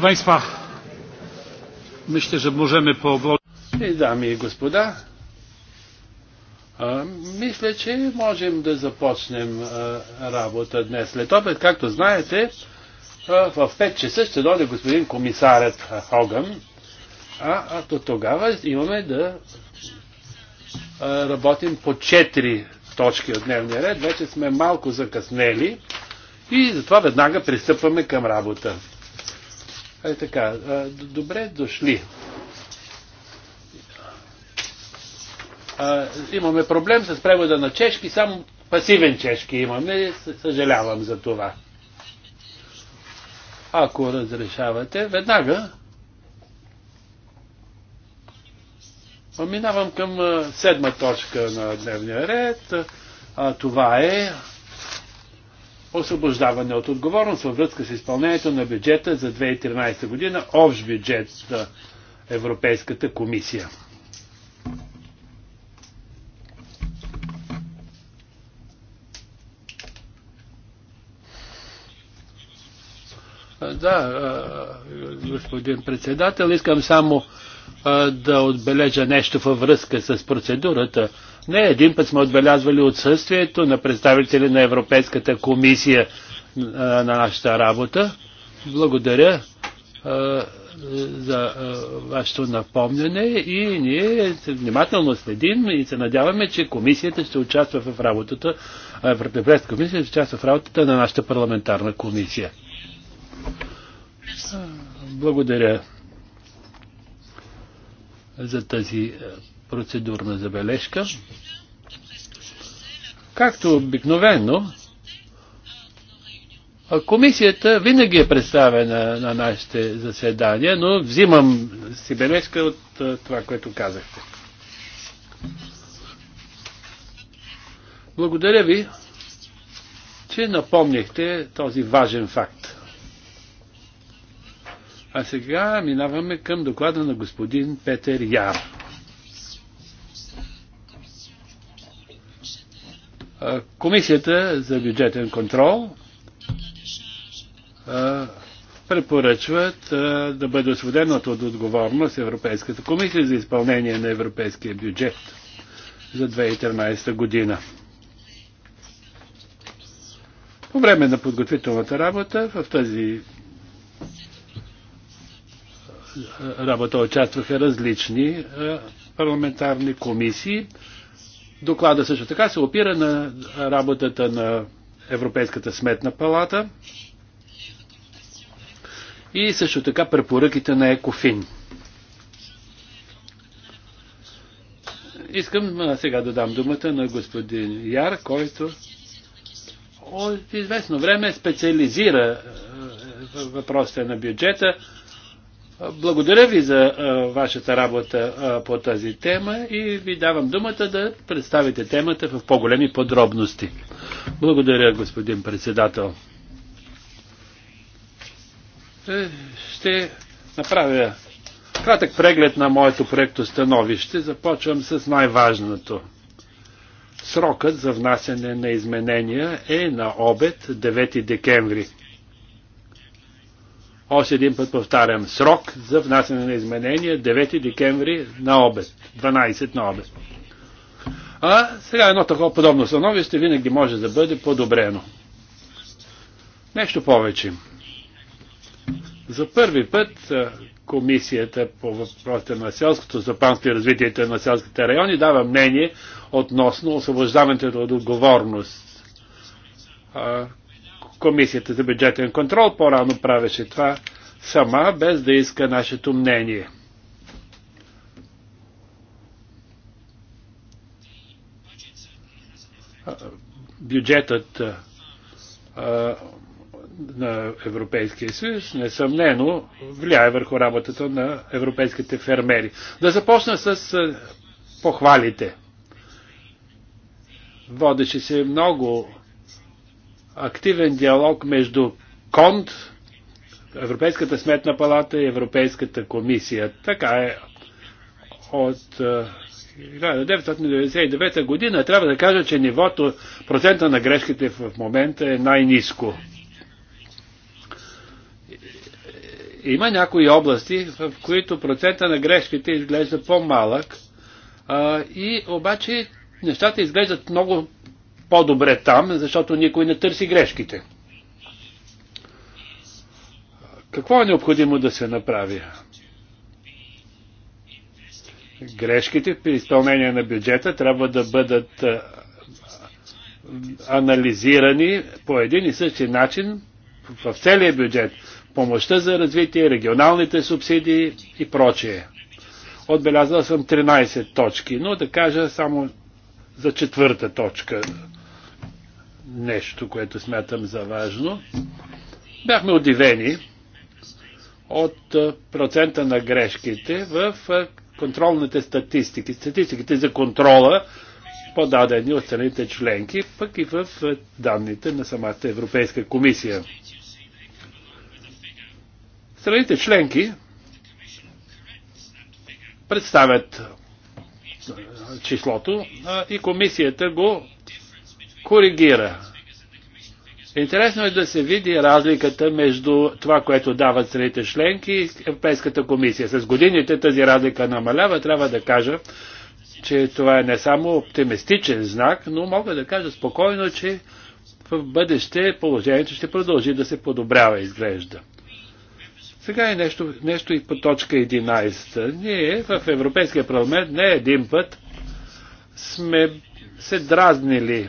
Proszę Państwa, myślę, że możemy powoli... Dami i господа, мисля, че можем да започнем работа днес след обед. Както знаете, в 5 часа ще дойде господин комисарят Хоган, а, а до тогава имаме да работим по 4 точки от дневния ред. Вече сме малко закъснели и затова веднага пристъпваме към работа. Е така, е, добре дошли. А, е, имаме проблем с превода на чешки, само пасивен чешки имаме, съжалявам за това. Ако разрешавате, веднага минавам към е, седма точка на дневния ред. А, това е освобождаване от отговорност във връзка с изпълнението на бюджета за 2013 година, общ бюджет за Европейската комисия. Да, господин председател, искам само да отбележа нещо във връзка с процедурата. Не един път сме отбелязвали отсъствието на представители на Европейската комисия на нашата работа. Благодаря за вашето напомняне и ние внимателно следим и се надяваме, че комисията ще участва в работата, Европейската комисия ще участва в работата на нашата парламентарна комисия. Благодаря за тази процедурна забележка. Както обикновено, комисията винаги е представена на нашите заседания, но взимам си бележка от това, което казахте. Благодаря ви, че напомнихте този важен факт. А сега минаваме към доклада на господин Петър Яр. Комисията за бюджетен контрол препоръчват да бъде освободена от отговорност Европейската комисия за изпълнение на европейския бюджет за 2013 година. По време на подготвителната работа в тази работа участваха различни парламентарни комисии. Доклада също така се опира на работата на Европейската сметна палата и също така препоръките на Екофин. Искам сега да дам думата на господин Яр, който от известно време специализира въпросите на бюджета благодаря ви за вашата работа по тази тема и ви давам думата да представите темата в по-големи подробности. Благодаря, господин председател. Е, ще направя кратък преглед на моето проекто становище. Започвам с най-важното. Срокът за внасяне на изменения е на обед 9 декември още един път повтарям. Срок за внасяне на изменения 9 декември на обед. 12 на обед. А сега едно такова подобно становище винаги може да бъде подобрено. Нещо повече. За първи път Комисията по въпросите на селското стопанство и развитието на селските райони дава мнение относно освобождаването от отговорност. Комисията за бюджетен контрол по-рано правеше това сама, без да иска нашето мнение. Бюджетът а, на Европейския съюз, несъмнено, влияе върху работата на европейските фермери. Да започна с похвалите. Водеше се много активен диалог между КОНД, Европейската сметна палата и Европейската комисия. Така е от 1999 е, година. Трябва да кажа, че нивото, процента на грешките в момента е най-низко. Има някои области, в които процента на грешките изглежда по-малък, и обаче нещата изглеждат много по-добре там, защото никой не търси грешките. Какво е необходимо да се направи? Грешките при изпълнение на бюджета трябва да бъдат анализирани по един и същи начин в целия бюджет. Помощта за развитие, регионалните субсидии и прочие. Отбелязал съм 13 точки, но да кажа само за четвърта точка нещо, което смятам за важно. Бяхме удивени от процента на грешките в контролните статистики, статистиките за контрола, подадени от страните членки, пък и в данните на самата Европейска комисия. Страните членки представят числото и комисията го коригира. Интересно е да се види разликата между това, което дават страните членки и Европейската комисия. С годините тази разлика намалява, трябва да кажа, че това е не само оптимистичен знак, но мога да кажа спокойно, че в бъдеще положението ще продължи да се подобрява, изглежда. Сега е нещо, нещо и по точка 11. Ние в Европейския парламент не един път сме се дразнили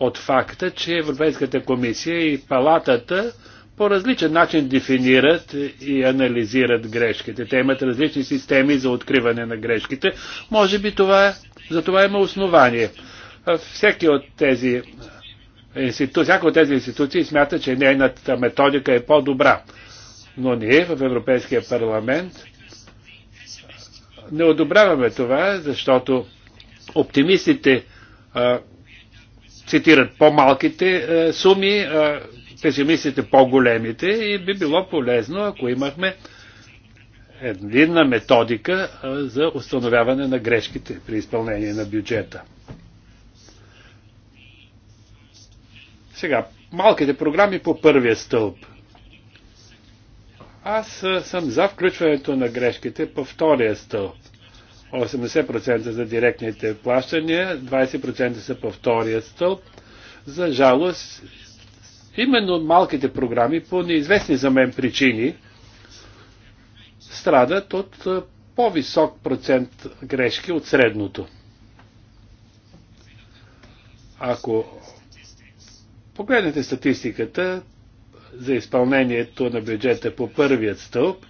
от факта, че Европейската комисия и палатата по различен начин дефинират и анализират грешките. Те имат различни системи за откриване на грешките. Може би това, за това има основание. Всеки от тези институ... всяка от тези институции смята, че нейната методика е по-добра. Но ние в Европейския парламент не одобряваме това, защото оптимистите цитират по-малките е, суми, е, песимистите по-големите и би било полезно, ако имахме една методика е, за установяване на грешките при изпълнение на бюджета. Сега, малките програми по първия стълб. Аз съм за включването на грешките по втория стълб. 80% за директните плащания, 20% са по втория стълб. За жалост, именно малките програми по неизвестни за мен причини страдат от по-висок процент грешки от средното. Ако погледнете статистиката за изпълнението на бюджета по първият стълб,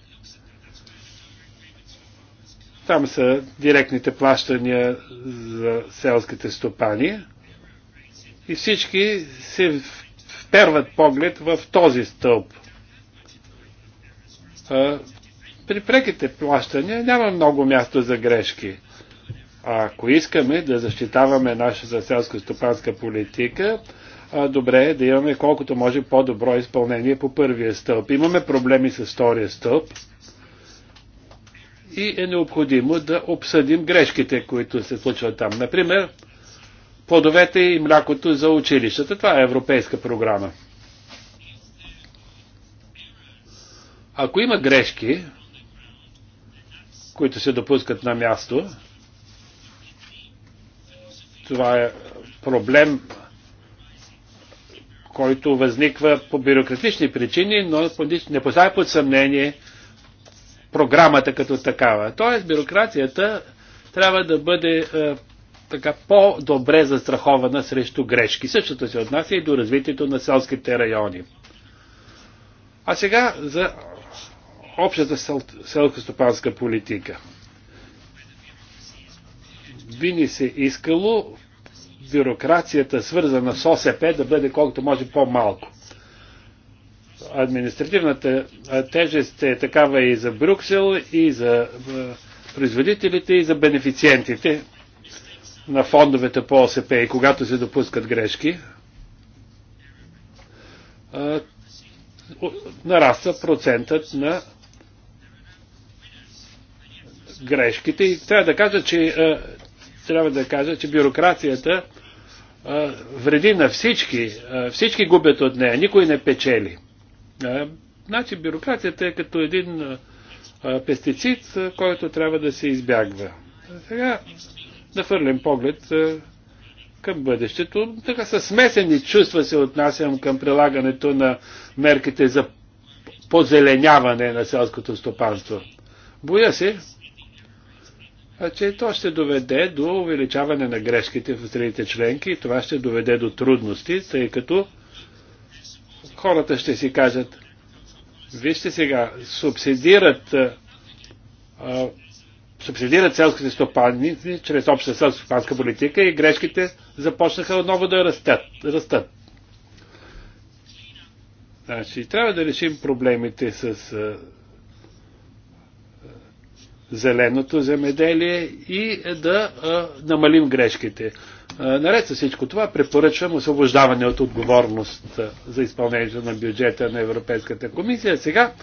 там са директните плащания за селските стопани и всички се вперват поглед в този стълб. При преките плащания няма много място за грешки. А ако искаме да защитаваме нашата селско-стопанска политика, добре е да имаме колкото може по-добро изпълнение по първия стълб. Имаме проблеми с втория стълб и е необходимо да обсъдим грешките, които се случват там. Например, плодовете и млякото за училищата. Това е европейска програма. Ако има грешки, които се допускат на място, това е проблем, който възниква по бюрократични причини, но не поставя под съмнение програмата като такава. Тоест бюрокрацията трябва да бъде е, така по-добре застрахована срещу грешки. Същото се отнася и до развитието на селските райони. А сега за общата сел... селкостопанска политика. Би ни се искало бюрокрацията, свързана с ОСП, да бъде колкото може по-малко административната тежест е такава и за Брюксел, и за производителите, и за бенефициентите на фондовете по ОСП и когато се допускат грешки, нараства процентът на грешките и трябва да кажа, че трябва да кажа, че бюрокрацията вреди на всички. Всички губят от нея, никой не печели. Е, значи бюрокрацията е като един е, е, пестицид, който трябва да се избягва. Сега да фърлим поглед към бъдещето. Така със смесени чувства се отнасям към прилагането на мерките за позеленяване на селското стопанство. Боя се, че то ще доведе до увеличаване на грешките в страните членки и това ще доведе до трудности, тъй като хората ще си кажат, вижте сега, субсидират, а, субсидират селските стопани чрез обща селско-стопанска политика и грешките започнаха отново да растат. растат. Значи, трябва да решим проблемите с а, зеленото земеделие и да а, намалим грешките. Е, наред с всичко това препоръчвам освобождаване от отговорност е, за изпълнението на бюджета на Европейската комисия. Сега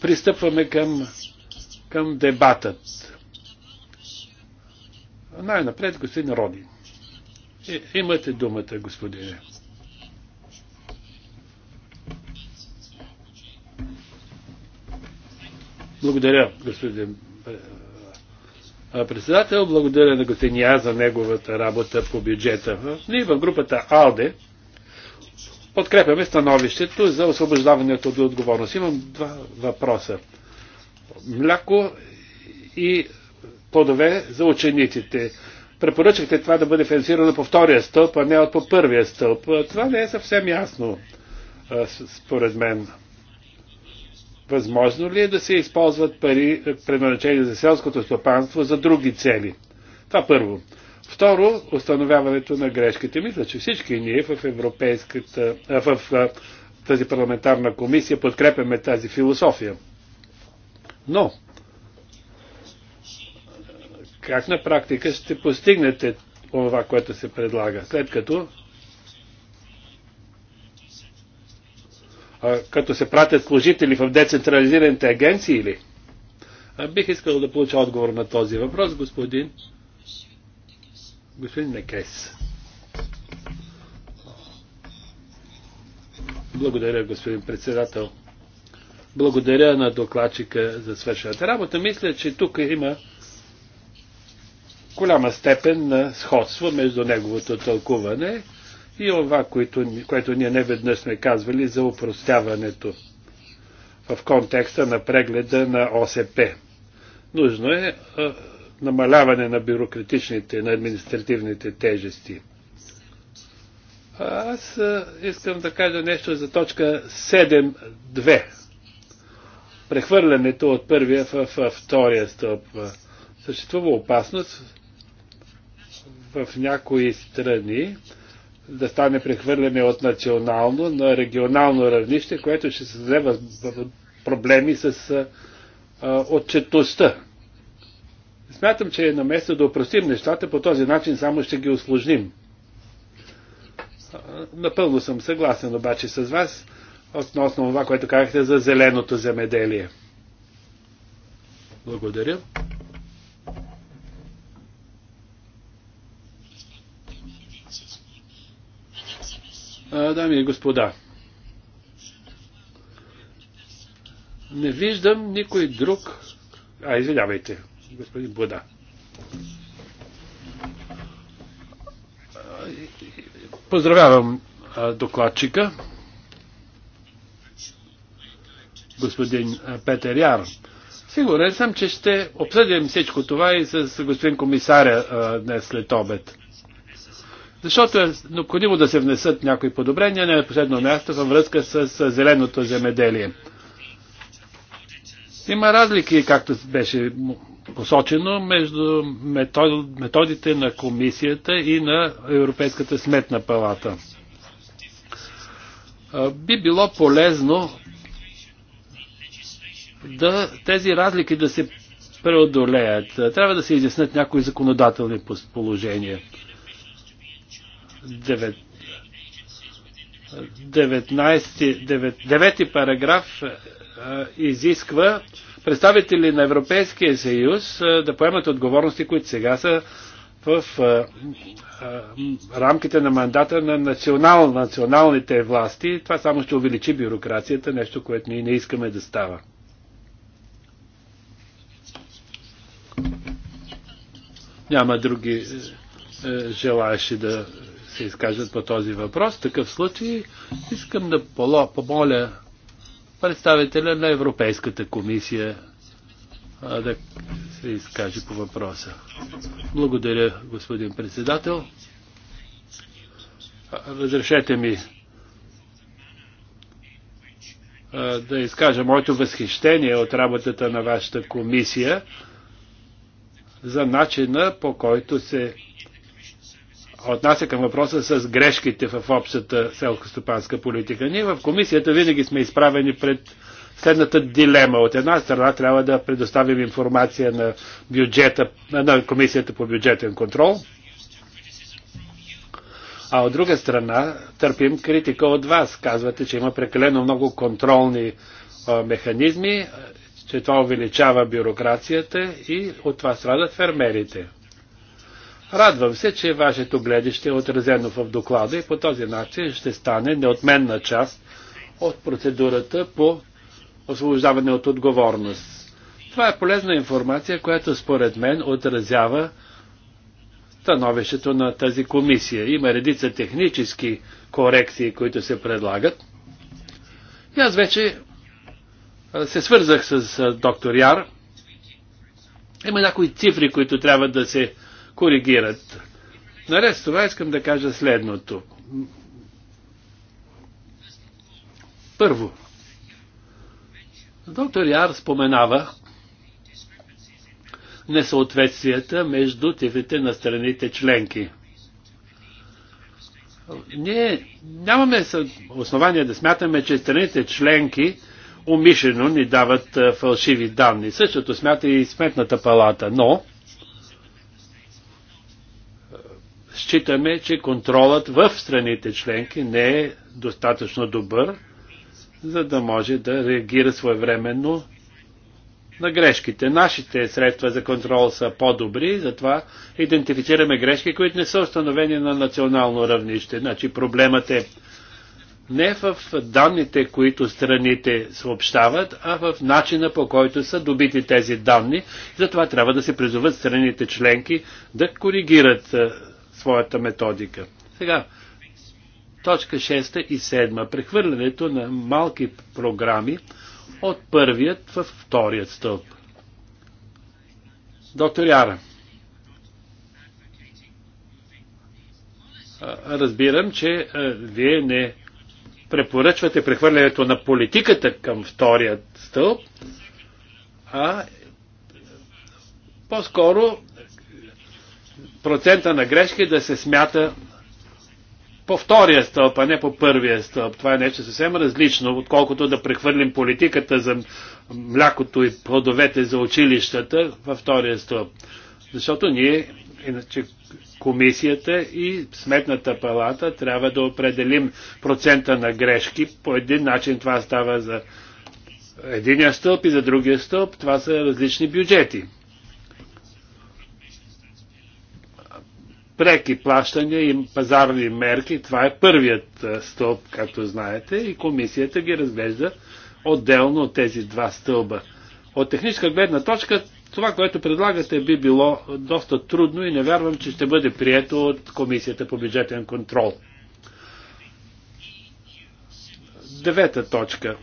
пристъпваме към, към дебатът. Най-напред господин Родин. Е, имате думата, господине. Благодаря, господин председател. Благодаря на Готения за неговата работа по бюджета. Ние в групата АЛДЕ подкрепяме становището за освобождаването от отговорност. Имам два въпроса. Мляко и плодове за учениците. Препоръчахте това да бъде финансирано по втория стълб, а не от по първия стълб. Това не е съвсем ясно, според мен. Възможно ли е да се използват пари, е, предназначени за селското стопанство, за други цели? Това първо. Второ, установяването на грешките. Мисля, че всички ние в Европейската, в тази парламентарна комисия подкрепяме тази философия. Но, как на практика ще постигнете това, което се предлага, след като като се пратят служители в децентрализираните агенции или? Бих искал да получа отговор на този въпрос, господин. Господин Некес. Благодаря, господин председател. Благодаря на докладчика за свършената работа. Мисля, че тук има голяма степен на сходство между неговото тълкуване и това, което, което ние не веднъж сме казвали за упростяването в контекста на прегледа на ОСП. Нужно е а, намаляване на бюрократичните, на административните тежести. А аз а, искам да кажа нещо за точка 7.2. Прехвърлянето от първия в, в втория стълб. Съществува опасност в някои страни да стане прехвърляне от национално на регионално равнище, което ще създаде въз... проблеми с а, отчетността. Смятам, че е на место да опростим нещата, по този начин само ще ги осложним. Напълно съм съгласен обаче с вас относно това, което казахте за зеленото земеделие. Благодаря. Дами и господа, не виждам никой друг. А, извинявайте, господин Буда. Поздравявам докладчика, господин Петер Яр. Сигурен съм, че ще обсъдим всичко това и с господин комисаря днес след обед. Защото е необходимо да се внесат някои подобрения, не на последно място във връзка с зеленото земеделие. Има разлики, както беше посочено, между методите на комисията и на Европейската сметна палата. Би било полезно да тези разлики да се преодолеят. Трябва да се изяснят някои законодателни положения. Девети параграф е, изисква представители на Европейския съюз е, да поемат отговорности, които сега са в е, рамките на мандата на национал, националните власти. Това само ще увеличи бюрокрацията, нещо, което ние не искаме да става. Няма други желаящи да се изкажат по този въпрос. В такъв случай искам да помоля представителя на Европейската комисия да се изкаже по въпроса. Благодаря, господин председател. Разрешете ми да изкажа моето възхищение от работата на вашата комисия за начина по който се отнася към въпроса с грешките в общата селско-стопанска политика. Ние в комисията винаги сме изправени пред следната дилема. От една страна трябва да предоставим информация на, бюджета, на комисията по бюджетен контрол, а от друга страна търпим критика от вас. Казвате, че има прекалено много контролни а, механизми, че това увеличава бюрокрацията и от това страдат фермерите. Радвам се, че вашето гледище е отразено в доклада и по този начин ще стане неотменна част от процедурата по освобождаване от отговорност. Това е полезна информация, която според мен отразява становището на тази комисия. Има редица технически корекции, които се предлагат. И аз вече се свързах с доктор Яр. Има някои цифри, които трябва да се коригират. Наред с това искам да кажа следното. Първо, доктор Яр споменава несъответствията между тивите на страните членки. Ние нямаме основания да смятаме, че страните членки умишлено ни дават фалшиви данни. Същото смята и Сметната палата, но считаме, че контролът в страните членки не е достатъчно добър, за да може да реагира своевременно на грешките. Нашите средства за контрол са по-добри, затова идентифицираме грешки, които не са установени на национално равнище. Значи проблемът е не в данните, които страните съобщават, а в начина по който са добити тези данни. Затова трябва да се призоват страните членки да коригират е, своята методика. Сега, точка 6 и 7. Прехвърлянето на малки програми от първият във вторият стълб. Доктор Яра. Разбирам, че вие не препоръчвате прехвърлянето на политиката към вторият стълб, а по-скоро процента на грешки да се смята по втория стълб, а не по първия стълб. Това е нещо съвсем различно, отколкото да прехвърлим политиката за млякото и плодовете за училищата във втория стълб. Защото ние, иначе комисията и сметната палата трябва да определим процента на грешки. По един начин това става за единия стълб и за другия стълб. Това са различни бюджети. преки плащания и пазарни мерки. Това е първият е, стълб, както знаете, и комисията ги разглежда отделно от тези два стълба. От техническа гледна точка, това, което предлагате, би било доста трудно и не вярвам, че ще бъде прието от комисията по бюджетен контрол. Девета точка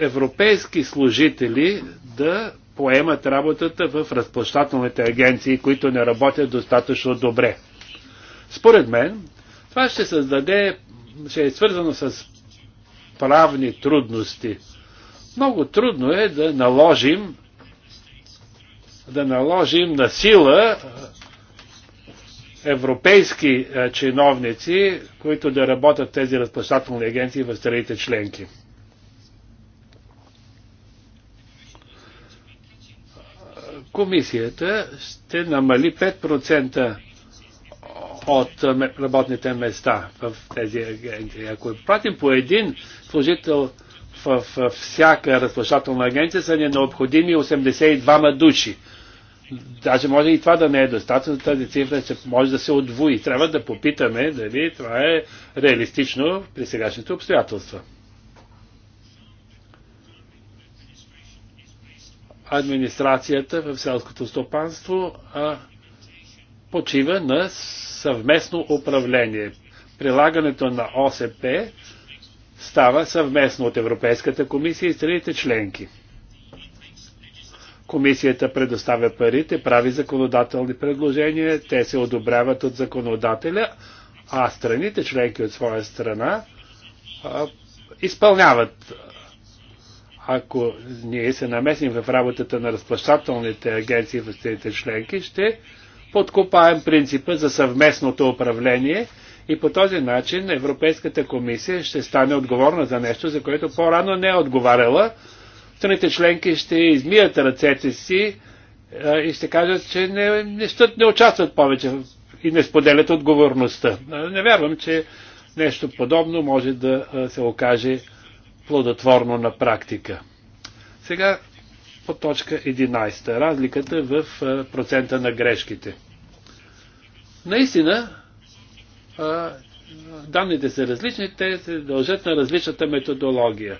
европейски служители да поемат работата в разплащателните агенции, които не работят достатъчно добре. Според мен, това ще създаде, ще е свързано с правни трудности. Много трудно е да наложим да наложим на сила европейски чиновници, които да работят тези разплащателни агенции в страните членки. комисията ще намали 5% от работните места в тези агенции. Ако пратим по един служител в, всяка разплащателна агенция, са ни необходими 82 души. Даже може и това да не е достатъчно, тази цифра ще може да се отвои. Трябва да попитаме дали това е реалистично при сегашните обстоятелства. администрацията в селското стопанство а, почива на съвместно управление. Прилагането на ОСП става съвместно от Европейската комисия и страните членки. Комисията предоставя парите, прави законодателни предложения, те се одобряват от законодателя, а страните членки от своя страна а, изпълняват ако ние се намесим в работата на разплащателните агенции в страните членки, ще подкопаем принципа за съвместното управление и по този начин Европейската комисия ще стане отговорна за нещо, за което по-рано не е отговаряла. Страните членки ще измият ръцете си и ще кажат, че не, не, не участват повече и не споделят отговорността. Не вярвам, че нещо подобно може да се окаже плодотворно на практика. Сега по точка 11. Разликата в процента на грешките. Наистина, данните са различни, те се дължат на различната методология.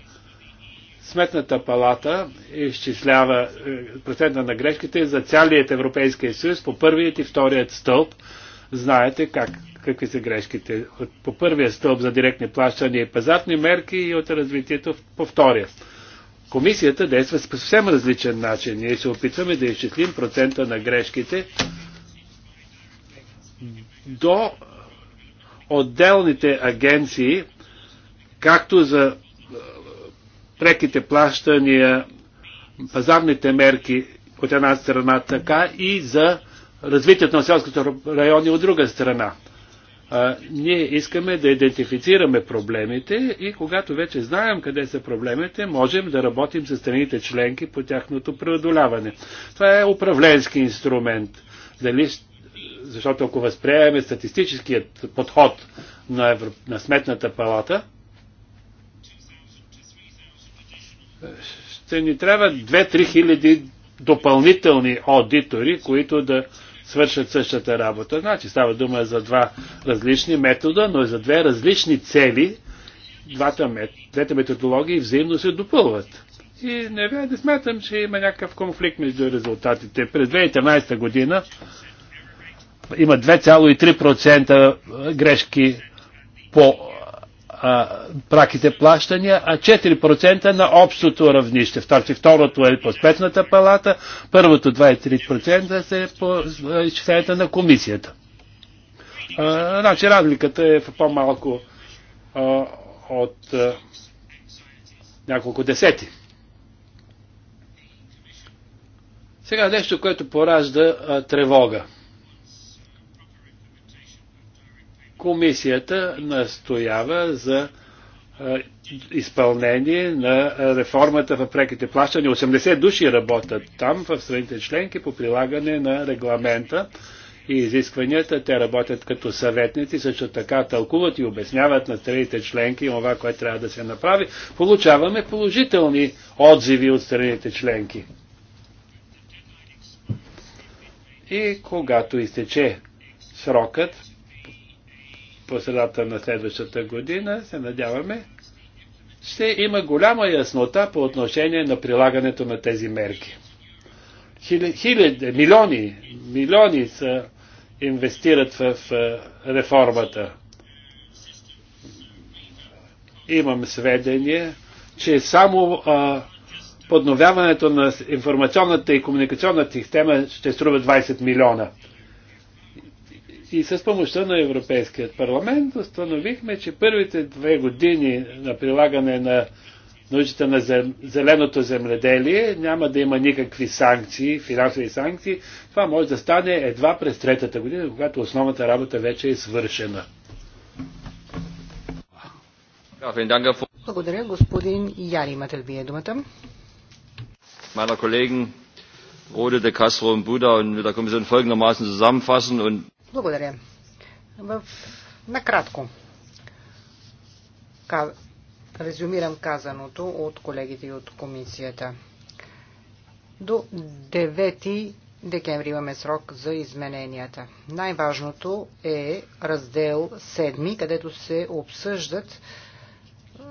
Сметната палата изчислява е, процента на грешките за цялият Европейския съюз по първият и вторият стълб. Знаете как какви са грешките от, по първия стълб за директни плащания и пазарни мерки и от развитието по втория. Комисията действа по съвсем различен начин. Ние се опитваме да изчислим процента на грешките до отделните агенции, както за е, преките плащания, пазарните мерки от една страна, така и за развитието на селските райони от друга страна. А, ние искаме да идентифицираме проблемите и когато вече знаем къде са проблемите, можем да работим с страните членки по тяхното преодоляване. Това е управленски инструмент. Дали, защото ако възприемем статистическият подход на, Евро... на сметната палата, ще ни трябва 2-3 хиляди допълнителни аудитори, които да свършат същата работа. Значи става дума за два различни метода, но и за две различни цели. Двата мет... Двете методологии взаимно се допълват. И не вярвам да смятам, че има някакъв конфликт между резултатите. През 2013 година има 2,3% грешки по праките плащания, а 4% на общото равнище. Второто, второто е по спецната палата, първото 2,3% се по изчисленията на комисията. А, значи разликата е в по-малко от а, няколко десети. Сега нещо, което поражда а, тревога. Комисията настоява за изпълнение на реформата в преките плащания. 80 души работят там, в страните членки, по прилагане на регламента и изискванията. Те работят като съветници, също така тълкуват и обясняват на страните членки това, което трябва да се направи. Получаваме положителни отзиви от страните членки. И когато изтече срокът, по средата на следващата година, се надяваме, ще има голяма яснота по отношение на прилагането на тези мерки. Хиляди, милиони, милиони са инвестират в реформата. Имам сведения, че само а, подновяването на информационната и комуникационната система ще струва 20 милиона. И с помощта на Европейският парламент установихме, че първите две години на прилагане на научите на зеленото земледелие няма да има никакви санкции, финансови санкции. Това може да стане едва през третата година, когато основната работа вече е свършена. Благодаря, господин Яри, имате ли вие думата? meiner Kollegen Rode de Castro und Buda und mit der Kommission folgendermaßen zusammenfassen und благодаря. В... Накратко каз... резюмирам казаното от колегите и от комисията. До 9 декември имаме срок за измененията. Най-важното е раздел 7, където се обсъждат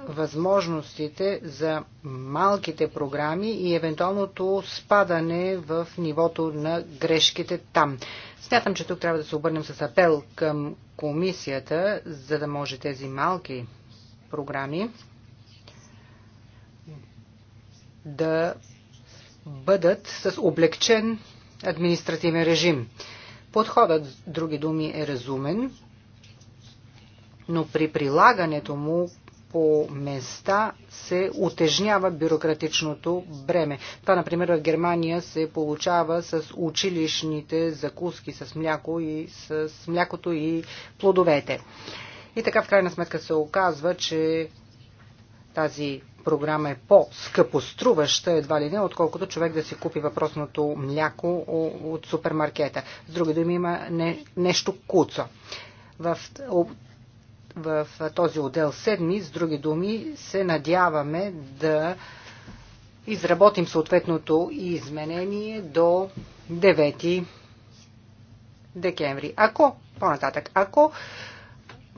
възможностите за малките програми и евентуалното спадане в нивото на грешките там. Смятам, че тук трябва да се обърнем с апел към комисията, за да може тези малки програми да бъдат с облегчен административен режим. Подходът, други думи, е разумен, но при прилагането му по места се утежнява бюрократичното бреме. Това, например, в Германия се получава с училищните закуски, с, мляко и, с млякото и плодовете. И така в крайна сметка се оказва, че тази програма е по-скъпоструваща едва ли не, отколкото човек да си купи въпросното мляко от супермаркета. С други думи има не, нещо куцо. В в този отдел 7, с други думи, се надяваме да изработим съответното изменение до 9 декември. Ако, по-нататък, ако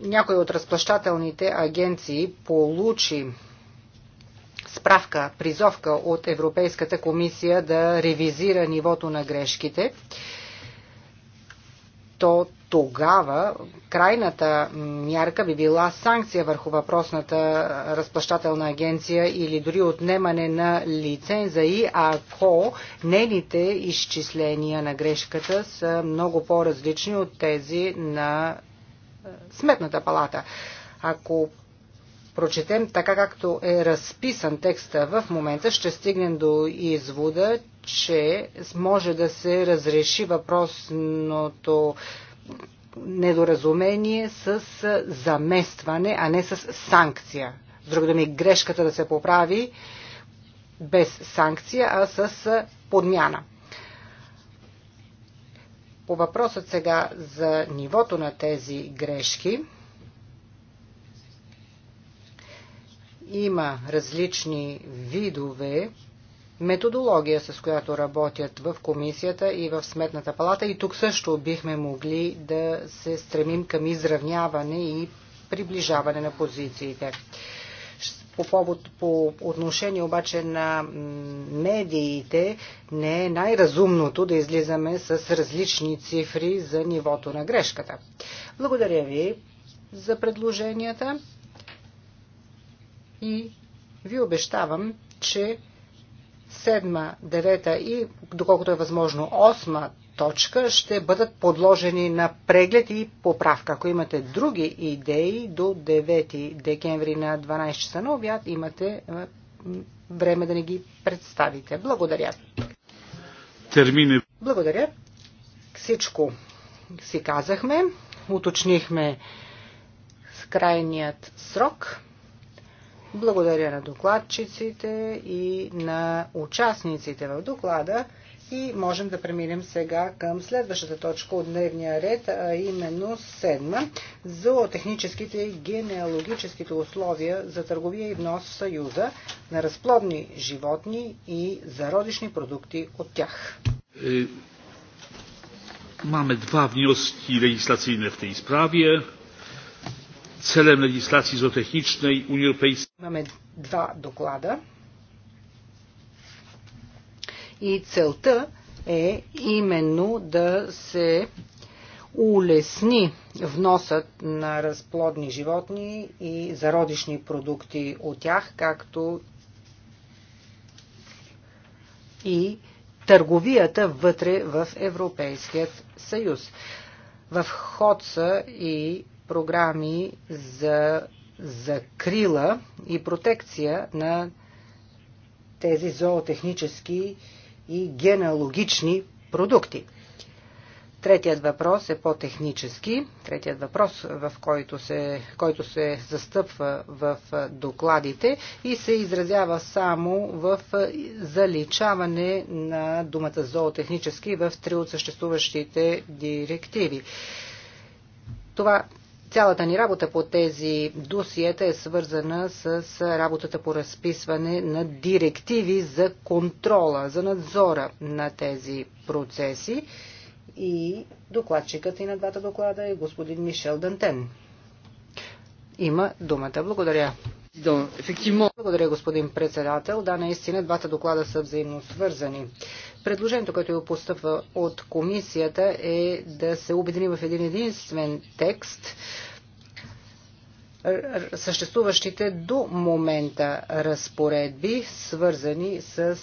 някой от разплащателните агенции получи справка, призовка от Европейската комисия да ревизира нивото на грешките, то тогава крайната мярка би била санкция върху въпросната разплащателна агенция или дори отнемане на лиценза и ако нените изчисления на грешката са много по-различни от тези на е, Сметната палата. Ако прочетем така както е разписан текста в момента, ще стигнем до извода, че може да се разреши въпросното недоразумение с заместване, а не с санкция. С други думи, грешката да се поправи без санкция, а с подмяна. По въпросът сега за нивото на тези грешки, има различни видове методология, с която работят в комисията и в сметната палата. И тук също бихме могли да се стремим към изравняване и приближаване на позициите. По, повод, по отношение обаче на медиите не е най-разумното да излизаме с различни цифри за нивото на грешката. Благодаря ви за предложенията и ви обещавам, че седма, девета и, доколкото е възможно, осма точка ще бъдат подложени на преглед и поправка. Ако имате други идеи до 9 декември на 12 часа на обяд, имате е, време да не ги представите. Благодаря. Термине. Благодаря. Всичко си казахме. Уточнихме крайният срок. Благодаря на докладчиците и на участниците в доклада. И можем да преминем сега към следващата точка от дневния ред, а именно седма, за техническите и генеалогическите условия за търговия и внос в Съюза на разплодни животни и зародишни продукти от тях. Е, маме два wnioski legislacyjne в тези sprawie celem legislacji zootechnicznej Unii Europejskiej. Mamy dwa доклада и целта е именно да се улесни вносът на разплодни животни и зародишни продукти от тях, както и търговията вътре в Европейският съюз. В ход са и програми за закрила и протекция на тези зоотехнически и генеалогични продукти. Третият въпрос е по-технически. Третият въпрос, в който се, който се застъпва в докладите и се изразява само в заличаване на думата зоотехнически в три от съществуващите директиви. Това Цялата ни работа по тези досиета е свързана с работата по разписване на директиви за контрола, за надзора на тези процеси и докладчикът и на двата доклада е господин Мишел Дантен. Има думата. Благодаря. Благодаря, господин председател. Да, наистина, двата доклада са взаимно свързани. Предложението, което е постъпва от комисията е да се обедини в един единствен текст съществуващите до момента разпоредби, свързани с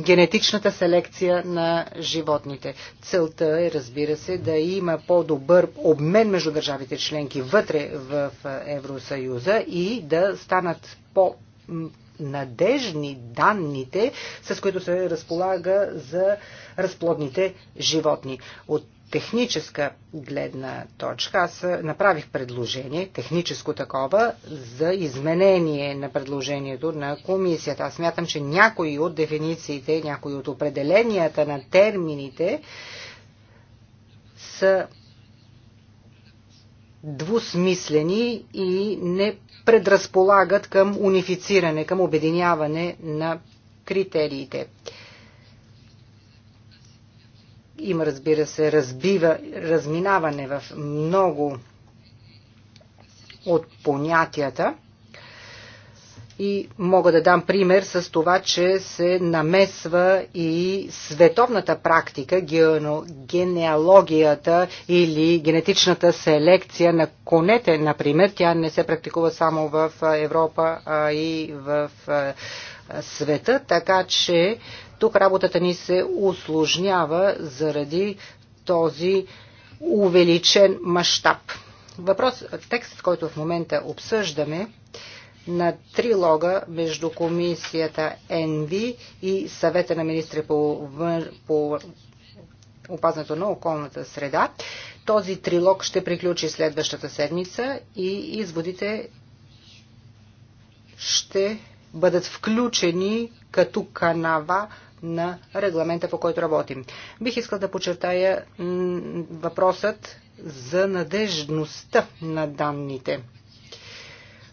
генетичната селекция на животните. Целта е, разбира се, да има по-добър обмен между държавите членки вътре в Евросъюза и да станат по надежни данните, с които се разполага за разплодните животни. От техническа гледна точка аз направих предложение, техническо такова, за изменение на предложението на комисията. Аз смятам, че някои от дефинициите, някои от определенията на термините са двусмислени и не предразполагат към унифициране, към обединяване на критериите. Има, разбира се, разбива, разминаване в много от понятията. И мога да дам пример с това, че се намесва и световната практика, генеалогията или генетичната селекция на конете, например. Тя не се практикува само в Европа, а и в света, така че тук работата ни се усложнява заради този увеличен мащаб. Въпрос, текстът, който в момента обсъждаме, на трилога между комисията НВ и съвета на министри по, по опазването на околната среда. Този трилог ще приключи следващата седмица и изводите ще бъдат включени като канава на регламента, по който работим. Бих искал да подчертая въпросът за надежността на данните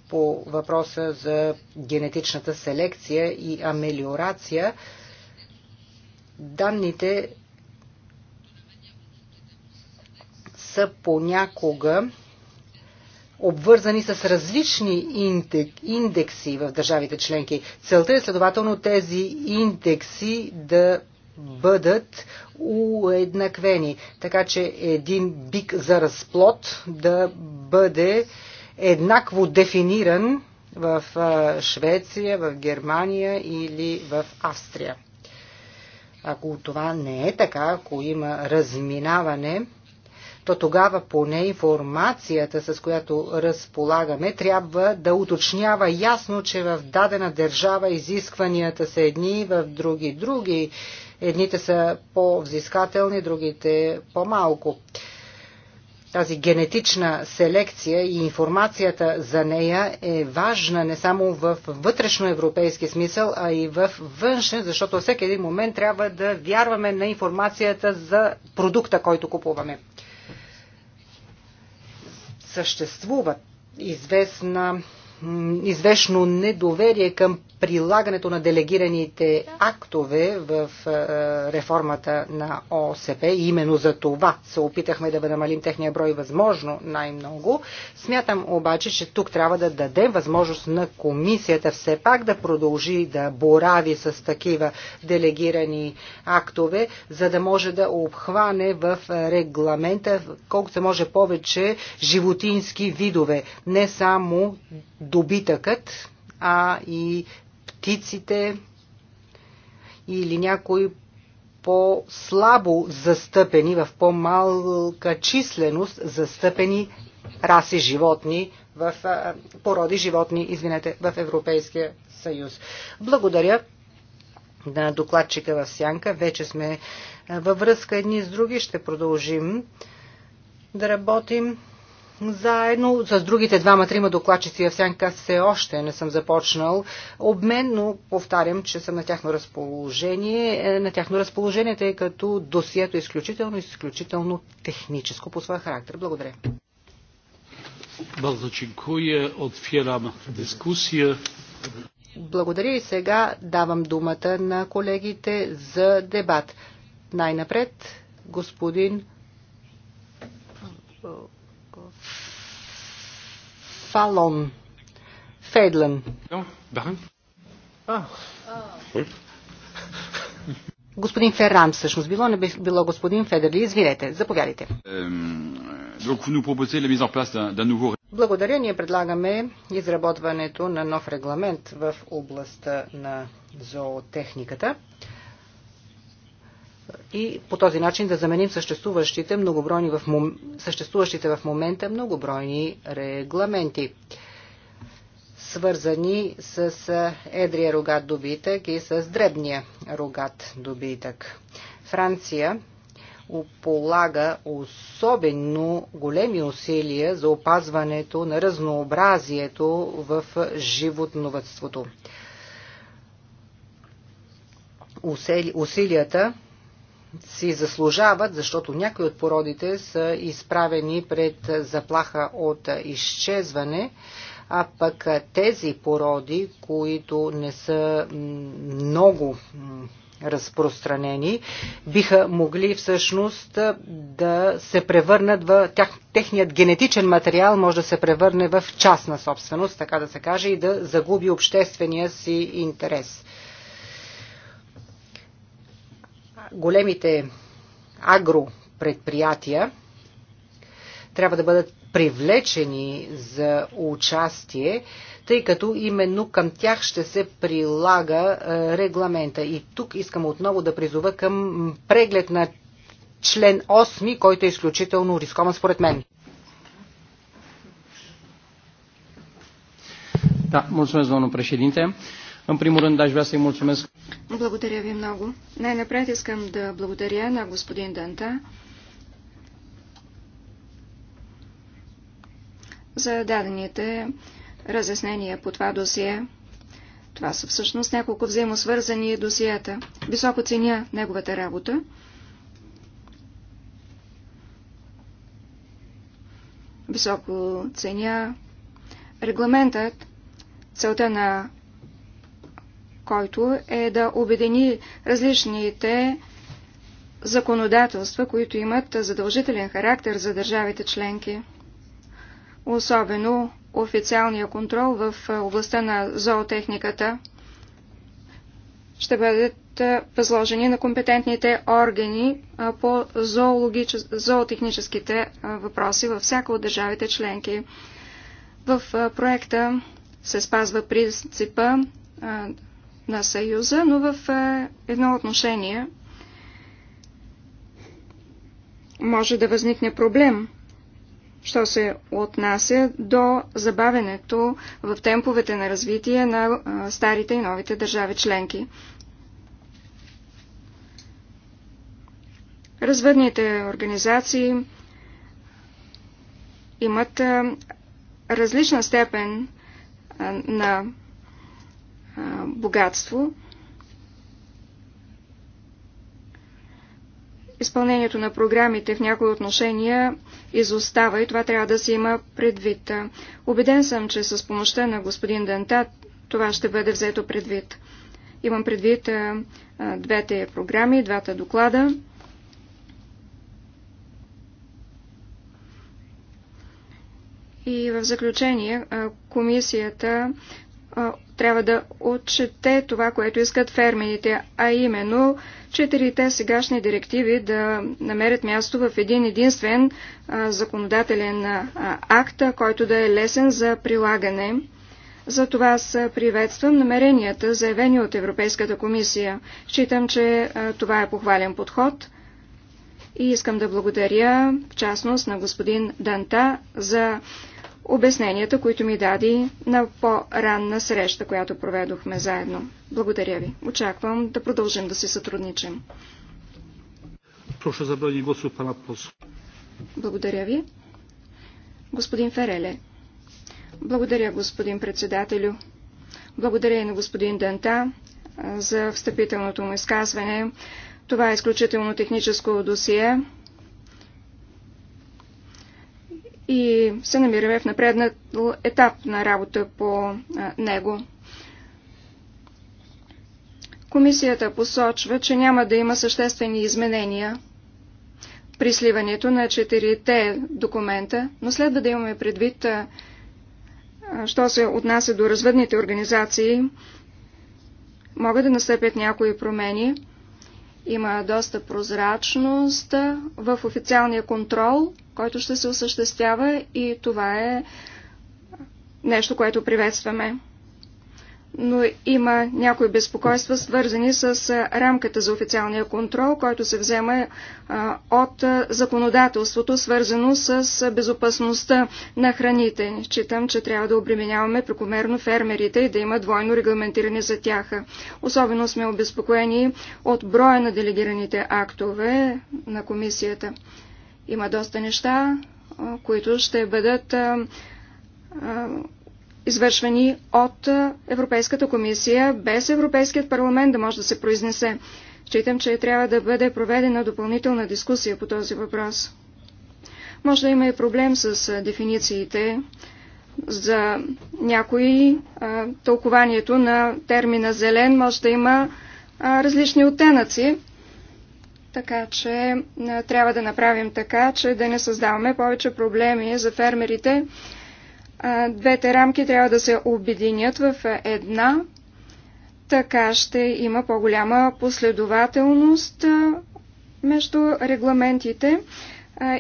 по въпроса за генетичната селекция и амелиорация. Данните са понякога обвързани с различни индекси в държавите членки. Целта е следователно тези индекси да бъдат уеднаквени, така че един бик за разплод да бъде еднакво дефиниран в Швеция, в Германия или в Австрия. Ако това не е така, ако има разминаване, то тогава поне информацията, с която разполагаме, трябва да уточнява ясно, че в дадена държава изискванията са едни, в други други. Едните са по-взискателни, другите по-малко. Тази генетична селекция и информацията за нея е важна не само в вътрешноевропейски смисъл, а и в външен, защото всеки един момент трябва да вярваме на информацията за продукта, който купуваме съществува известна, известно недоверие към прилагането на делегираните актове в е, реформата на ОСП, и именно за това се опитахме да намалим техния брой възможно най-много. Смятам обаче, че тук трябва да дадем възможност на комисията все пак да продължи да борави с такива делегирани актове, за да може да обхване в регламента колкото се може повече животински видове, не само добитъкът, а и птиците или някои по-слабо застъпени, в по-малка численост застъпени раси животни, в породи животни, извинете, в Европейския съюз. Благодаря на докладчика в Сянка. Вече сме във връзка едни с други. Ще продължим да работим заедно с другите двама-трима докладчици в сянка все още не съм започнал обмен, но повтарям, че съм на тяхно разположение, е, на тяхно разположение, тъй като досието е изключително, изключително техническо по своя характер. Благодаря. Bardzo dziękuję. Otwieram dyskusję. Благодаря и сега давам думата на колегите за дебат. Най-напред господин Фалон. А. Господин Ферран, всъщност, било не било господин Федерли. Извинете, заповядайте. Благодаря, ние предлагаме изработването на нов регламент в областта на зоотехниката и по този начин да заменим съществуващите, многобройни в мом... съществуващите в момента многобройни регламенти, свързани с едрия рогат добитък и с дребния рогат добитък. Франция полага особено големи усилия за опазването на разнообразието в животновътството. Усилията си заслужават, защото някои от породите са изправени пред заплаха от изчезване, а пък тези породи, които не са много разпространени, биха могли всъщност да се превърнат в тях, техният генетичен материал може да се превърне в частна собственост, така да се каже, и да загуби обществения си интерес. големите агропредприятия трябва да бъдат привлечени за участие, тъй като именно към тях ще се прилага е, регламента. И тук искам отново да призова към преглед на член 8, който е изключително рискован според мен. Да, mulțumesc, domnul președinte. În primul rând, aș vrea să-i mulțumesc. Благодаря ви много. Най-напред искам да благодаря на господин Данта за дадените разяснения по това досие. Това са всъщност няколко взаимосвързани досията. Високо ценя неговата работа. Високо ценя регламентът, целта на който е да обедини различните законодателства, които имат задължителен характер за държавите членки. Особено официалния контрол в областта на зоотехниката ще бъдат възложени на компетентните органи по зоотехническите въпроси във всяка от държавите членки. В проекта се спазва принципа на Съюза, но в е, едно отношение може да възникне проблем, що се отнася до забавенето в темповете на развитие на е, старите и новите държави членки. Развъдните организации имат е, различна степен на богатство. Изпълнението на програмите в някои отношения изостава и това трябва да се има предвид. Обеден съм, че с помощта на господин Дентат това ще бъде взето предвид. Имам предвид двете програми, двата доклада. И в заключение комисията трябва да отчете това, което искат фермените, а именно четирите сегашни директиви да намерят място в един единствен законодателен акт, който да е лесен за прилагане. За това аз приветствам намеренията, заявени от Европейската комисия. Считам, че това е похвален подход и искам да благодаря в частност на господин Данта за обясненията, които ми даде на по-ранна среща, която проведохме заедно. Благодаря ви. Очаквам да продължим да се сътрудничим. Прошу забрани гласу пана Благодаря ви. Господин Фереле. Благодаря, господин председателю. Благодаря и на господин Данта за встъпителното му изказване. Това е изключително техническо досие. и се намираме в напреднат етап на работа по него. Комисията посочва, че няма да има съществени изменения при сливането на четирите документа, но следва да имаме предвид, що се отнася до развъдните организации, могат да настъпят някои промени има доста прозрачност в официалния контрол, който ще се осъществява и това е нещо, което приветстваме но има някои безпокойства, свързани с рамката за официалния контрол, който се взема от законодателството, свързано с безопасността на храните. Читам, че трябва да обременяваме прекомерно фермерите и да има двойно регламентиране за тях. Особено сме обезпокоени от броя на делегираните актове на комисията. Има доста неща, които ще бъдат извършвани от Европейската комисия, без Европейският парламент да може да се произнесе. Считам, че трябва да бъде проведена допълнителна дискусия по този въпрос. Може да има и проблем с дефинициите за някои тълкованието на термина зелен може да има различни оттенъци, така че трябва да направим така, че да не създаваме повече проблеми за фермерите, Двете рамки трябва да се обединят в една, така ще има по-голяма последователност между регламентите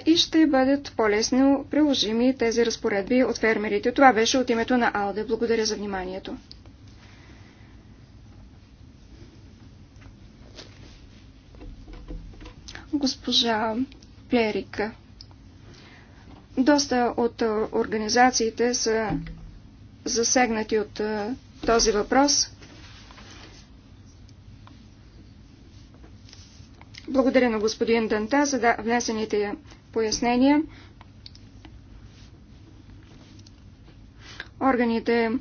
и ще бъдат по-лесно приложими тези разпоредби от фермерите. Това беше от името на АЛДЕ. Благодаря за вниманието. Госпожа Плерика. Доста от организациите са засегнати от този въпрос. Благодаря на господин Данта за да внесените пояснения. Органите,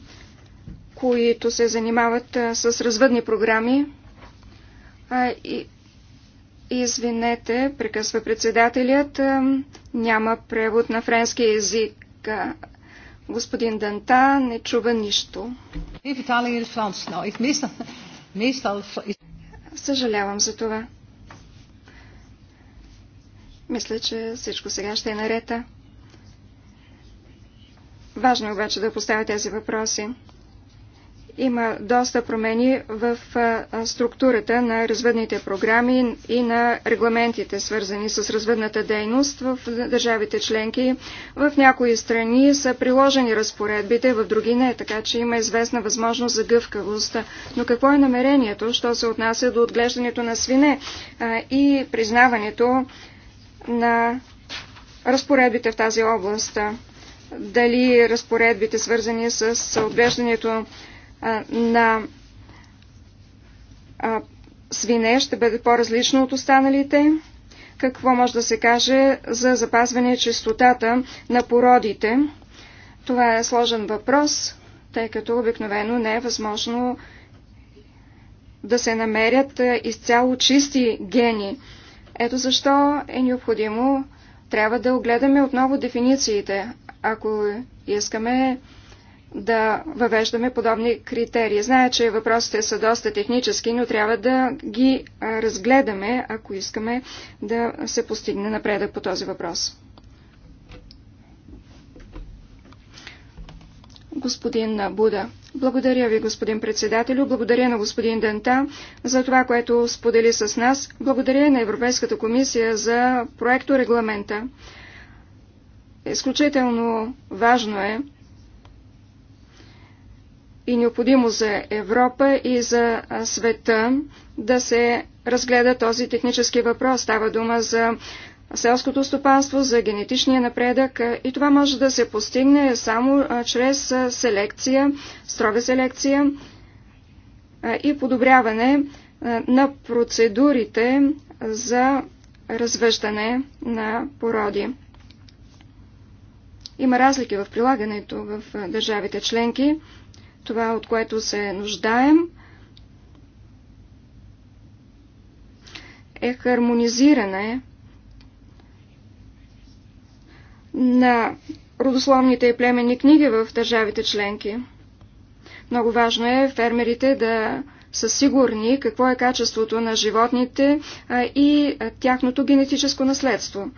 които се занимават с развъдни програми, и, извинете, прекъсва председателят, няма превод на френски язик. Господин Данта не чува нищо. Съжалявам за това. Мисля, че всичко сега ще е нарета. Важно е обаче да поставя тези въпроси. Има доста промени в структурата на развъдните програми и на регламентите, свързани с развъдната дейност в държавите членки. В някои страни са приложени разпоредбите, в други не, така че има известна възможност за гъвкавост. Но какво е намерението, що се отнася до отглеждането на свине и признаването на разпоредбите в тази област? дали разпоредбите, свързани с отглеждането на свине ще бъде по-различно от останалите? Какво може да се каже за запазване чистотата на породите? Това е сложен въпрос, тъй като обикновено не е възможно да се намерят изцяло чисти гени. Ето защо е необходимо, трябва да огледаме отново дефинициите, ако искаме да въвеждаме подобни критерии. Зная, че въпросите са доста технически, но трябва да ги разгледаме, ако искаме да се постигне напредък по този въпрос. Господин Буда. Благодаря ви, господин председателю. Благодаря на господин Дента за това, което сподели с нас. Благодаря на Европейската комисия за проекто регламента. Изключително важно е и необходимо за Европа и за света да се разгледа този технически въпрос. Става дума за селското стопанство, за генетичния напредък и това може да се постигне само чрез селекция, строга селекция и подобряване на процедурите за развъждане на породи. Има разлики в прилагането в държавите членки това, от което се нуждаем, е хармонизиране на родословните и племенни книги в държавите членки. Много важно е фермерите да са сигурни какво е качеството на животните и тяхното генетическо наследство.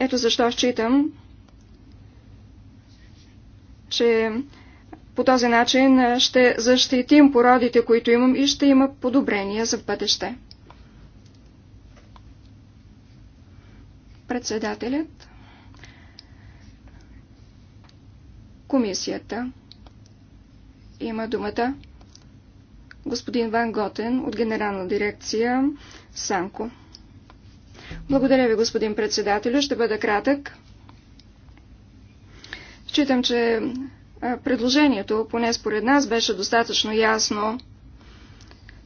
Ето защо считам, че по този начин ще защитим породите, които имам и ще има подобрения за бъдеще. Председателят Комисията има думата господин Ван Готен от Генерална дирекция Санко. Благодаря ви, господин председателю. Ще бъда кратък. Считам, че предложението, поне според нас, беше достатъчно ясно.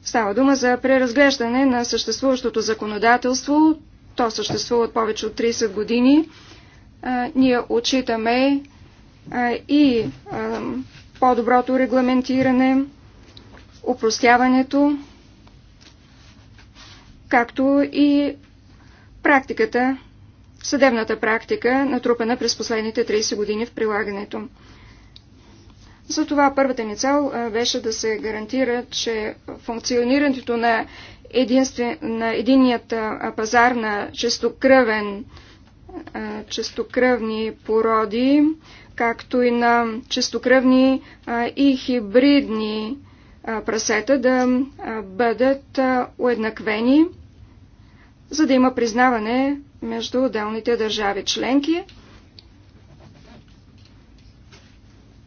Става дума за преразглеждане на съществуващото законодателство. То съществува повече от 30 години. Ние отчитаме и по-доброто регламентиране, упростяването, както и практиката съдебната практика, натрупана през последните 30 години в прилагането. Затова първата ни цел беше да се гарантира, че функционирането на, единствен, на единият пазар на чистокръвен, чистокръвни породи, както и на чистокръвни и хибридни прасета да бъдат уеднаквени, за да има признаване между отделните държави членки.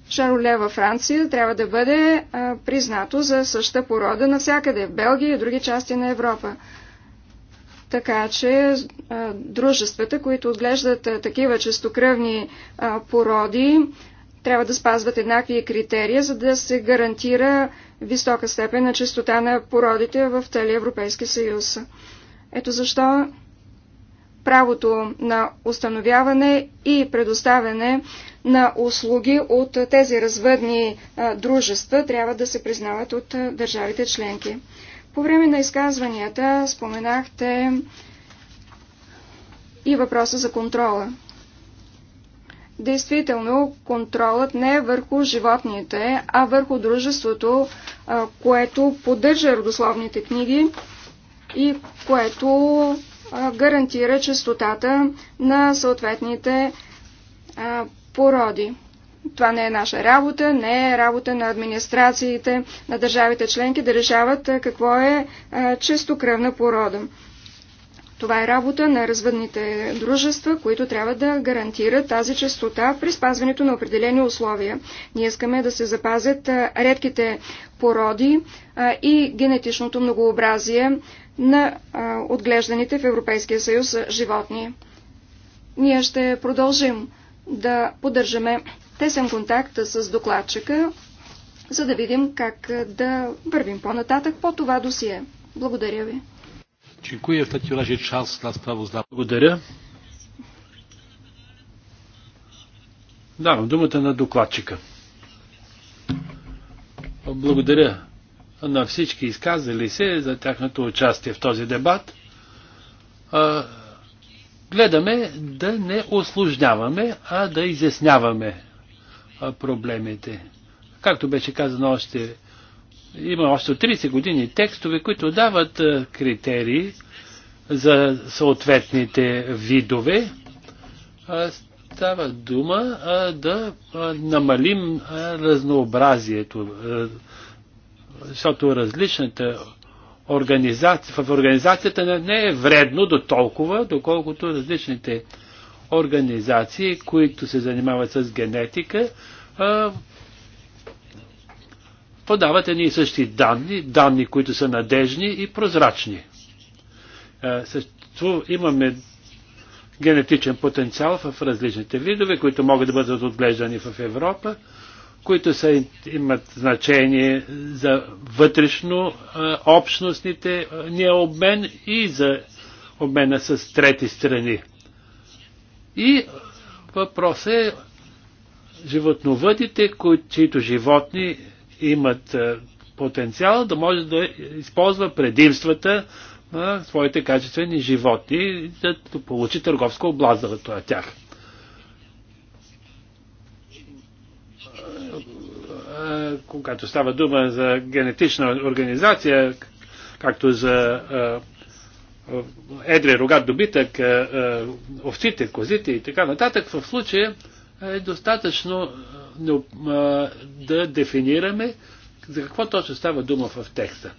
Шароле във Франция трябва да бъде а, признато за същата порода навсякъде, в Белгия и други части на Европа. Така че а, дружествата, които отглеждат а, такива чистокръвни а, породи, трябва да спазват еднакви критерия, за да се гарантира висока степен на чистота на породите в целия Европейски съюз. Ето защо правото на установяване и предоставяне на услуги от тези развъдни дружества трябва да се признават от държавите членки. По време на изказванията споменахте и въпроса за контрола. Действително, контролът не е върху животните, а върху дружеството, което поддържа родословните книги и което гарантира чистотата на съответните породи. Това не е наша работа, не е работа на администрациите, на държавите членки да решават какво е чистокръвна порода. Това е работа на развъдните дружества, които трябва да гарантират тази частота при спазването на определени условия. Ние искаме да се запазят редките породи и генетичното многообразие на отглежданите в Европейския съюз животни. Ние ще продължим да поддържаме тесен контакт с докладчика, за да видим как да вървим по-нататък по това досие. Благодаря ви. Благодаря. Давам думата на докладчика. Благодаря, на всички изказали се за тяхното участие в този дебат. Гледаме да не осложняваме, а да изясняваме проблемите. Както беше казано още, има още 30 години текстове, които дават критерии за съответните видове. Става дума да намалим разнообразието, защото различната организации, в организацията не е вредно до толкова, доколкото различните организации, които се занимават с генетика, подават едни и същи данни, данни, които са надежни и прозрачни. Също имаме генетичен потенциал в различните видове, които могат да бъдат отглеждани в Европа, които са, имат значение за вътрешно общностните ние обмен и за обмена с трети страни. И въпрос е животновъдите, кои, чието животни имат потенциал да може да използва предимствата на своите качествени животни, да получи търговска облазване от тях. Е, когато става дума за генетична организация, както за е, е, едре рогат добитък, овците, козите и така нататък, в случая е достатъчно да дефинираме за какво точно става дума в текста.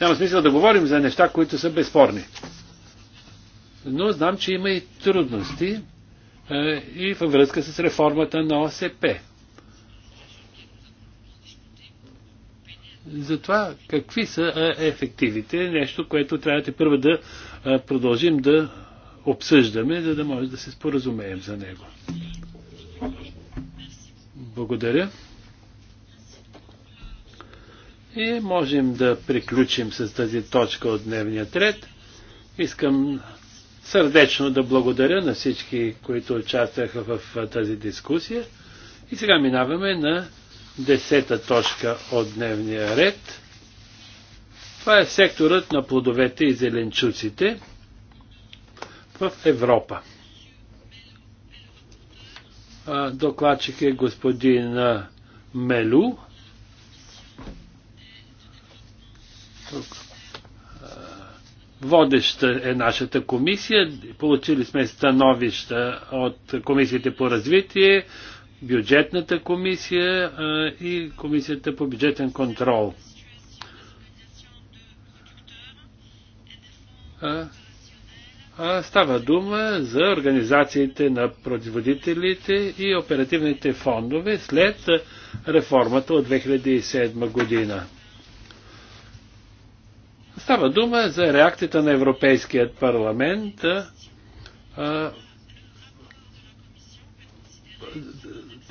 Няма смисъл да говорим за неща, които са безспорни. Но знам, че има и трудности и във връзка с реформата на ОСП. за това какви са ефективите, нещо, което трябва да първо да продължим да обсъждаме, за да може да се споразумеем за него. Благодаря. И можем да приключим с тази точка от дневния ред. Искам сърдечно да благодаря на всички, които участваха в тази дискусия. И сега минаваме на десета точка от дневния ред. Това е секторът на плодовете и зеленчуците в Европа. Докладчик е господин Мелю. Водеща е нашата комисия. Получили сме становища от комисиите по развитие, бюджетната комисия и комисията по бюджетен контрол. Става дума за организациите на производителите и оперативните фондове след реформата от 2007 година. Става дума за реакцията на Европейският парламент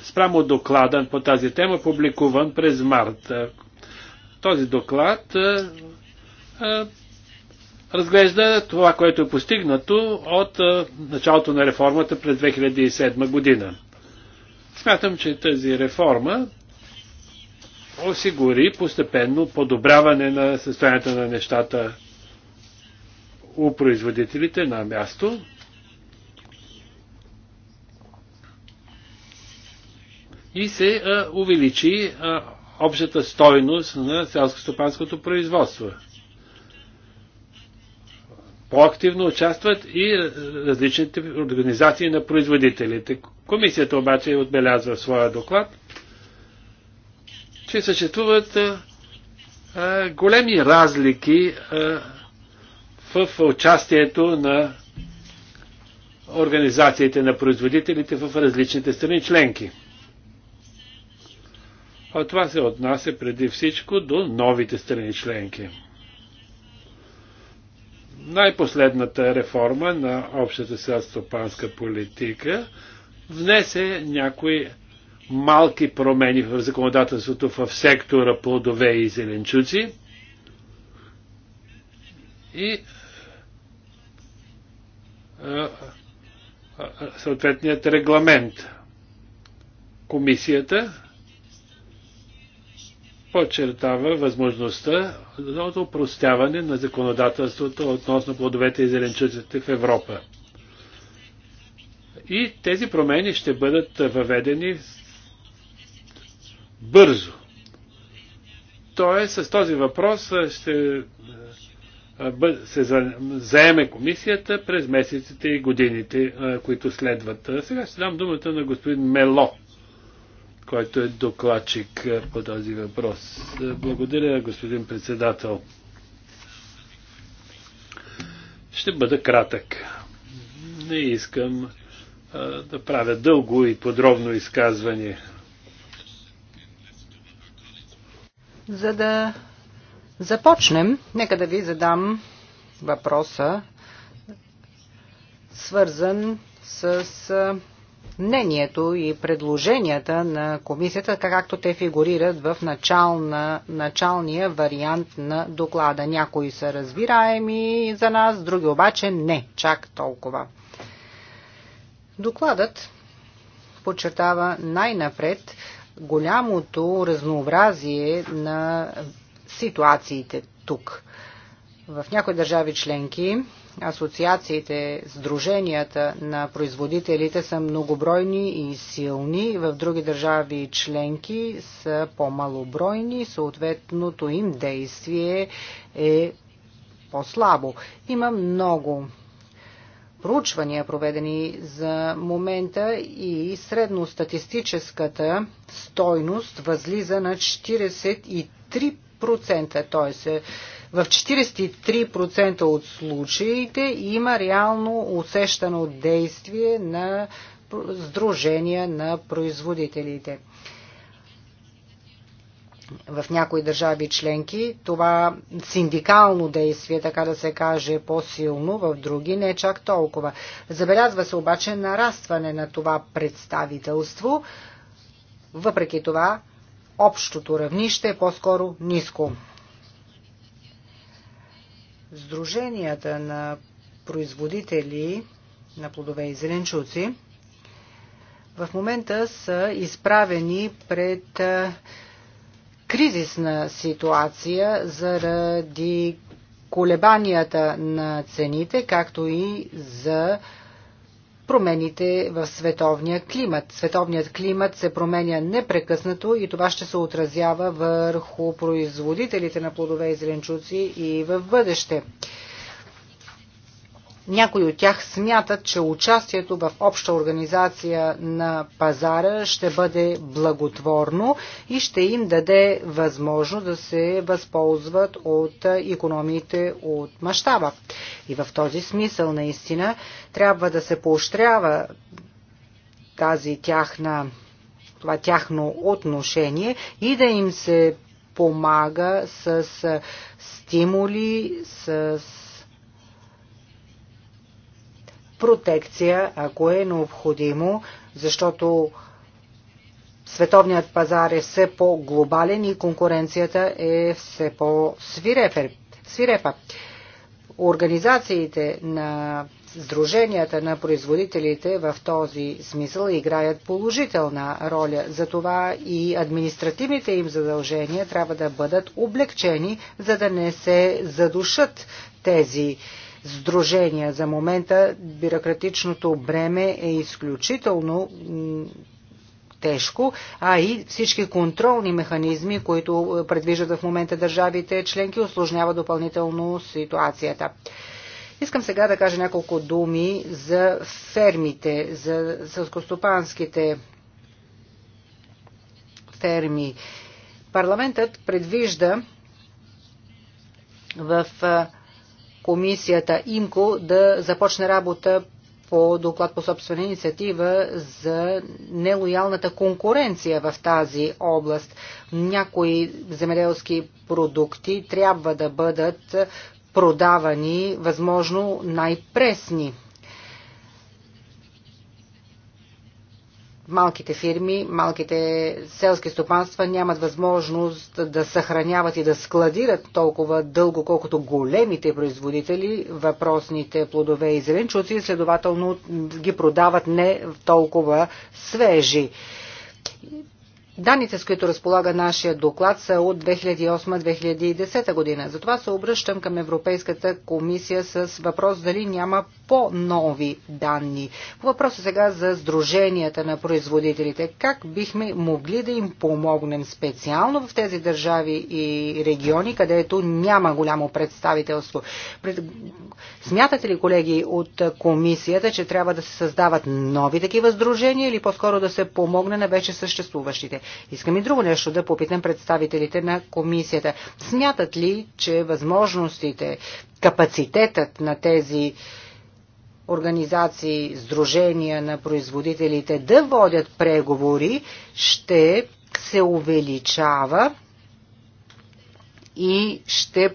спрямо доклада по тази тема, публикуван през март. Този доклад е, е, разглежда това, което е постигнато от е, началото на реформата през 2007 година. Смятам, че тази реформа осигури постепенно подобряване на състоянието на нещата у производителите на място, и се а, увеличи а, общата стойност на селско-стопанското производство. По-активно участват и различните организации на производителите. Комисията обаче отбелязва в своя доклад, че съществуват а, а, големи разлики а, в участието на организациите на производителите в различните страни членки. А това се отнася преди всичко до новите страни членки. Най-последната реформа на общата селстопанска политика внесе някои малки промени в законодателството в сектора плодове и зеленчуци и съответният регламент. Комисията подчертава възможността за упростяване на законодателството относно плодовете и зеленчуците в Европа. И тези промени ще бъдат въведени бързо. Тоест, с този въпрос ще се заеме комисията през месеците и годините, които следват. Сега ще дам думата на господин Мело който е докладчик е, по този въпрос. Е, благодаря, господин председател. Ще бъда кратък. Не искам а, е, да правя дълго и подробно изказване. За да започнем, нека да ви задам въпроса, свързан с мнението и предложенията на комисията, както те фигурират в начална, началния вариант на доклада. Някои са разбираеми за нас, други обаче не, чак толкова. Докладът подчертава най-напред голямото разнообразие на ситуациите тук. В някои държави членки асоциациите, сдруженията на производителите са многобройни и силни, в други държави членки са по-малобройни, съответното им действие е по-слабо. Има много проучвания, проведени за момента и средностатистическата стойност възлиза на 43%, т.е. В 43% от случаите има реално усещано действие на сдружения на производителите. В някои държави членки това синдикално действие, така да се каже, е по-силно, в други не е чак толкова. Забелязва се обаче нарастване на това представителство. Въпреки това, общото равнище е по-скоро ниско. Сдруженията на производители на плодове и зеленчуци в момента са изправени пред кризисна ситуация заради колебанията на цените, както и за промените в световния климат. Световният климат се променя непрекъснато и това ще се отразява върху производителите на плодове и зеленчуци и в бъдеще. Някои от тях смятат, че участието в обща организация на пазара ще бъде благотворно и ще им даде възможно да се възползват от економиите от мащаба. И в този смисъл наистина трябва да се поощрява тази тяхна, това тяхно отношение и да им се помага с стимули, с протекция, ако е необходимо, защото световният пазар е все по-глобален и конкуренцията е все по-свирепа. Организациите на Сдруженията на производителите в този смисъл играят положителна роля. Затова и административните им задължения трябва да бъдат облегчени, за да не се задушат тези сдружения. За момента бюрократичното бреме е изключително тежко, а и всички контролни механизми, които е, предвиждат в момента държавите членки, осложнява допълнително ситуацията. Искам сега да кажа няколко думи за фермите, за сълскостопанските ферми. Парламентът предвижда в е, комисията ИМКО да започне работа по доклад по собствена инициатива за нелоялната конкуренция в тази област. Някои земеделски продукти трябва да бъдат продавани възможно най-пресни малките фирми, малките селски стопанства нямат възможност да съхраняват и да складират толкова дълго, колкото големите производители въпросните плодове и зеленчуци, следователно ги продават не толкова свежи. Данните, с които разполага нашия доклад, са от 2008-2010 година. Затова се обръщам към Европейската комисия с въпрос дали няма по-нови данни. По въпроса сега за сдруженията на производителите. Как бихме могли да им помогнем специално в тези държави и региони, където няма голямо представителство? Смятате ли, колеги, от комисията, че трябва да се създават нови такива сдружения или по-скоро да се помогне на вече съществуващите? Искам и друго нещо да попитам представителите на комисията. Смятат ли, че възможностите, капацитетът на тези организации, сдружения на производителите да водят преговори, ще се увеличава и ще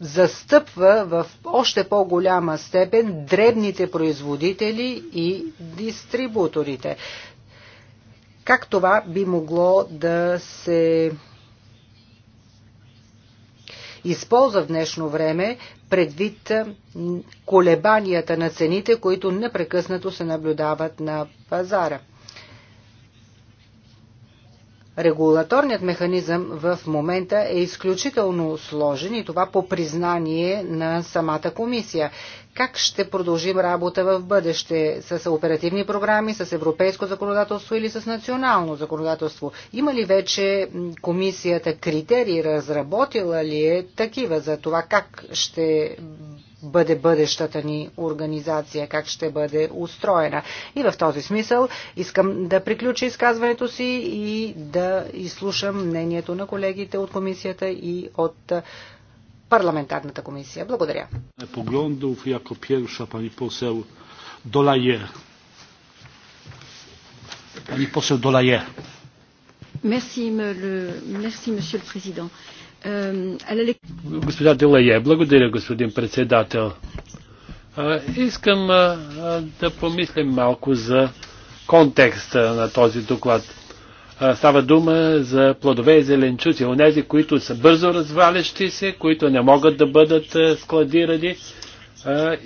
застъпва в още по-голяма степен дребните производители и дистрибуторите. Как това би могло да се използва в днешно време предвид колебанията на цените, които непрекъснато се наблюдават на пазара. Регулаторният механизъм в момента е изключително сложен и това по признание на самата комисия. Как ще продължим работа в бъдеще? С оперативни програми, с европейско законодателство или с национално законодателство? Има ли вече комисията критерии, разработила ли е такива за това как ще бъде бъдещата ни организация, как ще бъде устроена. И в този смисъл искам да приключа изказването си и да изслушам мнението на колегите от комисията и от парламентарната комисия. Благодаря. Поглądów jako pierwsza pani poseł Dolaje. Pani poseł Dolaje. Merci, le, merci, monsieur le président. Euh, е, е, Госпожа Дилае, благодаря, господин председател. Искам да помислим малко за контекста на този доклад. Става дума за плодове и зеленчуци, онези, които са бързо развалящи се, които не могат да бъдат складирани.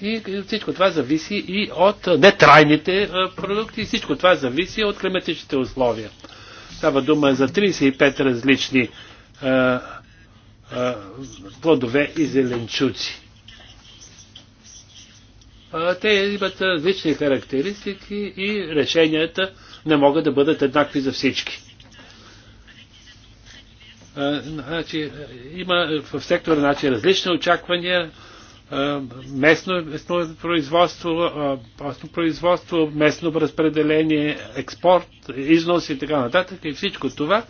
И всичко това зависи и от нетрайните продукти, всичко това зависи от климатичните условия. Става дума за 35 различни плодове и зеленчуци. Те имат различни характеристики и решенията не могат да бъдат еднакви за всички. Значи, има в сектора значи, различни очаквания, местно, местно производство, местно производство, местно разпределение, експорт, износ и така нататък. И всичко това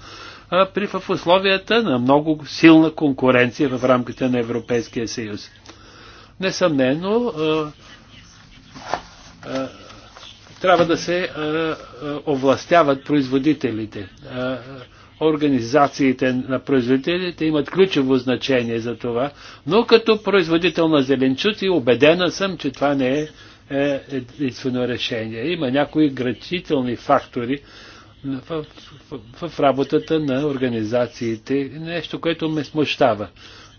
при в условията на много силна конкуренция в рамките на Европейския съюз. Несъмнено, трябва да се овластяват производителите. Организациите на производителите имат ключово значение за това, но като производител на зеленчуци убедена съм, че това не е, е единствено решение. Има някои грачителни фактори, в, в, в работата на организациите. Нещо, което ме смущава.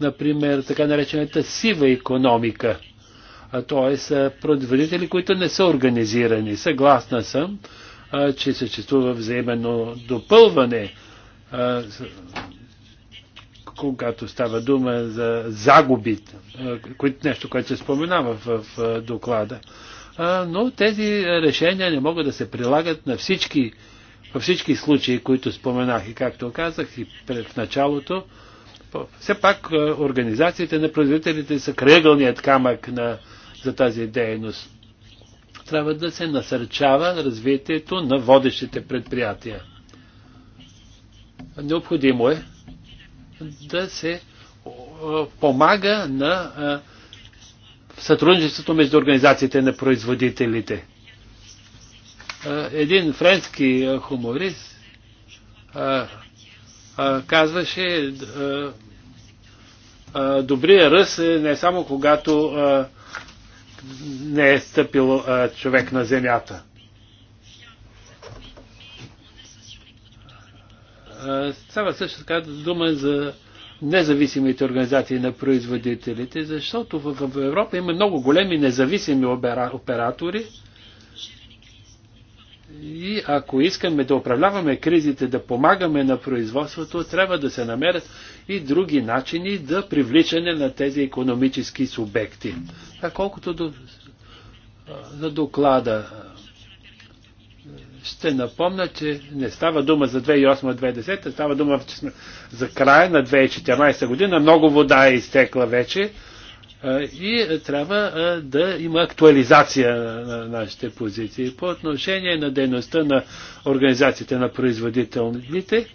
Например, така наречената сива економика. Т.е. производители, които не са организирани. Съгласна съм, а, че съществува взаимно допълване, а, с, когато става дума за загубите, които, нещо, което се споменава в, в доклада. А, но тези решения не могат да се прилагат на всички във всички случаи, които споменах и както казах и в началото, все пак е, организациите на производителите са кръгълният камък на, за тази дейност. Трябва да се насърчава развитието на водещите предприятия. Необходимо е да се е, помага на е, сътрудничеството между организациите на производителите един френски хуморист казваше, добрия ръст е не само когато не е стъпил човек на земята. Става също така дума за независимите организации на производителите, защото в Европа има много големи независими оператори, и ако искаме да управляваме кризите, да помагаме на производството, трябва да се намерят и други начини да привличане на тези економически субекти. А колкото до, за доклада, ще напомня, че не става дума за 2008-2010, става дума за края на 2014 година. Много вода е изтекла вече и трябва да има актуализация на нашите позиции. По отношение на дейността на организациите на производителите,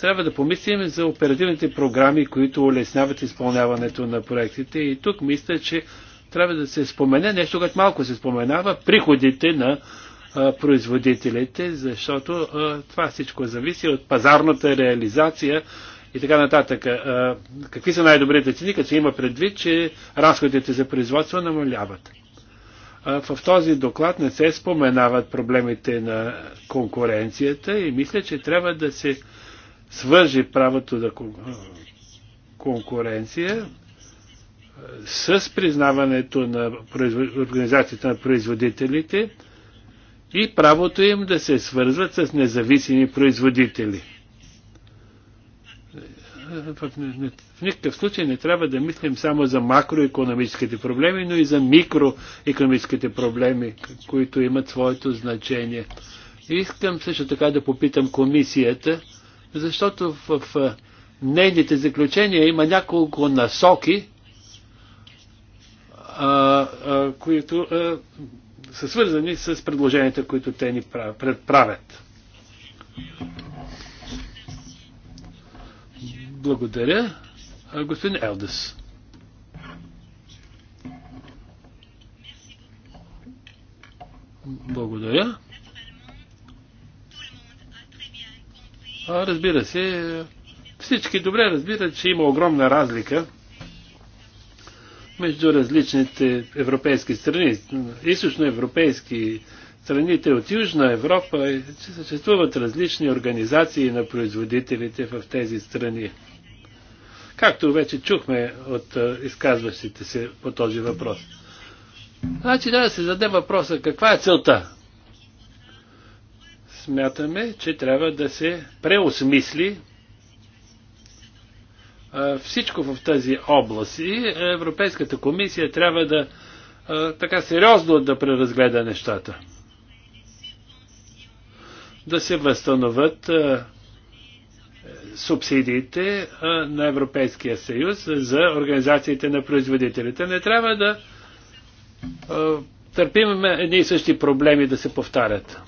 трябва да помислим за оперативните програми, които улесняват изпълняването на проектите. И тук мисля, че трябва да се спомене нещо, което малко се споменава, приходите на производителите, защото това всичко зависи от пазарната реализация и така нататък. какви са най-добрите цени, като се има предвид, че разходите за производство намаляват? в този доклад не се споменават проблемите на конкуренцията и мисля, че трябва да се свържи правото за конкуренция с признаването на организацията на производителите и правото им да се свързват с независими производители в никакъв случай не трябва да мислим само за макроекономическите проблеми, но и за микроекономическите проблеми, които имат своето значение. И искам също така да попитам комисията, защото в нейните заключения има няколко насоки, а, а, които а, са свързани с предложенията, които те ни правят. Благодаря. Господин Елдес. Благодаря. А, разбира се, всички добре разбират, че има огромна разлика между различните европейски страни. Източноевропейски страните от Южна Европа, че съществуват различни организации на производителите в тези страни както вече чухме от изказващите се по този въпрос. Значи трябва да се зададе въпроса каква е целта. Смятаме, че трябва да се преосмисли всичко в тази област и Европейската комисия трябва да така сериозно да преразгледа нещата. Да се възстановят субсидиите на Европейския съюз за организациите на производителите. Не трябва да търпим едни и същи проблеми да се повтарят.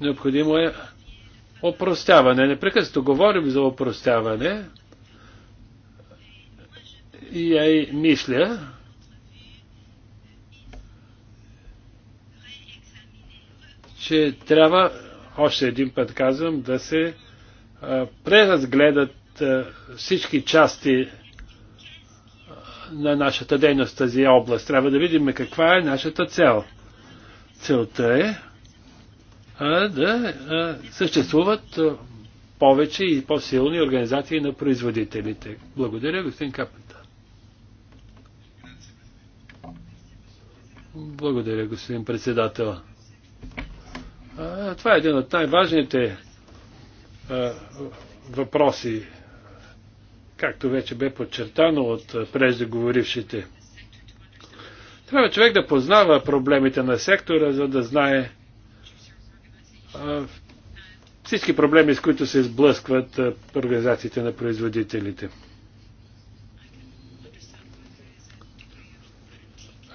Необходимо е опростяване. Непрекъснато говорим за опростяване. И я мисля, че трябва, още един път казвам, да се преразгледат всички части на нашата дейност в тази област. Трябва да видим каква е нашата цел. Целта е да съществуват повече и по-силни организации на производителите. Благодаря, господин Капента. Благодаря, господин председател. това е един от най-важните въпроси, както вече бе подчертано от преждеговорившите. Трябва човек да познава проблемите на сектора, за да знае всички проблеми, с които се сблъскват организациите на производителите.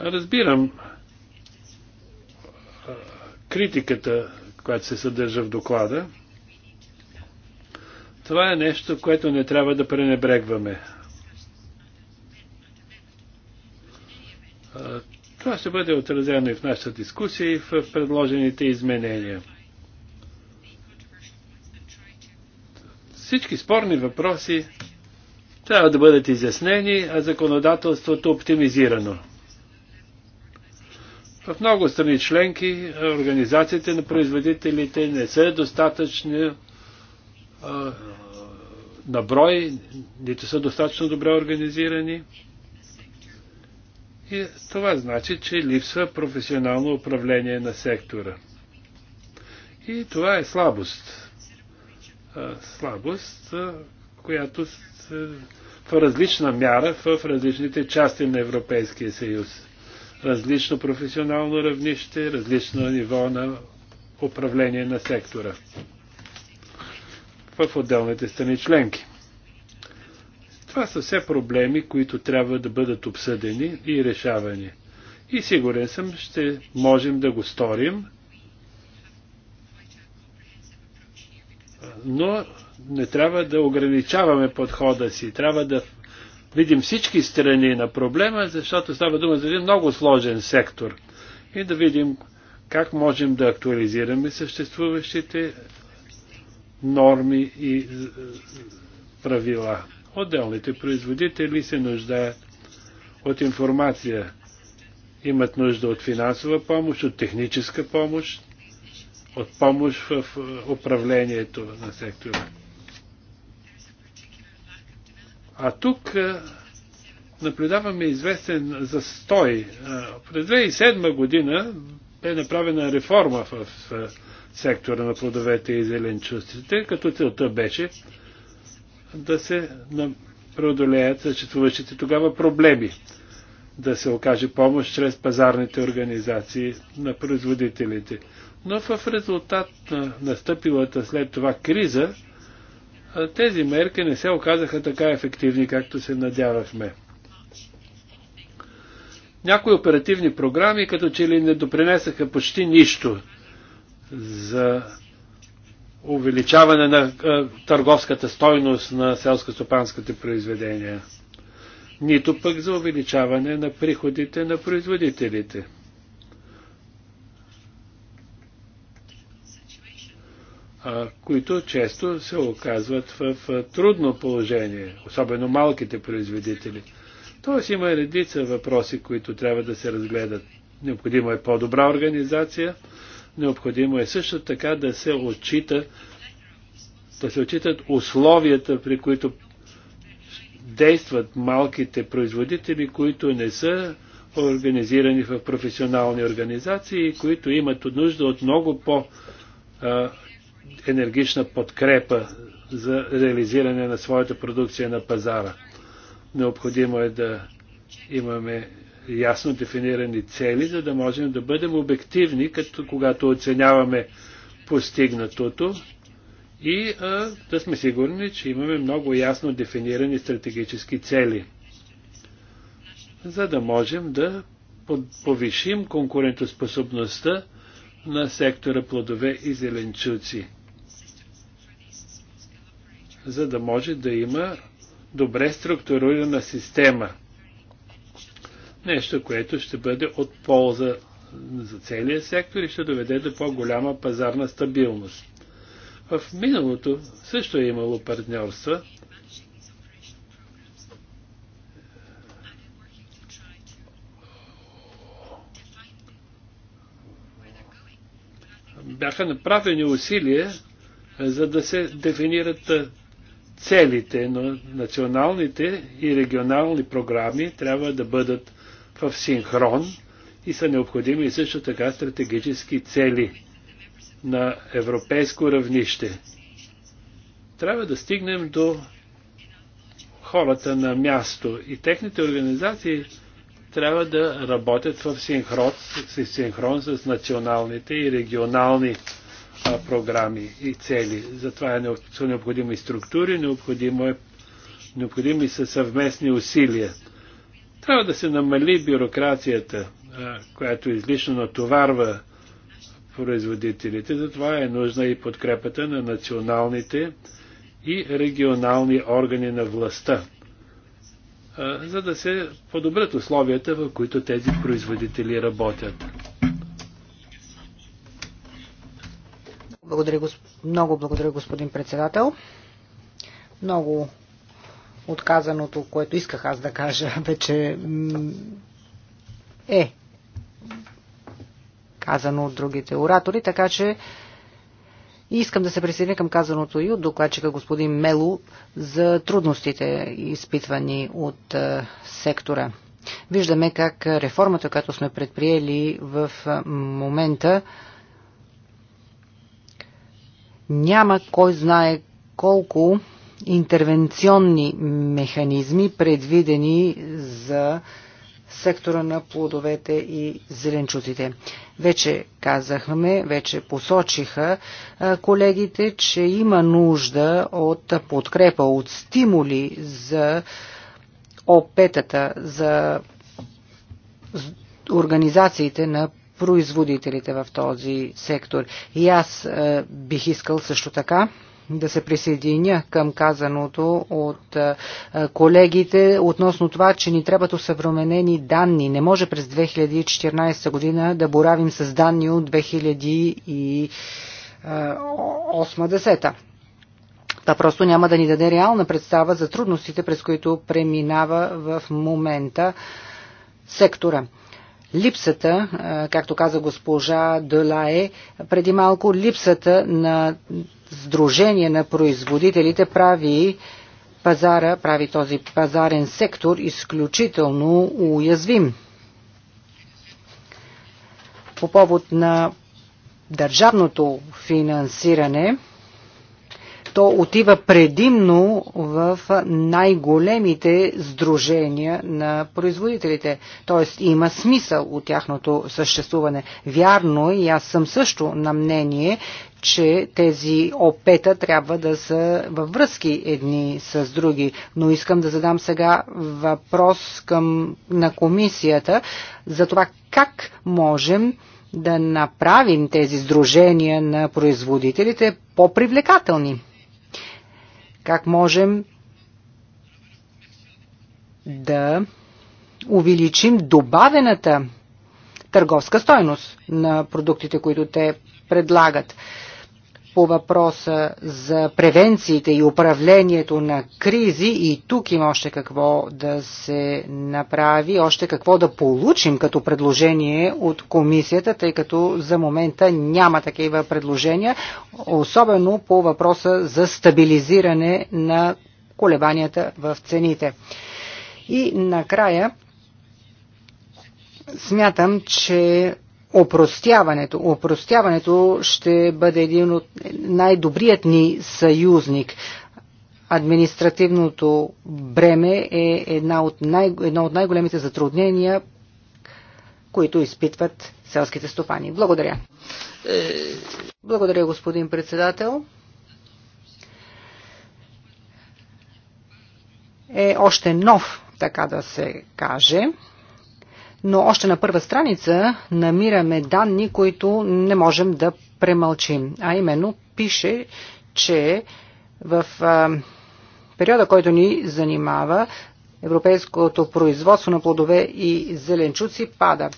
Разбирам критиката, която се съдържа в доклада. Това е нещо, което не трябва да пренебрегваме. Това ще бъде отразено и в нашата дискусия, и в предложените изменения. Всички спорни въпроси трябва да бъдат изяснени, а законодателството оптимизирано. В много страни членки организациите на производителите не са достатъчни на брой, нито са достатъчно добре организирани. И това значи, че липсва професионално управление на сектора. И това е слабост. Слабост, която в различна мяра в различните части на Европейския съюз. Различно професионално равнище, различно ниво на управление на сектора в отделните страни членки. Това са все проблеми, които трябва да бъдат обсъдени и решавани. И сигурен съм, ще можем да го сторим, но не трябва да ограничаваме подхода си. Трябва да видим всички страни на проблема, защото става дума за един много сложен сектор. И да видим как можем да актуализираме съществуващите норми и правила. Отделните производители се нуждаят от информация, имат нужда от финансова помощ, от техническа помощ, от помощ в управлението на сектора. А тук е, наблюдаваме известен застой. Е, през 2007 година бе направена реформа в сектора на плодовете и зеленчуците, като целта беше да се преодолеят съществуващите тогава проблеми, да се окаже помощ чрез пазарните организации на производителите. Но в резултат на настъпилата след това криза, тези мерки не се оказаха така ефективни, както се надявахме. Някои оперативни програми като че ли не допринесаха почти нищо за увеличаване на търговската стойност на селско-стопанските произведения, нито пък за увеличаване на приходите на производителите. които често се оказват в трудно положение, особено малките производители. Тоест има редица въпроси, които трябва да се разгледат. Необходима е по-добра организация, Необходимо е също така да се отчита да се отчитат условията, при които действат малките производители, които не са организирани в професионални организации, които имат нужда от много по-енергична подкрепа за реализиране на своята продукция на пазара. Необходимо е да имаме ясно дефинирани цели, за да можем да бъдем обективни, като когато оценяваме постигнатото и а, да сме сигурни, че имаме много ясно дефинирани стратегически цели, за да можем да повишим конкурентоспособността на сектора плодове и зеленчуци, за да може да има добре структурирана система – Нещо, което ще бъде от полза за целия сектор и ще доведе до по-голяма пазарна стабилност. В миналото също е имало партньорства. Бяха направени усилия е, за да се дефинират е, целите, но националните и регионални програми трябва да бъдат в синхрон и са необходими също така стратегически цели на европейско равнище. Трябва да стигнем до хората на място и техните организации трябва да работят в синхрон, в синхрон с националните и регионални а, програми и цели. Затова е, са необходими структури, необходимо е, необходими са съвместни усилия. Трябва да се намали бюрокрацията, която излишно натоварва производителите. Затова е нужна и подкрепата на националните и регионални органи на властта, за да се подобрят условията, в които тези производители работят. Благодаря, госп... Много благодаря, господин председател. Много отказаното, което исках аз да кажа, вече е казано от другите оратори, така че и искам да се присъединя към казаното и от докладчика господин Мело за трудностите, изпитвани от е, сектора. Виждаме как реформата, която сме предприели в е, момента, няма кой знае колко интервенционни механизми, предвидени за сектора на плодовете и зеленчуците. Вече казахме, вече посочиха колегите, че има нужда от подкрепа, от стимули за опетата, за организациите на производителите в този сектор. И аз бих искал също така да се присъединя към казаното от колегите относно това, че ни трябват усъвременени данни. Не може през 2014 година да боравим с данни от 2008-10. Та просто няма да ни даде реална представа за трудностите, през които преминава в момента сектора липсата, както каза госпожа Делае, преди малко липсата на сдружение на производителите прави пазара, прави този пазарен сектор изключително уязвим. По повод на държавното финансиране – то отива предимно в най-големите сдружения на производителите. Тоест има смисъл от тяхното съществуване. Вярно е, и аз съм също на мнение, че тези опета трябва да са във връзки едни с други. Но искам да задам сега въпрос към, на комисията за това как можем да направим тези сдружения на производителите по-привлекателни. Как можем да увеличим добавената търговска стойност на продуктите, които те предлагат по въпроса за превенциите и управлението на кризи и тук има още какво да се направи, още какво да получим като предложение от комисията, тъй като за момента няма такива предложения, особено по въпроса за стабилизиране на колебанията в цените. И накрая смятам, че Опростяването. Опростяването ще бъде един от най-добрият ни съюзник. Административното бреме е една от най- едно от най-големите затруднения, които изпитват селските стопани. Благодаря. Благодаря, господин председател. Е още нов, така да се каже но още на първа страница намираме данни, които не можем да премълчим. А именно пише, че в а, периода, който ни занимава, европейското производство на плодове и зеленчуци пада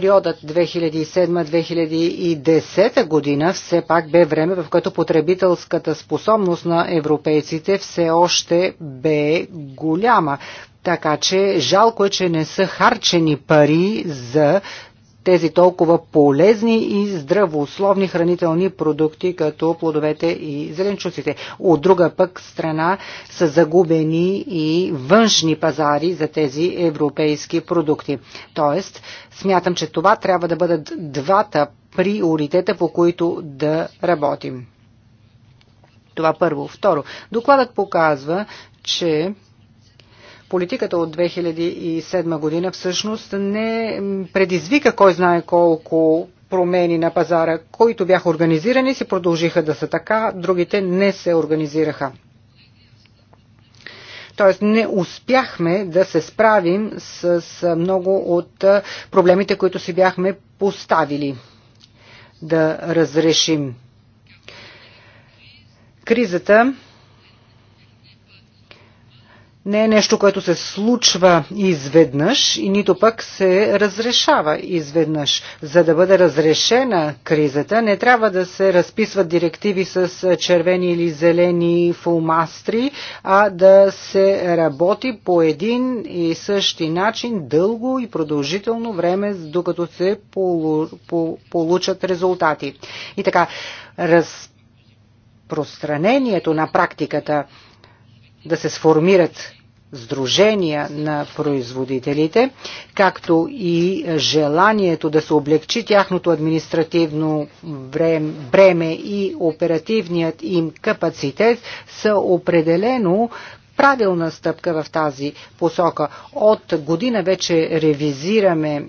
периодът 2007-2010 година все пак бе време, в което потребителската способност на европейците все още бе голяма. Така че жалко е, че не са харчени пари за тези толкова полезни и здравословни хранителни продукти, като плодовете и зеленчуците. От друга пък страна са загубени и външни пазари за тези европейски продукти. Тоест, смятам, че това трябва да бъдат двата приоритета, по които да работим. Това първо. Второ, докладът показва, че Политиката от 2007 година всъщност не предизвика кой знае колко промени на пазара, които бяха организирани, си продължиха да са така, другите не се организираха. Тоест не успяхме да се справим с много от проблемите, които си бяхме поставили да разрешим. Кризата не е нещо, което се случва изведнъж и нито пък се разрешава изведнъж. За да бъде разрешена кризата, не трябва да се разписват директиви с червени или зелени фулмастри, а да се работи по един и същи начин дълго и продължително време, докато се получат резултати. И така, разпространението на практиката да се сформират сдружения на производителите, както и желанието да се облегчи тяхното административно бреме и оперативният им капацитет са определено правилна стъпка в тази посока. От година вече ревизираме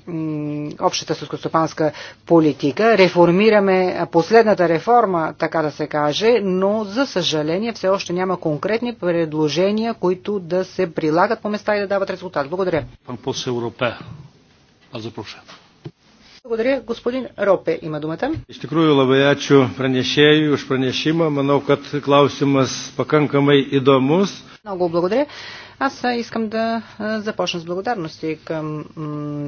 общата сускостопанска политика, реформираме последната реформа, така да се каже, но за съжаление все още няма конкретни предложения, които да се прилагат по места и да дават резултат. Благодаря. Пан Европе. Аз запрошам. Благодаря. Господин Ропе има думата. Iš tikrųjų labai ačiū pranešėjui už pranešimą. Manau, kad klausimas pakankamai įdomus. Много благодаря. Аз искам да започна с благодарности към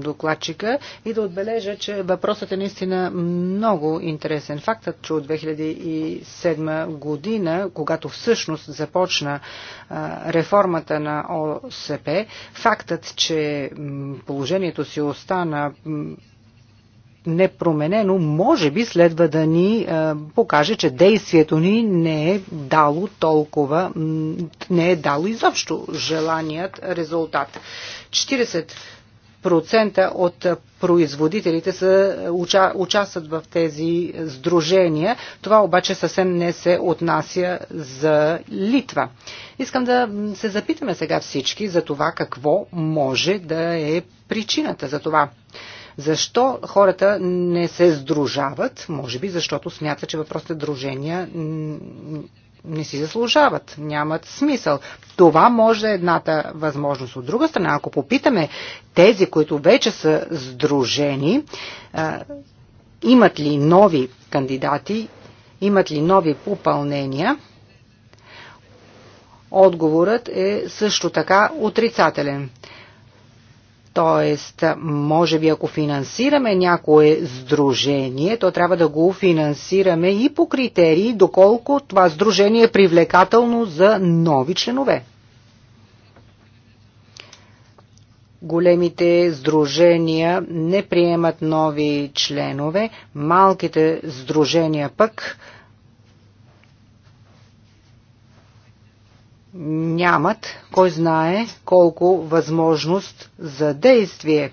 докладчика и да отбележа, че въпросът е наистина много интересен. Фактът, че от 2007 година, когато всъщност започна реформата на ОСП, фактът, че положението си остана непроменено, може би следва да ни е, покаже, че действието ни не е дало толкова, не е дало изобщо желаният резултат. 40% от производителите са, уча, участват в тези сдружения. Това обаче съвсем не се отнася за Литва. Искам да се запитаме сега всички за това какво може да е причината за това. Защо хората не се сдружават? Може би защото смятат, че въпросите дружения не си заслужават, нямат смисъл. Това може да е едната възможност. От друга страна, ако попитаме тези, които вече са сдружени, имат ли нови кандидати, имат ли нови попълнения, отговорът е също така отрицателен. Тоест, може би ако финансираме някое сдружение, то трябва да го финансираме и по критерии, доколко това сдружение е привлекателно за нови членове. Големите сдружения не приемат нови членове, малките сдружения пък нямат, кой знае колко възможност за действие.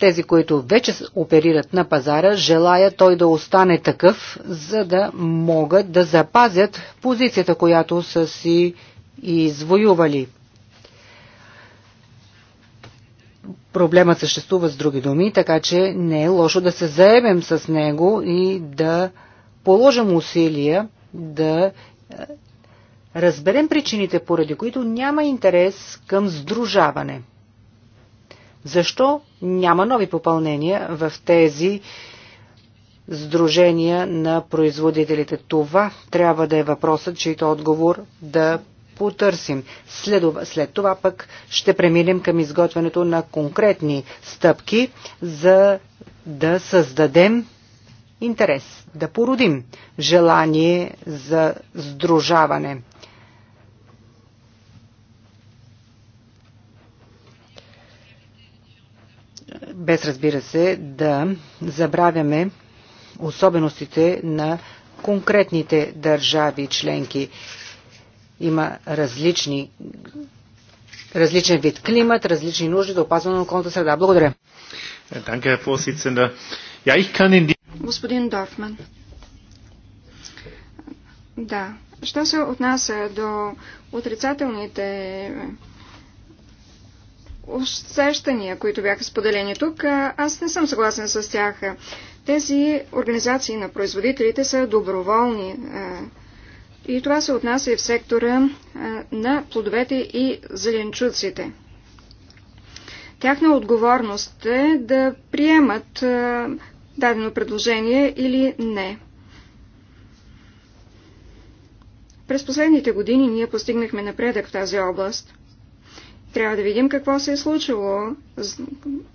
Тези, които вече оперират на пазара, желая той да остане такъв, за да могат да запазят позицията, която са си извоювали проблемът съществува с други думи, така че не е лошо да се заемем с него и да положим усилия да е, разберем причините, поради които няма интерес към сдружаване. Защо няма нови попълнения в тези сдружения на производителите? Това трябва да е въпросът, чийто отговор да потърсим. След, след това пък ще преминем към изготвянето на конкретни стъпки, за да създадем интерес, да породим желание за сдружаване. Без разбира се да забравяме особеностите на конкретните държави членки. Има различни, различен вид климат, различни нужди за опазване на околната среда. Благодаря. Господин Дорфман. Да. Що се отнася до отрицателните усещания, които бяха споделени тук, аз не съм съгласен с тях. Тези организации на производителите са доброволни е, и това се отнася и в сектора на плодовете и зеленчуците. Тяхна отговорност е да приемат дадено предложение или не. През последните години ние постигнахме напредък в тази област. Трябва да видим какво се е случило.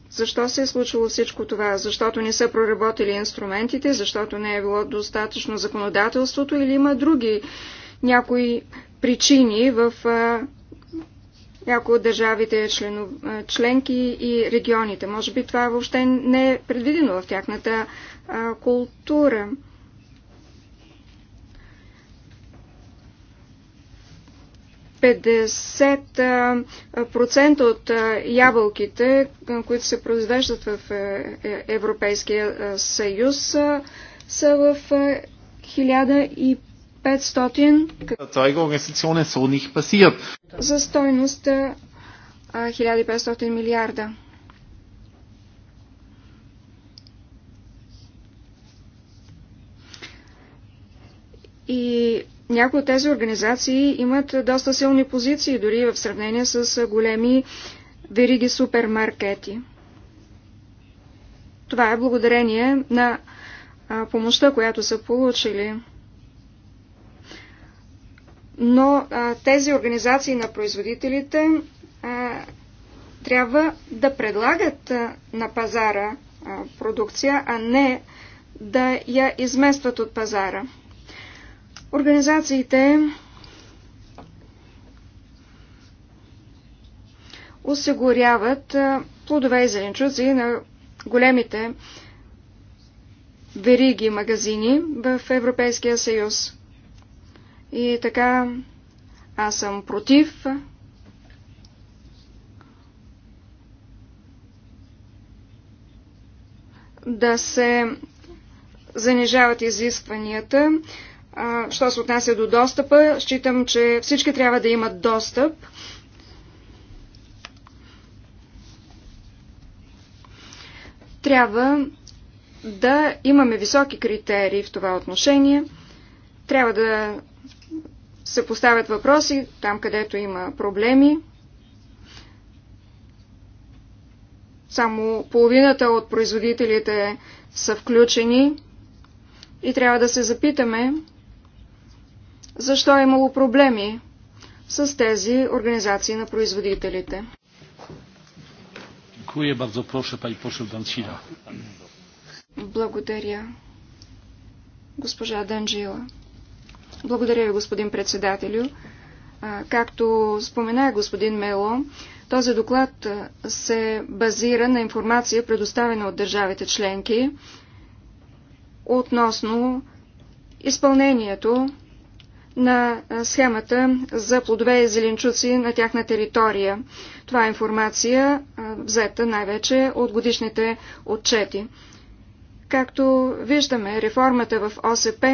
Защо се е случило всичко това? Защото не са проработили инструментите, защото не е било достатъчно законодателството или има други някои причини в някои от държавите членов, членки и регионите. Може би това въобще не е предвидено в тяхната а, култура. 50% от ябълките, които се произвеждат в е, Европейския съюз, са в 1500 за стойност 1500 милиарда. И някои от тези организации имат доста силни позиции, дори в сравнение с големи вериги супермаркети. Това е благодарение на помощта, която са получили. Но а, тези организации на производителите а, трябва да предлагат а, на пазара а, продукция, а не да я изместват от пазара. Организациите осигуряват плодове и зеленчуци на големите вериги магазини в Европейския съюз. И така аз съм против да се занижават изискванията що се отнася до достъпа, считам, че всички трябва да имат достъп. Трябва да имаме високи критерии в това отношение. Трябва да се поставят въпроси там, където има проблеми. Само половината от производителите са включени и трябва да се запитаме защо е имало проблеми с тези организации на производителите. Благодаря. Госпожа Данджила. Благодаря ви, господин председателю. Както спомена господин Мело, този доклад се базира на информация, предоставена от държавите членки относно изпълнението на схемата за плодове и зеленчуци на тяхна територия. Това е информация взета най-вече от годишните отчети. Както виждаме, реформата в ОСП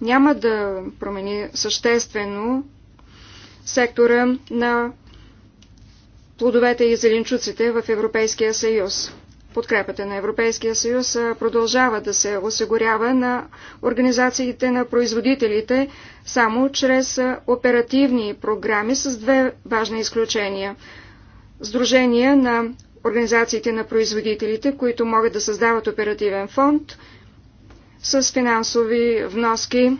няма да промени съществено сектора на плодовете и зеленчуците в Европейския съюз. Подкрепата на Европейския съюз продължава да се осигурява на организациите на производителите само чрез оперативни програми с две важни изключения. Сдружения на организациите на производителите, които могат да създават оперативен фонд с финансови вноски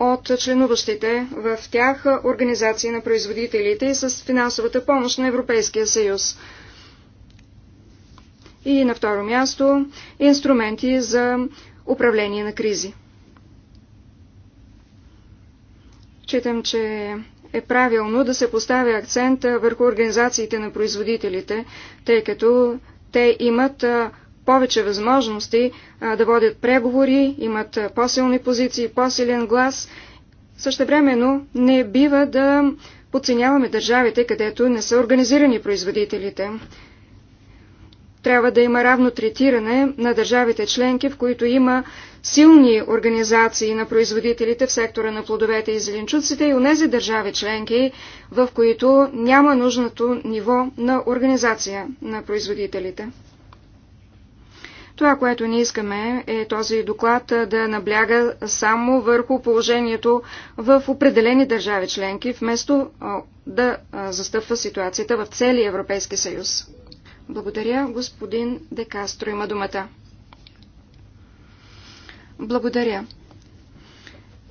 от членуващите в тях организации на производителите и с финансовата помощ на Европейския съюз. И на второ място инструменти за управление на кризи. Читам, че е правилно да се поставя акцент върху организациите на производителите, тъй като те имат повече възможности да водят преговори, имат по-силни позиции, по-силен глас. Същевременно не бива да подценяваме държавите, където не са организирани производителите трябва да има равно третиране на държавите членки, в които има силни организации на производителите в сектора на плодовете и зеленчуците и унези държави членки, в които няма нужното ниво на организация на производителите. Това, което ни искаме е този доклад да набляга само върху положението в определени държави членки, вместо да застъпва ситуацията в целия Европейски съюз. Благодаря. Господин Декастро има думата. Благодаря.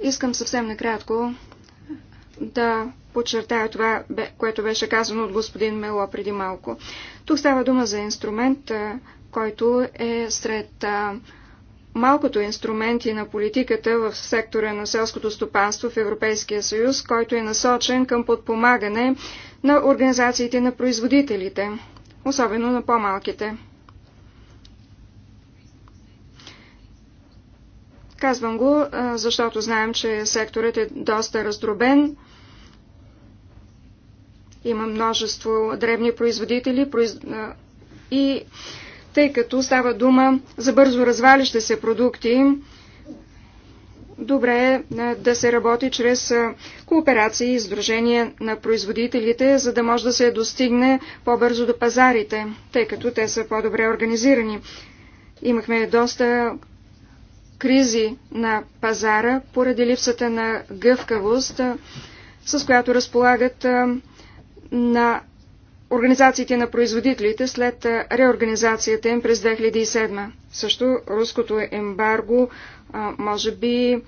Искам съвсем накратко да подчертая това, което беше казано от господин Мело преди малко. Тук става дума за инструмент, който е сред малкото инструменти на политиката в сектора на селското стопанство в Европейския съюз, който е насочен към подпомагане на организациите на производителите особено на по-малките. Казвам го, защото знаем, че секторът е доста раздробен. Има множество древни производители произ... и тъй като става дума за бързо развалище се продукти, добре е, е да се работи чрез е, кооперации и сдружения на производителите, за да може да се достигне по-бързо до пазарите, тъй като те са по-добре организирани. Имахме доста кризи на пазара поради липсата на гъвкавост, е, с която разполагат на организациите на производителите след реорганизацията им през 2007. Също руското ембарго може би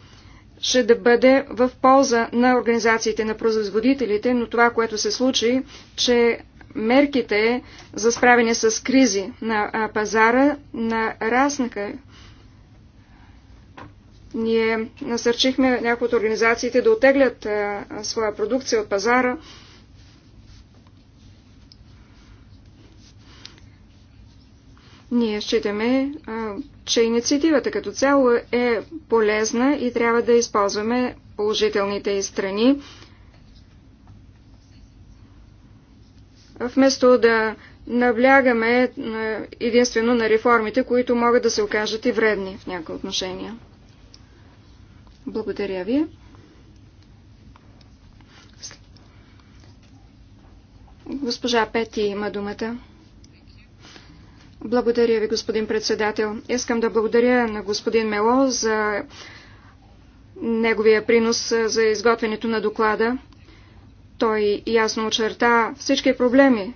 ще да бъде в полза на организациите на производителите, но това, което се случи, че мерките за справяне с кризи на пазара нараснаха. Ние насърчихме някои от организациите да отеглят своя продукция от пазара, Ние считаме, че инициативата като цяло е полезна и трябва да използваме положителните и страни. Вместо да наблягаме единствено на реформите, които могат да се окажат и вредни в някои отношения. Благодаря ви. Госпожа Пети има думата. Благодаря ви, господин председател. Искам да благодаря на господин Мело за неговия принос за изготвянето на доклада. Той ясно очерта всички проблеми,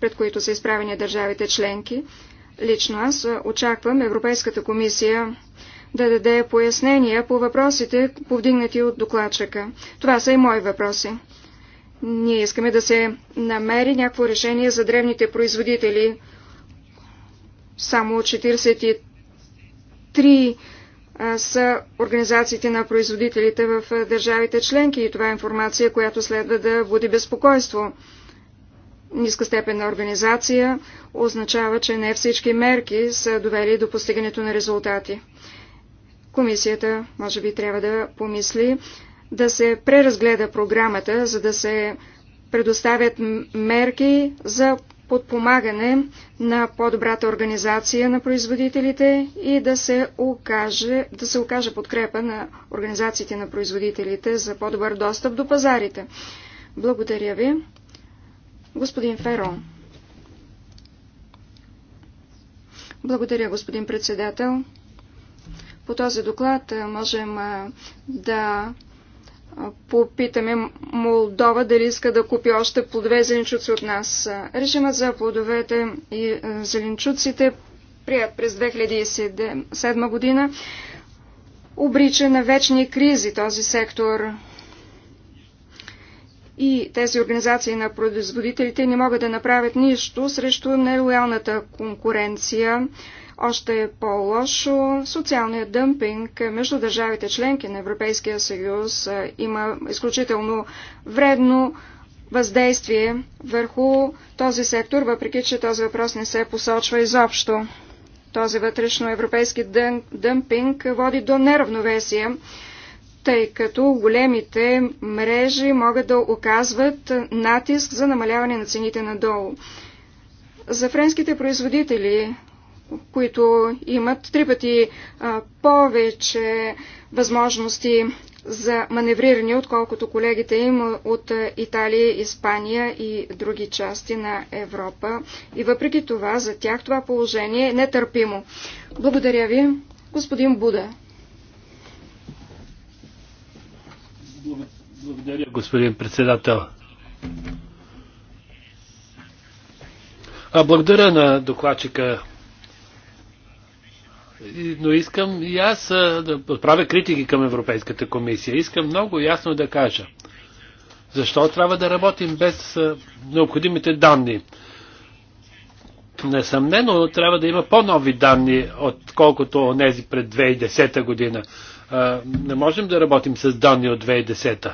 пред които са изправени държавите членки. Лично аз очаквам Европейската комисия да даде пояснения по въпросите, повдигнати от докладчика. Това са и мои въпроси. Ние искаме да се намери някакво решение за древните производители, само 43 са организациите на производителите в държавите членки и това е информация, която следва да буди безпокойство. Ниска степен на организация означава, че не всички мерки са довели до постигането на резултати. Комисията, може би, трябва да помисли да се преразгледа програмата, за да се предоставят мерки за подпомагане на по-добрата организация на производителите и да се, окаже, да се окаже подкрепа на организациите на производителите за по-добър достъп до пазарите. Благодаря ви. Господин Ферон. Благодаря, господин председател. По този доклад можем да попитаме Молдова дали иска да купи още плодове и зеленчуци от нас. Режимът за плодовете и е, зеленчуците, прият през 2007 година, обрича на вечни кризи този сектор. И тези организации на производителите не могат да направят нищо срещу нелоялната конкуренция, още е по-лошо социалният дъмпинг между държавите членки на Европейския съюз има изключително вредно въздействие върху този сектор, въпреки че този въпрос не се посочва изобщо. Този вътрешно европейски дъмпинг води до неравновесие, тъй като големите мрежи могат да оказват натиск за намаляване на цените надолу. За френските производители които имат три пъти а, повече възможности за маневриране, отколкото колегите им от Италия, Испания и други части на Европа. И въпреки това, за тях това положение е нетърпимо. Благодаря ви, господин Буда. Благодаря, господин председател. А благодаря на докладчика но искам и аз да отправя критики към Европейската комисия. Искам много ясно да кажа. Защо трябва да работим без необходимите данни? Несъмнено трябва да има по-нови данни, отколкото нези пред 2010 година. Не можем да работим с данни от 2010.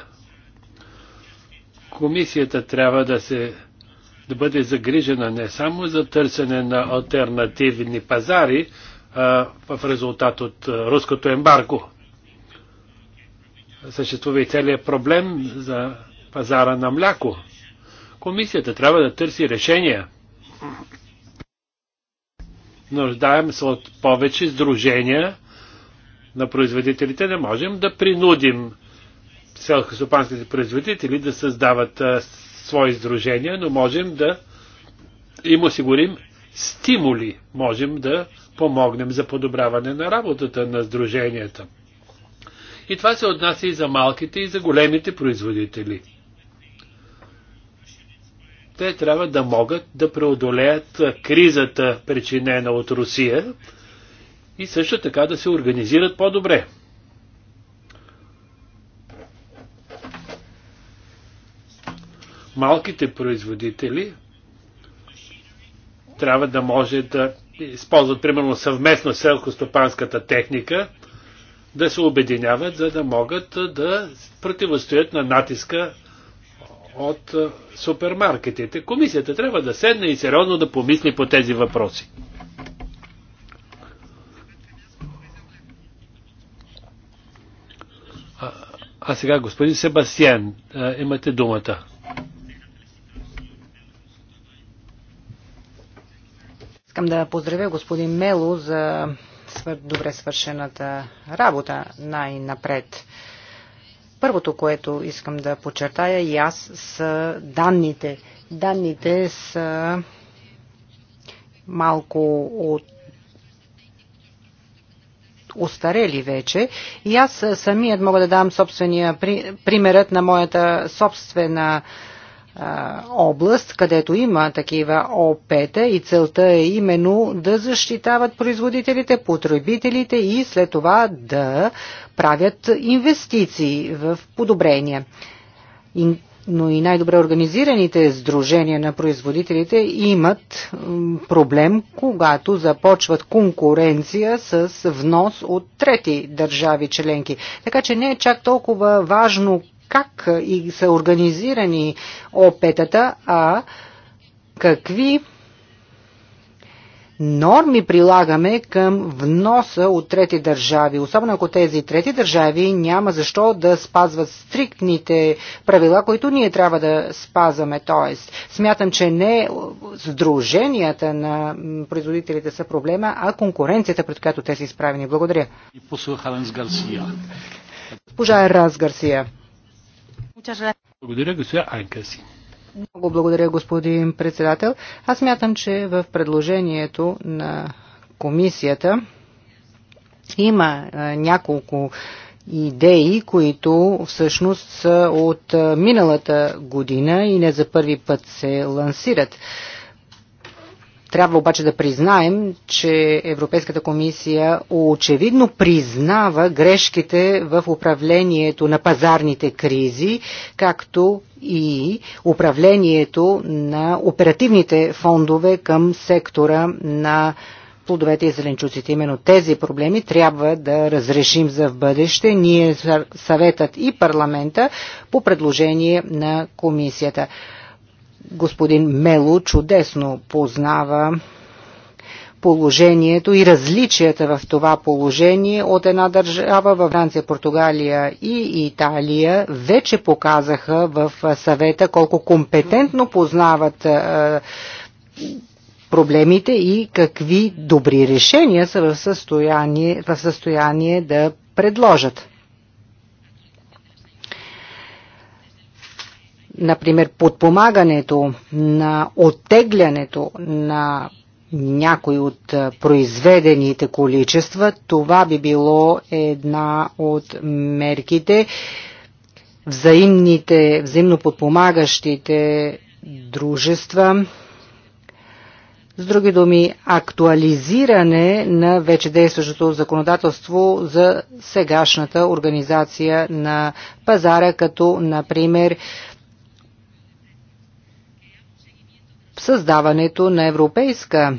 Комисията трябва да се да бъде загрижена не само за търсене на альтернативни пазари, в резултат от руското ембарго. Съществува и целият проблем за пазара на мляко. Комисията трябва да търси решения. Нуждаем се от повече сдружения на производителите. Не можем да принудим селскостопанските производители да създават а, свои сдружения, но можем да им осигурим стимули можем да помогнем за подобряване на работата на сдруженията. И това се отнася и за малките, и за големите производители. Те трябва да могат да преодолеят кризата, причинена от Русия, и също така да се организират по-добре. Малките производители трябва да може да използват примерно съвместно селкостопанската техника, да се обединяват, за да могат да противостоят на натиска от супермаркетите. Комисията трябва да седне и сериозно да помисли по тези въпроси. А, а сега господин Себастиен, имате думата. Искам да поздравя господин Мело за добре свършената работа най-напред. Първото, което искам да подчертая и аз, са данните. Данните са малко от устарели вече. И аз самият мога да дам собствения примерът на моята собствена област, където има такива опт та и целта е именно да защитават производителите, потребителите и след това да правят инвестиции в подобрения. Но и най-добре организираните сдружения на производителите имат проблем, когато започват конкуренция с внос от трети държави членки. Така че не е чак толкова важно как и са организирани опетата, а какви норми прилагаме към вноса от трети държави, особено ако тези трети държави няма защо да спазват стриктните правила, които ние трябва да спазваме. Тоест, смятам, че не сдруженията на производителите са проблема, а конкуренцията, пред която те са изправени. Благодаря. Пожар послухавам Госпожа Гарсия. Благодаря, госпожа Анкаси. Много благодаря, господин председател. Аз мятам, че в предложението на комисията има няколко идеи, които всъщност са от миналата година и не за първи път се лансират. Трябва обаче да признаем, че Европейската комисия очевидно признава грешките в управлението на пазарните кризи, както и управлението на оперативните фондове към сектора на плодовете и зеленчуците. Именно тези проблеми трябва да разрешим за в бъдеще. Ние съветът и парламента по предложение на комисията господин Мело чудесно познава положението и различията в това положение от една държава във Франция, Португалия и Италия вече показаха в съвета колко компетентно познават е, проблемите и какви добри решения са в състояние, в състояние да предложат. например, подпомагането на оттеглянето на някои от произведените количества, това би било една от мерките, взаимните, взаимно подпомагащите дружества, с други думи, актуализиране на вече действащото законодателство за сегашната организация на пазара, като, например, създаването на европейска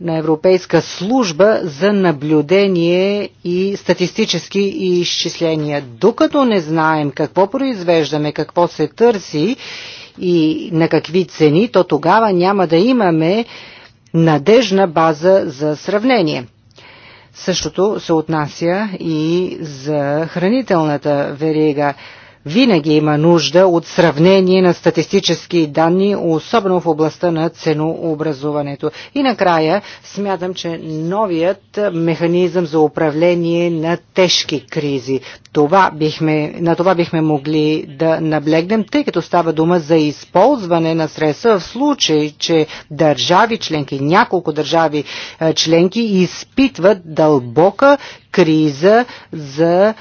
на Европейска служба за наблюдение и статистически изчисления. Докато не знаем какво произвеждаме, какво се търси и на какви цени, то тогава няма да имаме надежна база за сравнение. Същото се отнася и за хранителната верига винаги има нужда от сравнение на статистически данни, особено в областта на ценообразуването. И накрая смятам, че новият механизъм за управление на тежки кризи. Това бихме, на това бихме могли да наблегнем, тъй като става дума за използване на средства в случай, че държави членки, няколко държави членки изпитват дълбока криза за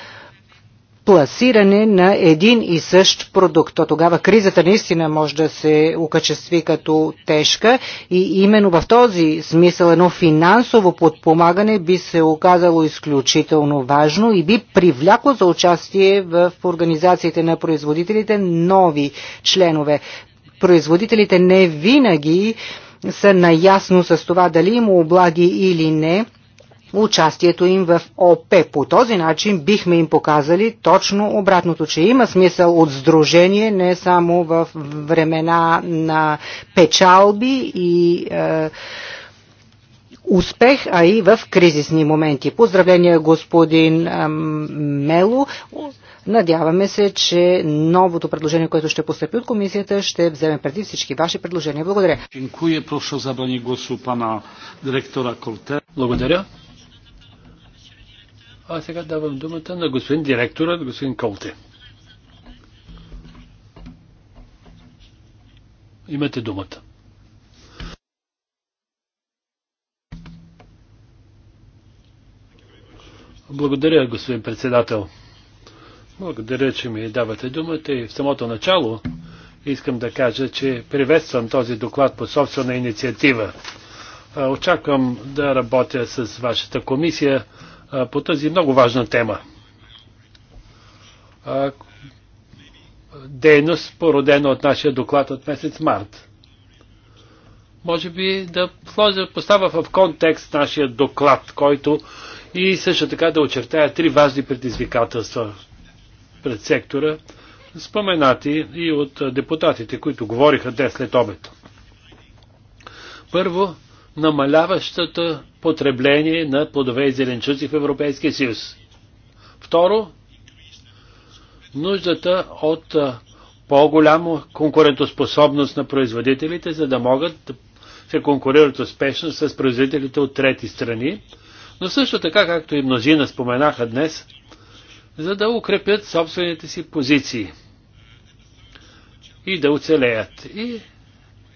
пласиране на един и същ продукт. То тогава кризата наистина може да се укачестви като тежка и именно в този смисъл едно финансово подпомагане би се оказало изключително важно и би привлякло за участие в организациите на производителите нови членове. Производителите не винаги са наясно с това дали има облаги или не участието им в ОП. По този начин бихме им показали точно обратното, че има смисъл от сдружение не само в времена на печалби и е, успех, а и в кризисни моменти. Поздравления господин е, Мело. Надяваме се, че новото предложение, което ще постъпи от комисията, ще вземе преди всички ваши предложения. Благодаря. Благодаря. А сега давам думата на господин директорът, господин Колте. Имате думата. Благодаря, господин председател. Благодаря, че ми давате думата и в самото начало искам да кажа, че приветствам този доклад по собствена инициатива. Очаквам да работя с вашата комисия по тази много важна тема. Дейност, породена от нашия доклад от месец март. Може би да поставя в контекст нашия доклад, който и също така да очертая три важни предизвикателства пред сектора, споменати и от депутатите, които говориха днес след обед. Първо, намаляващото потребление на плодове и зеленчуци в Европейския съюз. Второ, нуждата от по-голяма конкурентоспособност на производителите, за да могат да се конкурират успешно с производителите от трети страни, но също така, както и мнозина споменаха днес, за да укрепят собствените си позиции и да оцелеят. И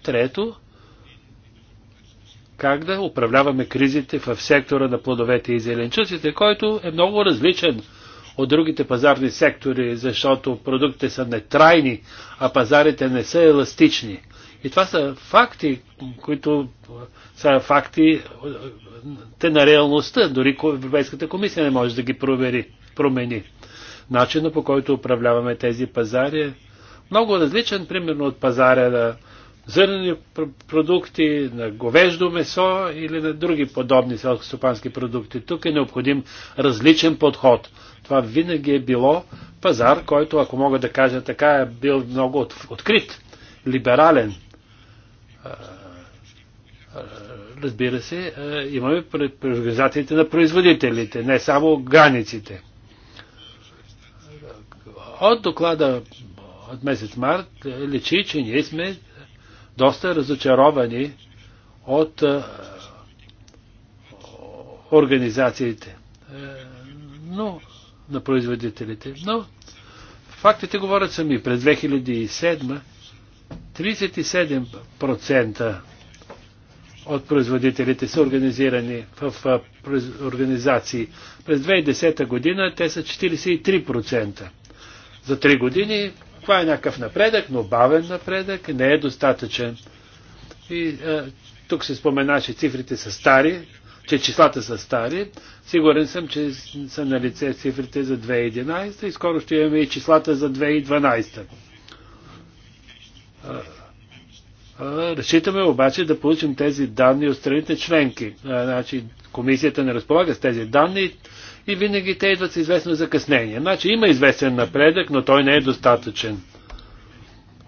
трето, как да управляваме кризите в сектора на плодовете и зеленчуците, който е много различен от другите пазарни сектори, защото продуктите са нетрайни, а пазарите не са еластични. И това са факти, които са факти те на реалността. Дори Европейската комисия не може да ги провери, промени. Начина по който управляваме тези пазари е много различен, примерно от пазаря на зърнени продукти, на говеждо месо или на други подобни селскостопански продукти. Тук е необходим различен подход. Това винаги е било пазар, който, ако мога да кажа така, е бил много открит, либерален. Разбира се, имаме пред организациите на производителите, не само границите. От доклада от месец март личи, че ние сме доста разочаровани от организациите, е, но на производителите. Но фактите говорят сами. През 2007 37% от производителите са организирани в организации. През 2010 година те са 43%. За 3 години това е някакъв напредък, но бавен напредък, не е достатъчен. И а, е, тук се спомена, че цифрите са стари, че числата са стари. Сигурен съм, че са на лице цифрите за 2011 и скоро ще имаме и числата за 2012. А, а, разчитаме обаче да получим тези данни от страните членки. А, е, значи, комисията не разполага с тези данни и винаги те идват с известно закъснение. Значи има известен напредък, но той не е достатъчен.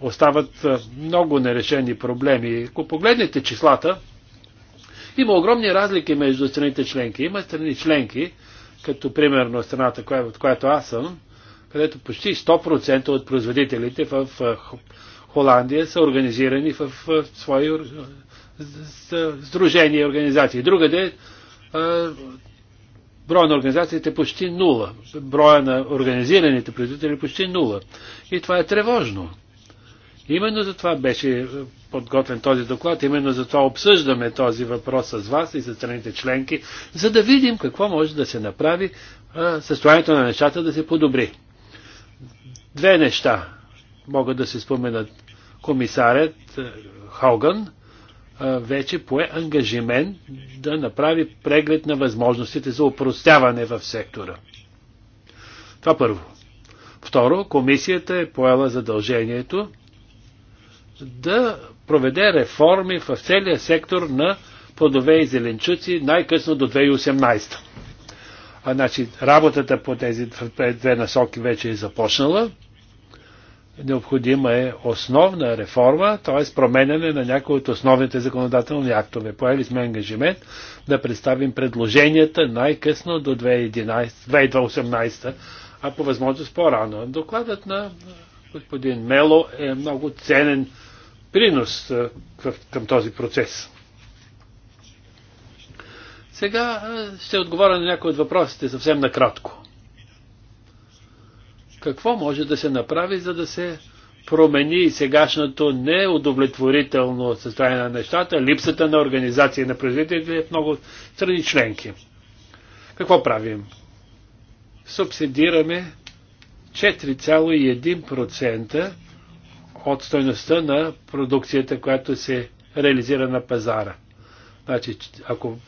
Остават много нерешени проблеми. Ако погледнете числата, има огромни разлики между страните членки. Има страни членки, като примерно страната, от която аз съм, където почти 100% от производителите в Холандия са организирани в свои сдружения и организации. Другаде броя на организациите почти нула, броя на организираните производители почти нула. И това е тревожно. Именно за това беше подготвен този доклад, именно за това обсъждаме този въпрос с вас и с страните членки, за да видим какво може да се направи, състоянието на нещата да се подобри. Две неща могат да се споменат. Комисарят Хоган вече пое ангажимент да направи преглед на възможностите за упростяване в сектора. Това първо. Второ, комисията е поела задължението да проведе реформи в целия сектор на плодове и зеленчуци най-късно до 2018. А значи работата по тези две насоки вече е започнала необходима е основна реформа, т.е. променяне на някои от основните законодателни актове. Поели сме ангажимент да представим предложенията най-късно до 2018, а по възможност по-рано. Докладът на господин Мело е много ценен принос е, към този процес. Сега е, ще отговоря на някои от въпросите съвсем накратко какво може да се направи, за да се промени сегашното неудовлетворително състояние на нещата, липсата на организация на производителите в много страни членки. Какво правим? Субсидираме 4,1% от стойността на продукцията, която се реализира на пазара. Значи, ако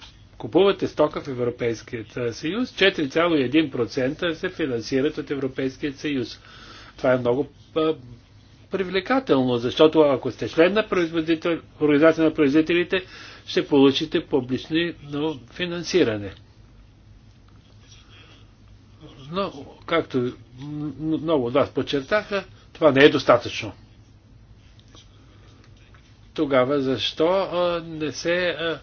купувате стока в Европейският съюз, 4,1% се финансират от Европейският съюз. Това е много а, привлекателно, защото ако сте член на производител, организация на производителите, ще получите публично финансиране. Но, както много от вас подчертаха, това не е достатъчно. Тогава защо а, не се а,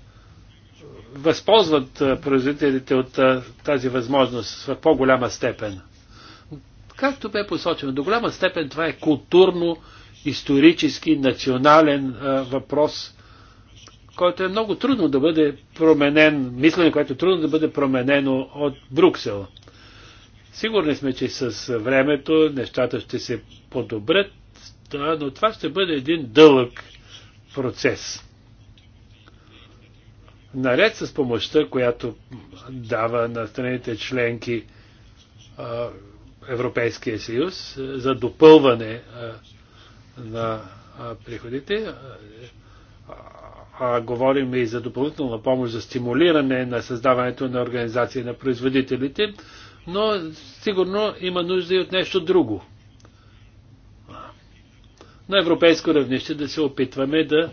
възползват производителите от тази възможност в по-голяма степен. Както бе посочено, до голяма степен това е културно, исторически, национален въпрос, който е много трудно да бъде променен, мислене, което е трудно да бъде променено от Бруксел. Сигурни сме, че с времето нещата ще се подобрят, но това ще бъде един дълъг процес наред с помощта, която дава на страните членки Европейския съюз за допълване на приходите, а говорим и за допълнителна помощ за стимулиране на създаването на организации на производителите, но сигурно има нужда и от нещо друго. На европейско равнище да се опитваме да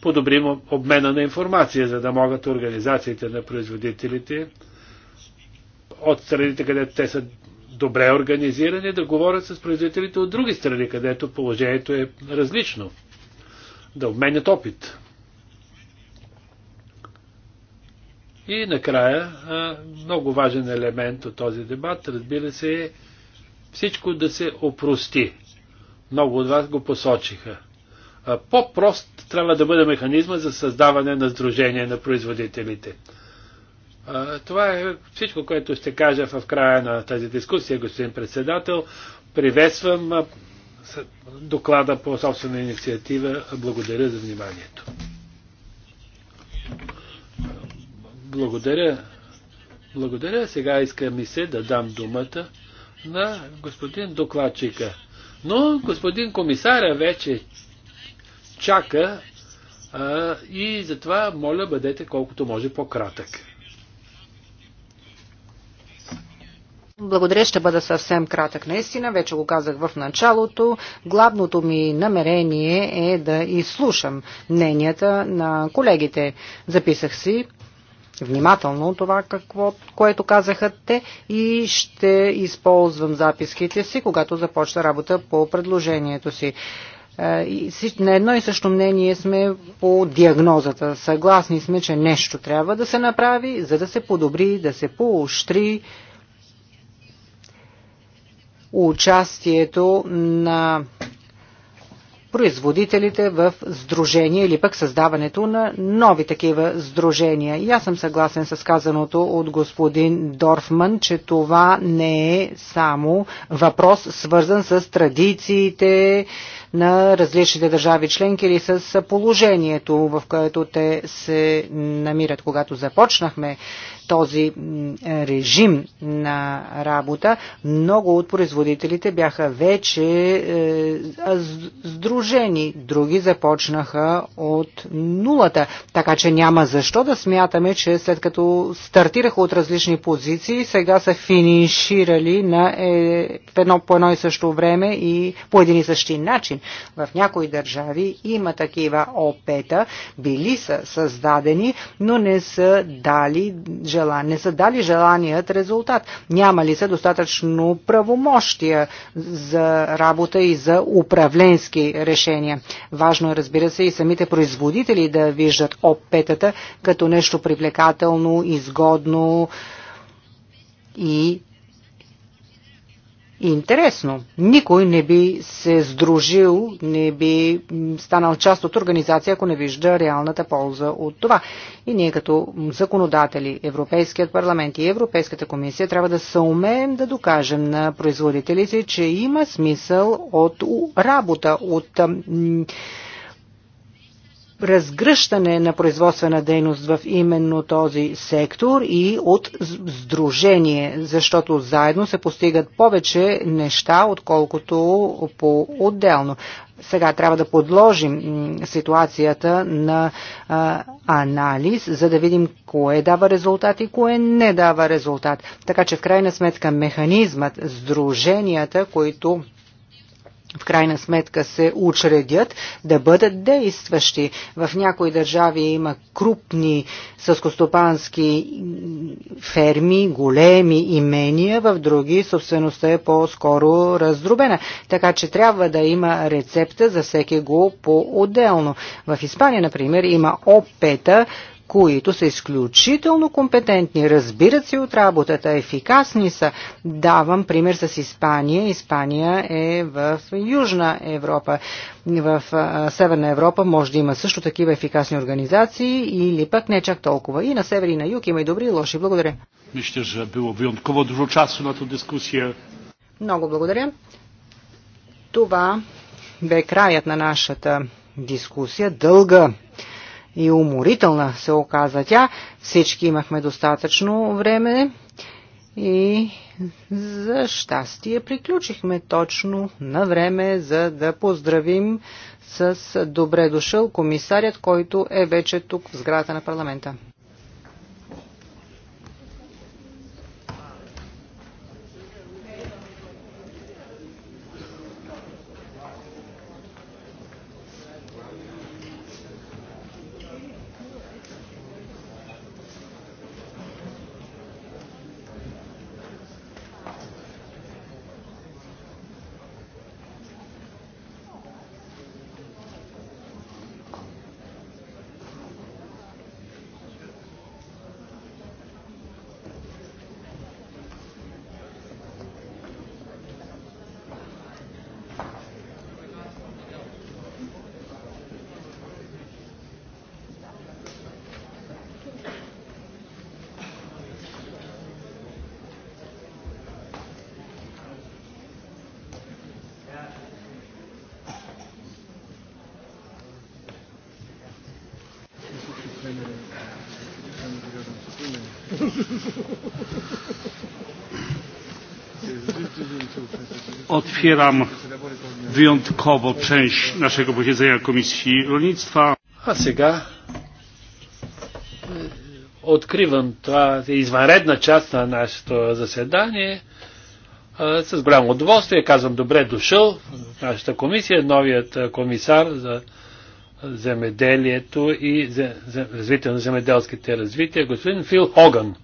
подобрим обмена на информация, за да могат организациите на производителите от страните, където те са добре организирани, да говорят с производителите от други страни, където положението е различно. Да обменят опит. И накрая, много важен елемент от този дебат, разбира се, е всичко да се опрости. Много от вас го посочиха. По-прост трябва да бъде механизма за създаване на сдружение на производителите. Това е всичко, което ще кажа в края на тази дискусия, господин председател. Приветствам доклада по собствена инициатива. Благодаря за вниманието. Благодаря. Благодаря. Сега иска ми се да дам думата на господин докладчика. Но господин комисаря вече чака а, и затова моля бъдете колкото може по-кратък. Благодаря, ще бъда съвсем кратък. Наистина, вече го казах в началото, главното ми намерение е да изслушам мненията на колегите. Записах си внимателно това, какво, което казаха те и ще използвам записките си, когато започна работа по предложението си. Е, на едно и също мнение сме по диагнозата. Съгласни сме, че нещо трябва да се направи, за да се подобри, да се поощри участието на производителите в сдружение или пък създаването на нови такива сдружения. И аз съм съгласен с казаното от господин Дорфман, че това не е само въпрос свързан с традициите на различните държави членки или с положението, в което те се намират. Когато започнахме този режим на работа, много от производителите бяха вече е, сдружени, други започнаха от нулата. Така че няма защо да смятаме, че след като стартираха от различни позиции, сега са финиширали на, е, в едно, по едно и също време и по един и същи начин. В някои държави има такива опета, били са създадени, но не са дали желание, не са дали желаният резултат. Няма ли са достатъчно правомощия за работа и за управленски решения? Важно е, разбира се, и самите производители да виждат опетата като нещо привлекателно, изгодно и интересно. Никой не би се сдружил, не би станал част от организация, ако не вижда реалната полза от това. И ние като законодатели, Европейският парламент и Европейската комисия трябва да съумеем да докажем на производителите, че има смисъл от работа, от разгръщане на производствена дейност в именно този сектор и от сдружение, защото заедно се постигат повече неща, отколкото по-отделно. Сега трябва да подложим ситуацията на а, анализ, за да видим кое дава резултат и кое не дава резултат. Така че в крайна сметка механизмът, сдруженията, които в крайна сметка се учредят, да бъдат действащи. В някои държави има крупни съскостопански ферми, големи имения, в други собствеността е по-скоро раздробена. Така че трябва да има рецепта за всеки го по-отделно. В Испания, например, има опета, които са изключително компетентни, разбират се от работата, ефикасни са. Давам пример с Испания. Испания е в Южна Европа. В Северна Европа може да има също такива ефикасни организации или пък не чак толкова. И на север и на юг има и добри и лоши. Благодаря. Мисля, че било wyjątkoво dużo czasu на тази дискусия. Много благодаря. Това бе краят на нашата дискусия. Дълга и уморителна се оказа тя. Всички имахме достатъчно време и за щастие приключихме точно на време, за да поздравим с добре дошъл комисарят, който е вече тук в сградата на парламента. Otwieram wyjątkowo część naszego posiedzenia Komisji Rolnictwa. А сега откривам това извънредна част на нашето заседание. С голямо удоволствие казвам добре дошъл в нашата комисия, новият е, комисар за е, земеделието и развитие на земеделските развития, господин Фил Хоган.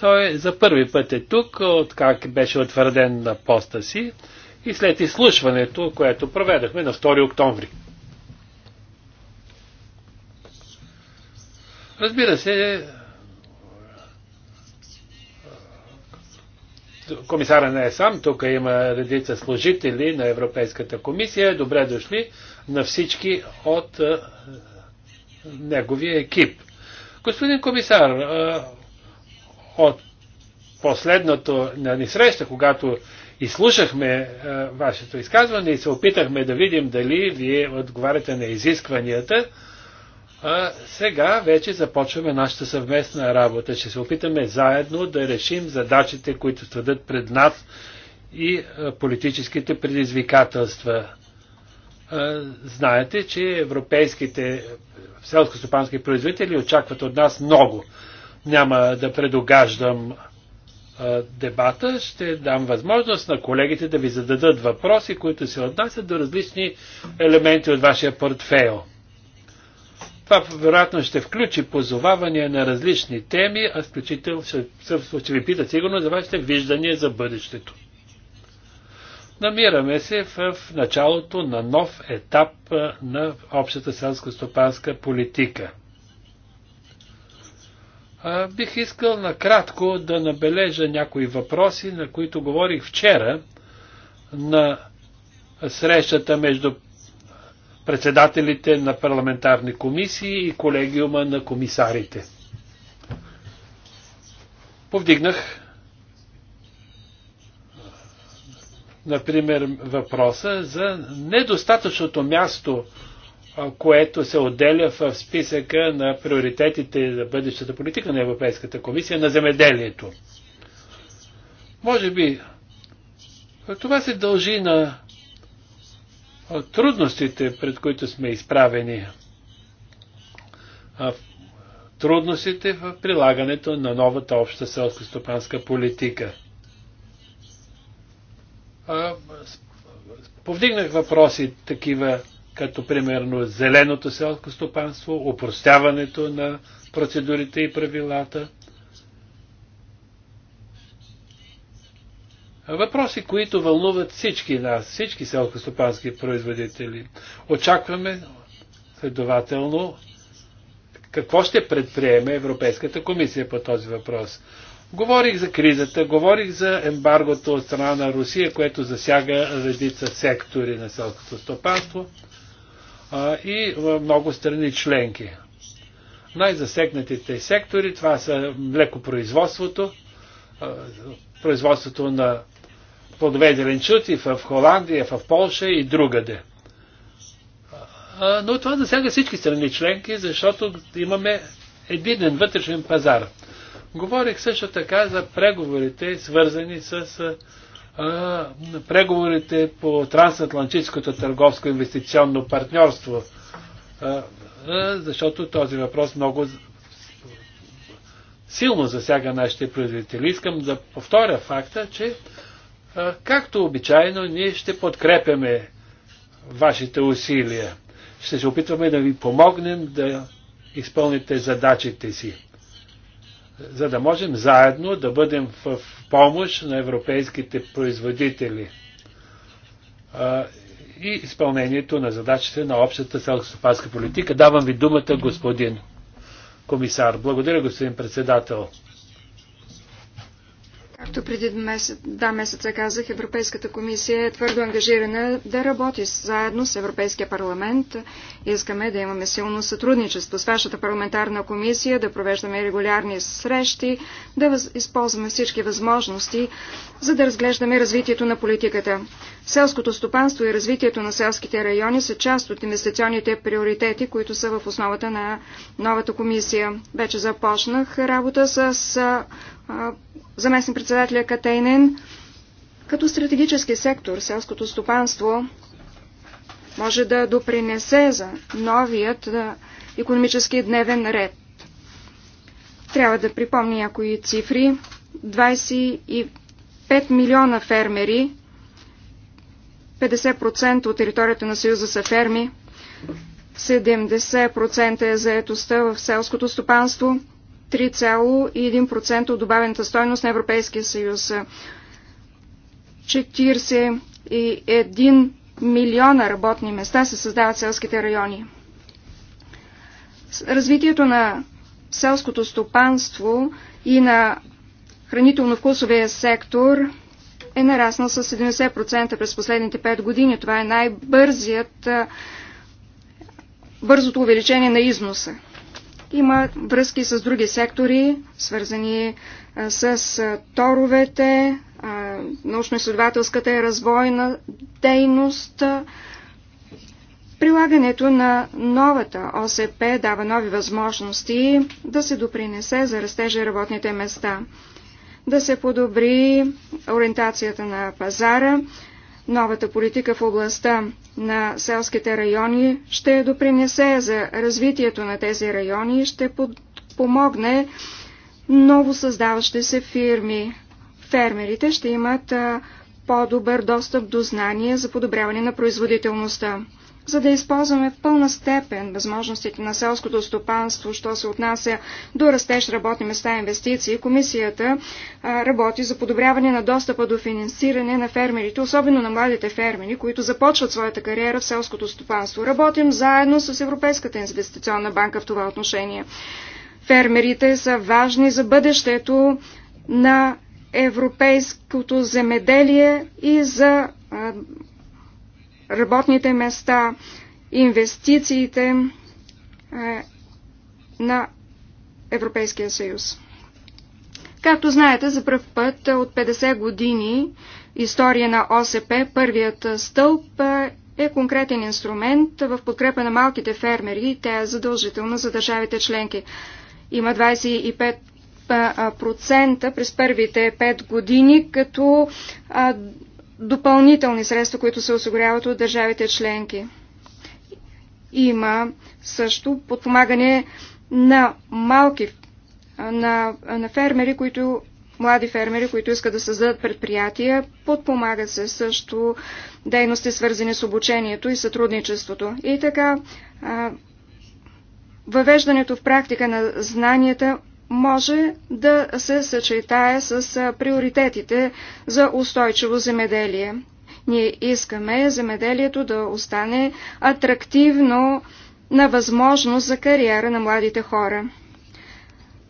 Той за първи път е тук, откак беше утвърден на поста си и след изслушването, което проведахме на 2 октомври. Разбира се, комисара не е сам, тук има редица служители на Европейската комисия. Добре дошли на всички от неговия екип. Господин комисар, от последното на ни среща, когато изслушахме е, вашето изказване и се опитахме да видим дали вие отговаряте на изискванията. А, сега вече започваме нашата съвместна работа. Ще се опитаме заедно да решим задачите, които стъдат пред нас и е, политическите предизвикателства. Е, знаете, че европейските селско селско-стопански производители очакват от нас много. Няма да предогаждам дебата ще дам възможност на колегите да ви зададат въпроси, които се отнасят до различни елементи от вашия портфейл. Това вероятно ще включи позовавания на различни теми, а включително ще, ще ви пита сигурно за вашите виждания за бъдещето. Намираме се в началото на нов етап на общата селско-стопанска политика – а, бих искал накратко да набележа някои въпроси, на които говорих вчера на срещата между председателите на парламентарни комисии и колегиума на комисарите. Повдигнах, например, въпроса за недостатъчното място което се отделя в списъка на приоритетите за бъдещата политика на Европейската комисия на земеделието. Може би това се дължи на трудностите, пред които сме изправени. Трудностите в прилагането на новата обща селско-стопанска политика. Повдигнах въпроси такива като примерно зеленото селско стопанство, упростяването на процедурите и правилата. Въпроси, които вълнуват всички нас, всички селкостопански производители. Очакваме, следователно, какво ще предприеме Европейската комисия по този въпрос. Говорих за кризата, говорих за ембаргото от страна на Русия, което засяга редица сектори на селското стопанство и в много страни членки. Най-засегнатите сектори това са млекопроизводството, производството на плодове зеленчуци в Холандия, в Полша и другаде. Но това засяга всички страни членки, защото имаме единен вътрешен пазар. Говорих също така за преговорите, свързани с преговорите по трансатлантическото търговско инвестиционно партньорство, защото този въпрос много силно засяга нашите производители. Искам да повторя факта, че както обичайно ние ще подкрепяме вашите усилия. Ще се опитваме да ви помогнем да изпълните задачите си за да можем заедно да бъдем в помощ на европейските производители а, и изпълнението на задачите на общата селско-стопанска политика. Давам ви думата, господин комисар. Благодаря, господин председател. Както преди два месеца казах, Европейската комисия е твърдо ангажирана да работи заедно с Европейския парламент. Искаме да имаме силно сътрудничество с вашата парламентарна комисия, да провеждаме регулярни срещи, да използваме всички възможности, за да разглеждаме развитието на политиката. Селското стопанство и развитието на селските райони са част от инвестиционните приоритети, които са в основата на новата комисия. Вече започнах работа с заместник председателя Катейнен. Като стратегически сектор, селското стопанство може да допринесе за новият економически дневен ред. Трябва да припомня някои цифри. 25 милиона фермери, 50% от територията на Съюза са ферми, 70% е заетостта в селското стопанство, 3,1% от добавената стойност на Европейския съюз. 41 милиона работни места се създават в селските райони. Развитието на селското стопанство и на хранително-вкусовия сектор е нараснал с 70% през последните 5 години. Това е най-бързият бързото увеличение на износа. Има връзки с други сектори, свързани с торовете, научно-изследователската и развойна дейност. Прилагането на новата ОСП дава нови възможности да се допринесе за растежа работните места, да се подобри ориентацията на пазара, новата политика в областта на селските райони, ще допринесе за развитието на тези райони и ще помогне ново създаващи се фирми. Фермерите ще имат по-добър достъп до знания за подобряване на производителността за да използваме в пълна степен възможностите на селското стопанство, що се отнася до растеж работни места и инвестиции. Комисията работи за подобряване на достъпа до финансиране на фермерите, особено на младите фермери, които започват своята кариера в селското стопанство. Работим заедно с Европейската инвестиционна банка в това отношение. Фермерите са важни за бъдещето на европейското земеделие и за работните места, инвестициите е, на Европейския съюз. Както знаете, за първ път от 50 години история на ОСП, първият стълб е, е конкретен инструмент в подкрепа на малките фермери и тя е задължителна за държавите членки. Има 25% през първите 5 години, като допълнителни средства, които се осигуряват от държавите членки. Има също подпомагане на малки, на, на фермери, които млади фермери, които искат да създадат предприятия, подпомагат се също дейности, свързани с обучението и сътрудничеството. И така, въвеждането в практика на знанията може да се съчетае с приоритетите за устойчиво земеделие. Ние искаме земеделието да остане атрактивно на възможност за кариера на младите хора.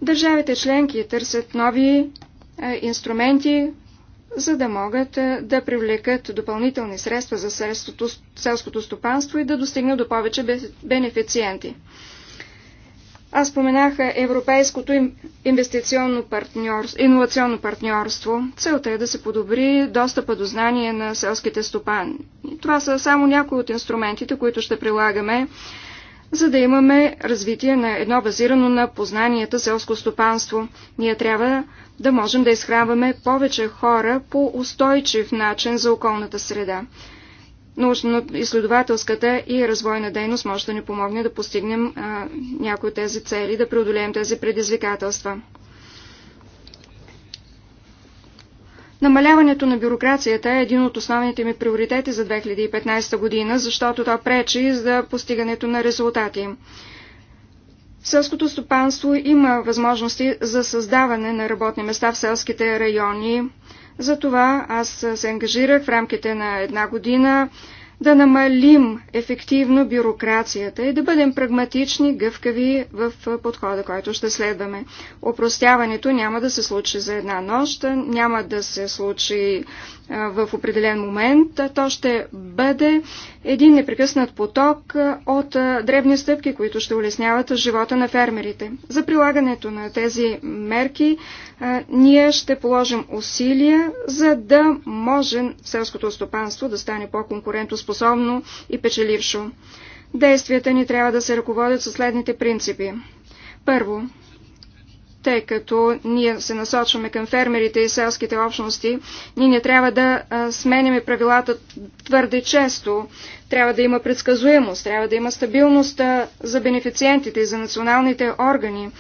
Държавите членки търсят нови инструменти, за да могат да привлекат допълнителни средства за селското стопанство и да достигнат до повече бенефициенти. Аз споменах Европейското инвестиционно партньорство, инновационно партньорство. Целта е да се подобри достъпа до знание на селските стопани. Това са само някои от инструментите, които ще прилагаме, за да имаме развитие на едно базирано на познанията селско стопанство. Ние трябва да можем да изхранваме повече хора по устойчив начин за околната среда научно-изследователската и развойна дейност може да ни помогне да постигнем а, някои от тези цели, да преодолеем тези предизвикателства. Намаляването на бюрокрацията е един от основните ми приоритети за 2015 година, защото то пречи за постигането на резултати. Селското стопанство има възможности за създаване на работни места в селските райони, затова аз се ангажирах в рамките на една година да намалим ефективно бюрокрацията и да бъдем прагматични, гъвкави в подхода, който ще следваме. Опростяването няма да се случи за една нощ, няма да се случи в определен момент, то ще бъде един непрекъснат поток от древни стъпки, които ще улесняват живота на фермерите. За прилагането на тези мерки ние ще положим усилия, за да може селското стопанство да стане по-конкурентоспособно и печелившо. Действията ни трябва да се ръководят със следните принципи. Първо, тъй като ние се насочваме към фермерите и селските общности, ние не трябва да сменяме правилата твърде често. Трябва да има предсказуемост, трябва да има стабилност за бенефициентите и за националните органи.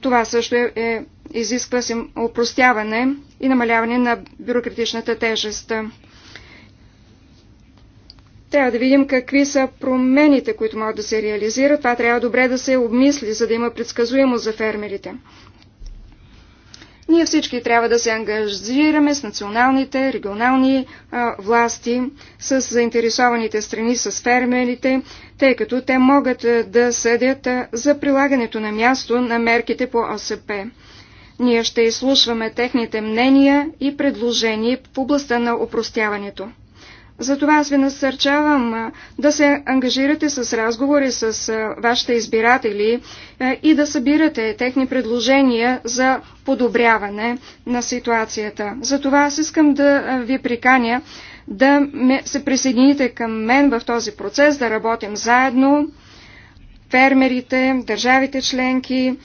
Това също е, е изисква се упростяване и намаляване на бюрократичната тежест. Трябва да видим какви са промените, които могат да се реализират. Това трябва добре да се обмисли, за да има предсказуемост за фермерите. Ние всички трябва да се ангажираме с националните, регионални а, власти, с заинтересованите страни, с фермерите, тъй като те могат да съдят а, за прилагането на място на мерките по ОСП. Ние ще изслушваме техните мнения и предложения в областта на упростяването. Затова аз ви насърчавам да се ангажирате с разговори с вашите избиратели и да събирате техни предложения за подобряване на ситуацията. Затова аз искам да ви приканя да се присъедините към мен в този процес, да работим заедно, фермерите, държавите членки,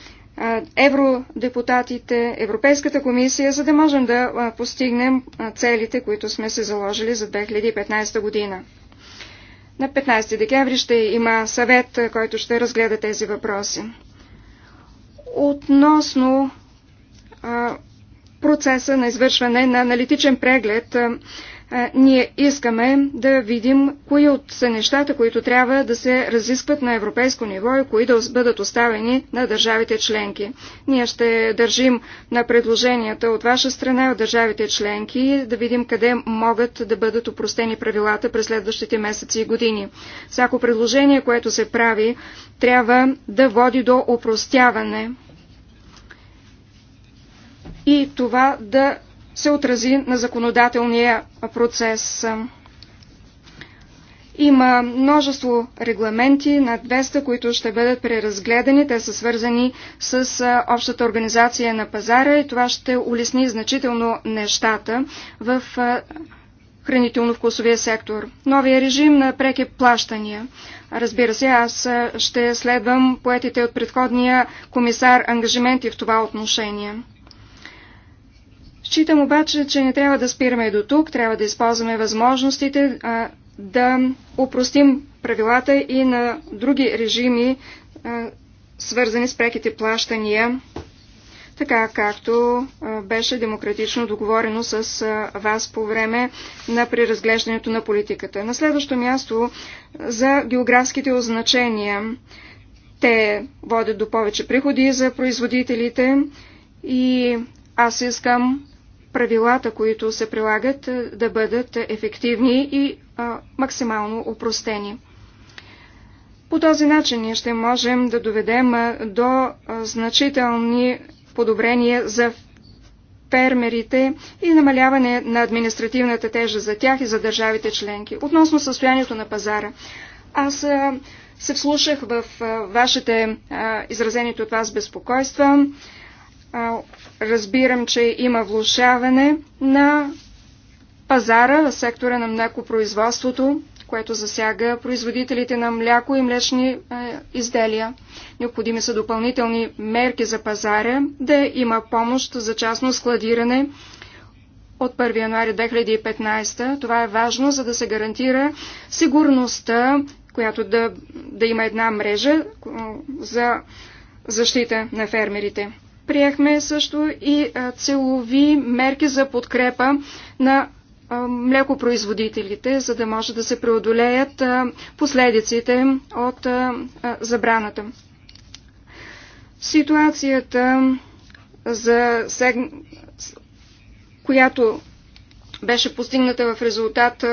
евродепутатите, Европейската комисия, за да можем да постигнем целите, които сме се заложили за 2015 година. На 15 декември ще има съвет, който ще разгледа тези въпроси. Относно процеса на извършване на аналитичен преглед ние искаме да видим кои от са нещата, които трябва да се разискват на европейско ниво и кои да бъдат оставени на държавите членки. Ние ще държим на предложенията от ваша страна от държавите членки да видим къде могат да бъдат упростени правилата през следващите месеци и години. Всяко предложение, което се прави, трябва да води до упростяване и това да се отрази на законодателния процес. Има множество регламенти на 200, които ще бъдат преразгледани. Те са свързани с общата организация на пазара и това ще улесни значително нещата в хранително-вкусовия сектор. Новия режим на преки плащания. Разбира се, аз ще следвам поетите от предходния комисар ангажименти в това отношение. Считам обаче, че не трябва да спираме до тук, трябва да използваме възможностите а, да упростим правилата и на други режими, а, свързани с преките плащания, така както а, беше демократично договорено с а, вас по време на преразглеждането на политиката. На следващо място за географските означения. Те водят до повече приходи за производителите и аз искам правилата, които се прилагат, е, да бъдат ефективни и а, максимално упростени. По този начин ние ще можем да доведем а, до а, значителни подобрения за фермерите и намаляване на административната тежа за тях и за държавите членки. Относно състоянието на пазара, аз а, се вслушах в вашите изразените от вас безпокойства разбирам, че има влушаване на пазара в сектора на млекопроизводството, което засяга производителите на мляко и млечни е, изделия. Необходими са допълнителни мерки за пазара, да има помощ за частно складиране от 1 януаря 2015. Това е важно, за да се гарантира сигурността, която да, да има една мрежа е, за защита на фермерите. Приехме също и целови мерки за подкрепа на млекопроизводителите, за да може да се преодолеят последиците от забраната. Ситуацията, за сег... която беше постигната в резултат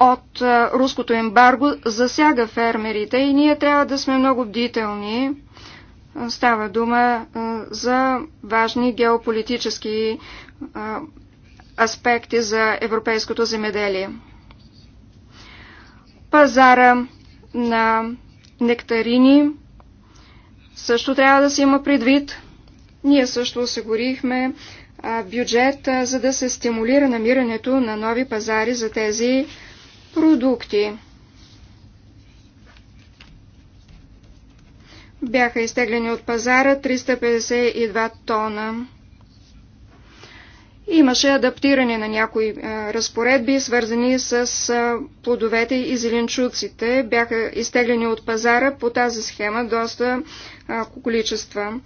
от руското ембарго, засяга фермерите и ние трябва да сме много бдителни Става дума за важни геополитически аспекти за европейското земеделие. Пазара на нектарини също трябва да се има предвид. Ние също осигурихме бюджет, за да се стимулира намирането на нови пазари за тези продукти. бяха изтеглени от пазара 352 тона. Имаше адаптиране на някои е, разпоредби, свързани с е, плодовете и зеленчуците. Бяха изтеглени от пазара по тази схема доста е, количества.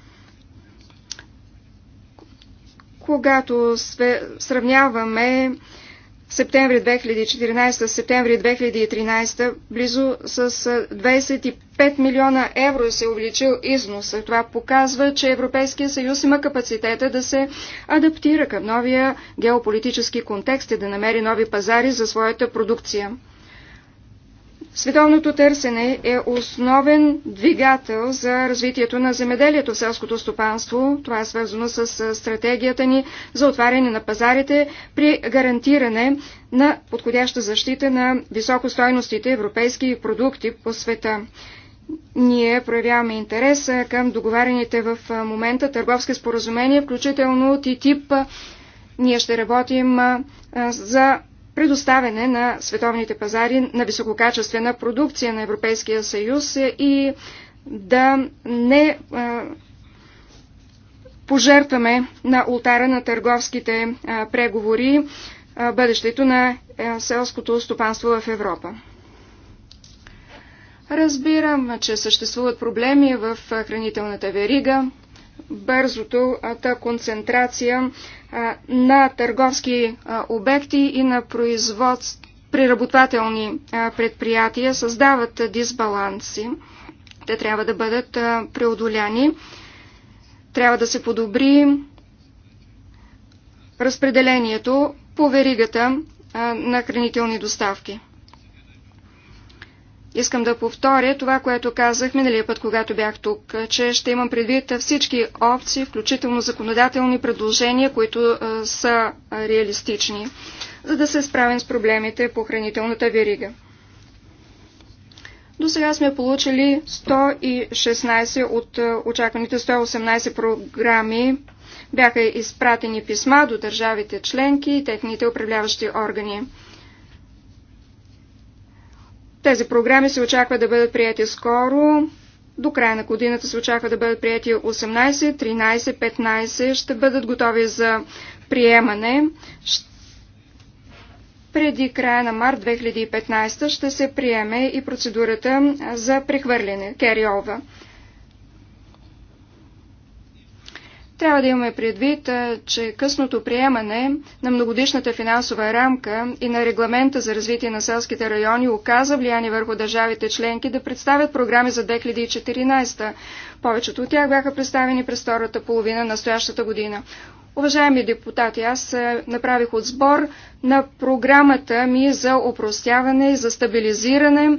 Когато сравняваме септември 2014, септември 2013, близо с 25 милиона евро се е увеличил износ. Това показва, че Европейския съюз има капацитета да се адаптира към новия геополитически контекст и да намери нови пазари за своята продукция. Световното търсене е основен двигател за развитието на земеделието в селското стопанство. Това е свързано с стратегията ни за отваряне на пазарите при гарантиране на подходяща защита на високостойностите европейски продукти по света. Ние проявяваме интерес към договарените в момента търговски споразумения, включително ТИТИП. Ние ще работим за предоставяне на световните пазари на висококачествена продукция на Европейския съюз и да не пожертваме на ултара на търговските преговори бъдещето на селското стопанство в Европа. Разбирам, че съществуват проблеми в хранителната верига бързото та концентрация а, на търговски а, обекти и на производство преработвателни а, предприятия създават дисбаланси. Те трябва да бъдат преодоляни. Трябва да се подобри разпределението по веригата на хранителни доставки. Искам да повторя това, което казах миналия път, когато бях тук, че ще имам предвид всички опции, включително законодателни предложения, които а, са реалистични, за да се справим с проблемите по хранителната верига. До сега сме получили 116 от очакваните 118 програми. Бяха изпратени писма до държавите членки и техните управляващи органи. Тези програми се очаква да бъдат прияти скоро. До края на годината се очаква да бъдат прияти 18, 13, 15. Ще бъдат готови за приемане. Преди края на март 2015 ще се приеме и процедурата за прехвърляне, кериова. Трябва да имаме предвид, че късното приемане на многодишната финансова рамка и на регламента за развитие на селските райони оказа влияние върху държавите членки да представят програми за 2014. Повечето от тях бяха представени през втората половина на стоящата година. Уважаеми депутати, аз направих отсбор на програмата ми за опростяване и за стабилизиране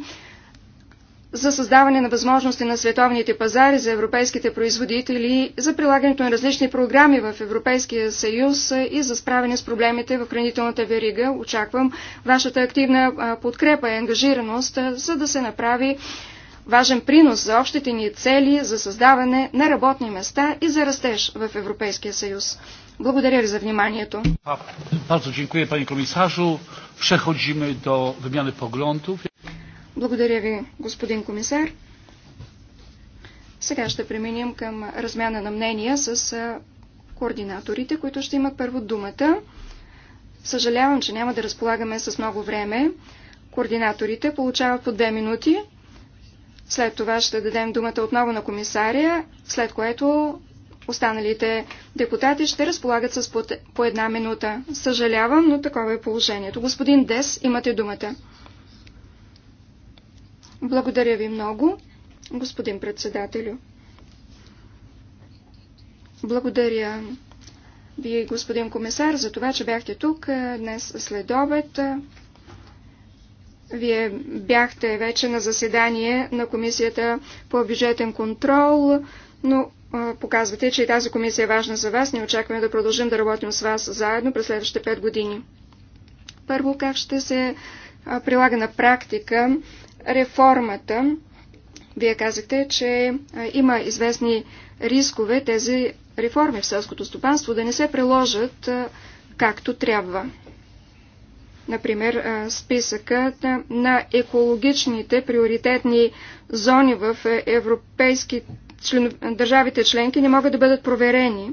за създаване на възможности на световните пазари за европейските производители, за прилагането на различни програми в Европейския съюз и за справяне с проблемите в хранителната верига. Очаквам вашата активна подкрепа и ангажираност, за да се направи важен принос за общите ни цели за създаване на работни места и за растеж в Европейския съюз. Благодаря ви за вниманието. Bardzo dziękuję panie komisarzu. Przechodzimy do wymiany poglądów. Благодаря ви, господин комисар. Сега ще преминем към размяна на мнения с координаторите, които ще имат първо думата. Съжалявам, че няма да разполагаме с много време. Координаторите получават по две минути. След това ще дадем думата отново на комисария, след което останалите депутати ще разполагат с по една минута. Съжалявам, но такова е положението. Господин Дес, имате думата. Благодаря ви много, господин председателю. Благодаря ви, господин комисар, за това, че бяхте тук днес след обед. Вие бяхте вече на заседание на Комисията по бюджетен контрол, но показвате, че и тази комисия е важна за вас. Не очакваме да продължим да работим с вас заедно през следващите 5 години. Първо, как ще се прилага на практика реформата. Вие казахте, че е, има известни рискове тези реформи в селското стопанство да не се приложат е, както трябва. Например, е, списъкът на екологичните приоритетни зони в европейски член... държавите членки не могат да бъдат проверени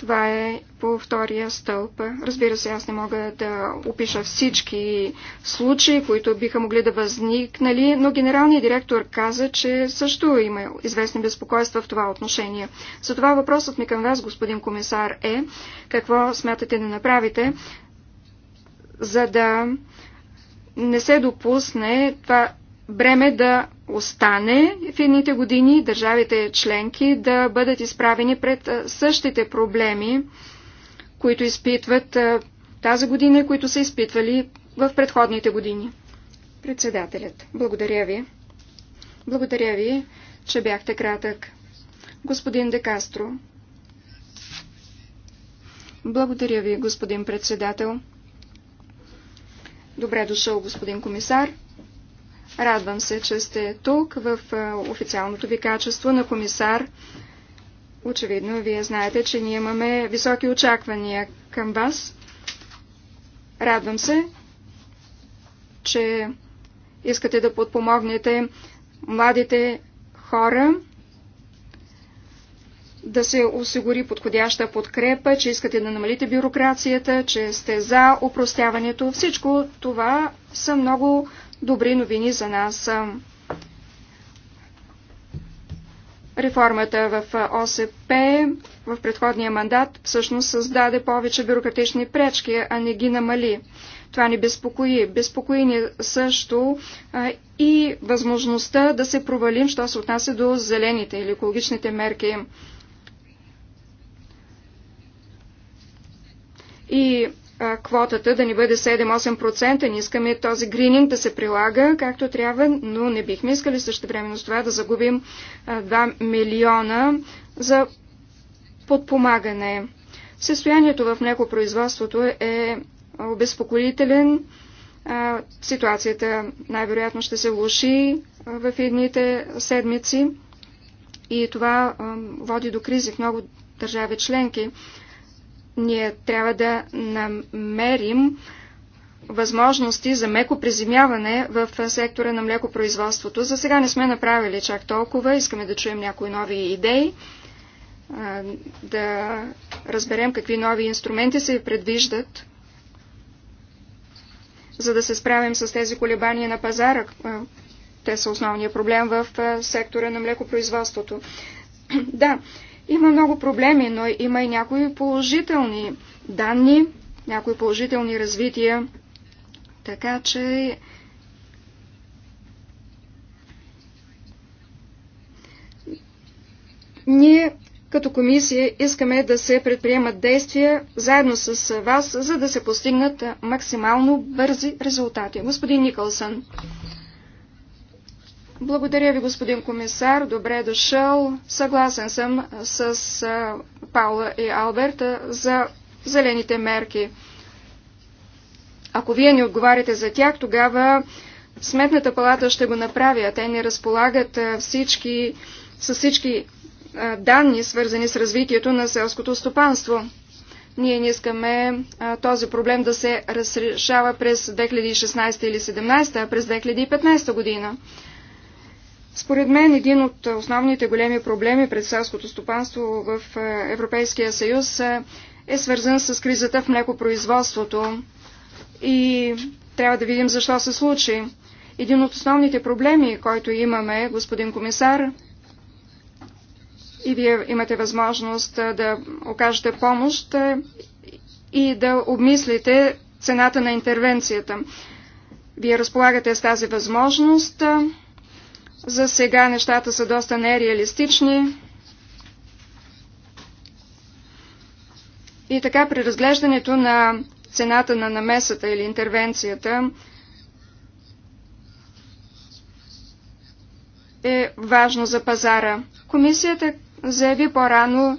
това е по втория стълб. Разбира се, аз не мога да опиша всички случаи, които биха могли да възникнали, но генералният директор каза, че също има известни безпокойства в това отношение. Затова въпросът ми към вас, господин комисар, е какво смятате да направите, за да не се допусне това бреме да остане в едните години държавите членки да бъдат изправени пред същите проблеми, които изпитват тази година и които са изпитвали в предходните години. Председателят, благодаря ви. Благодаря ви, че бяхте кратък. Господин Декастро. Благодаря ви, господин председател. Добре дошъл, господин комисар. Радвам се, че сте тук в е, официалното ви качество на комисар. Очевидно, вие знаете, че ние имаме високи очаквания към вас. Радвам се, че искате да подпомогнете младите хора да се осигури подходяща подкрепа, че искате да намалите бюрокрацията, че сте за упростяването. Всичко това са много добри новини за нас. Реформата в ОСП в предходния мандат всъщност създаде повече бюрократични пречки, а не ги намали. Това ни безпокои. Безпокои ни също а, и възможността да се провалим, що се отнася до зелените или екологичните мерки. И квотата да ни бъде 7-8%. Не искаме този грининг да се прилага както трябва, но не бихме искали също времено с това да загубим 2 милиона за подпомагане. Състоянието в млекопроизводството е обезпокоителен. Ситуацията най-вероятно ще се влуши в едните седмици и това води до кризи в много държави членки ние трябва да намерим възможности за меко приземяване в сектора на млекопроизводството. За сега не сме направили чак толкова. Искаме да чуем някои нови идеи, да разберем какви нови инструменти се предвиждат, за да се справим с тези колебания на пазара. Те са основния проблем в сектора на млекопроизводството. Да, има много проблеми, но има и някои положителни данни, някои положителни развития. Така че ние като комисия искаме да се предприемат действия заедно с вас, за да се постигнат максимално бързи резултати. Господин Никълсън. Благодаря ви, господин комисар. Добре е дошъл. Съгласен съм с Паула и Алберта за зелените мерки. Ако вие не отговаряте за тях, тогава Сметната палата ще го направи, а те не разполагат всички, с всички данни, свързани с развитието на селското стопанство. Ние не искаме а, този проблем да се разрешава през 2016 или 2017, а през 2015 година. Според мен един от основните големи проблеми пред селското стопанство в е, Европейския съюз е, е свързан с кризата в млекопроизводството и трябва да видим защо се случи. Един от основните проблеми, който имаме, господин комисар, и вие имате възможност е, да окажете помощ и да обмислите цената на интервенцията. Вие разполагате с тази възможност. За сега нещата са доста нереалистични. И така при разглеждането на цената на намесата или интервенцията е важно за пазара. Комисията заяви по-рано,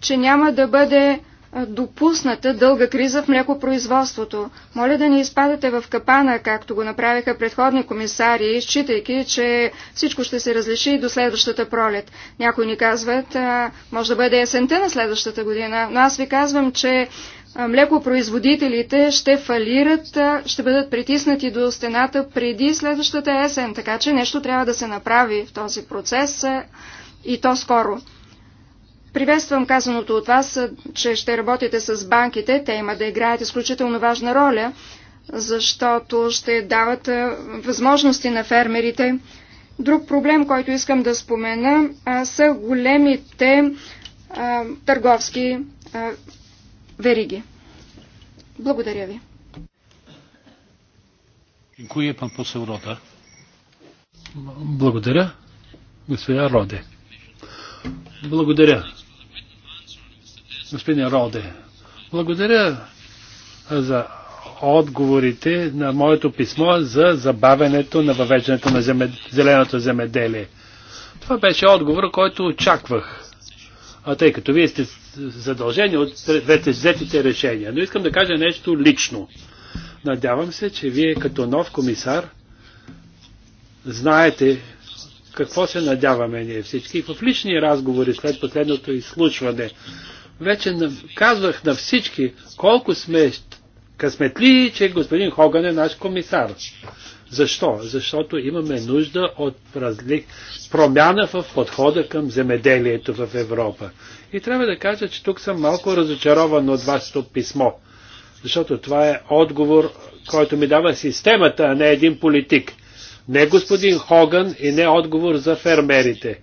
че няма да бъде допусната дълга криза в млекопроизводството. Моля да не изпадате в капана, както го направиха предходни комисари, считайки, че всичко ще се разреши до следващата пролет. Някои ни казват, може да бъде есента на следващата година, но аз ви казвам, че млекопроизводителите ще фалират, ще бъдат притиснати до стената преди следващата есен, така че нещо трябва да се направи в този процес и то скоро. Приветствам казаното от вас, че ще работите с банките. Те имат да играят изключително важна роля, защото ще дават е, възможности на фермерите. Друг проблем, който искам да спомена, са големите търговски вериги. Благодаря ви. Благодаря, господин Роде. Благодаря господин Роде. Благодаря за отговорите на моето писмо за забавянето на въвеждането на земед... зеленото земеделие. Това беше отговор, който очаквах, а тъй като вие сте задължени от взетите решения. Но искам да кажа нещо лично. Надявам се, че вие като нов комисар знаете какво се надяваме ние всички. В лични разговори след последното изслушване вече казвах на всички колко сме късметли, че господин Хоган е наш комисар. Защо? Защото имаме нужда от разлик, промяна в подхода към земеделието в Европа. И трябва да кажа, че тук съм малко разочарован от вашето писмо. Защото това е отговор, който ми дава системата, а не един политик. Не господин Хоган и не отговор за фермерите.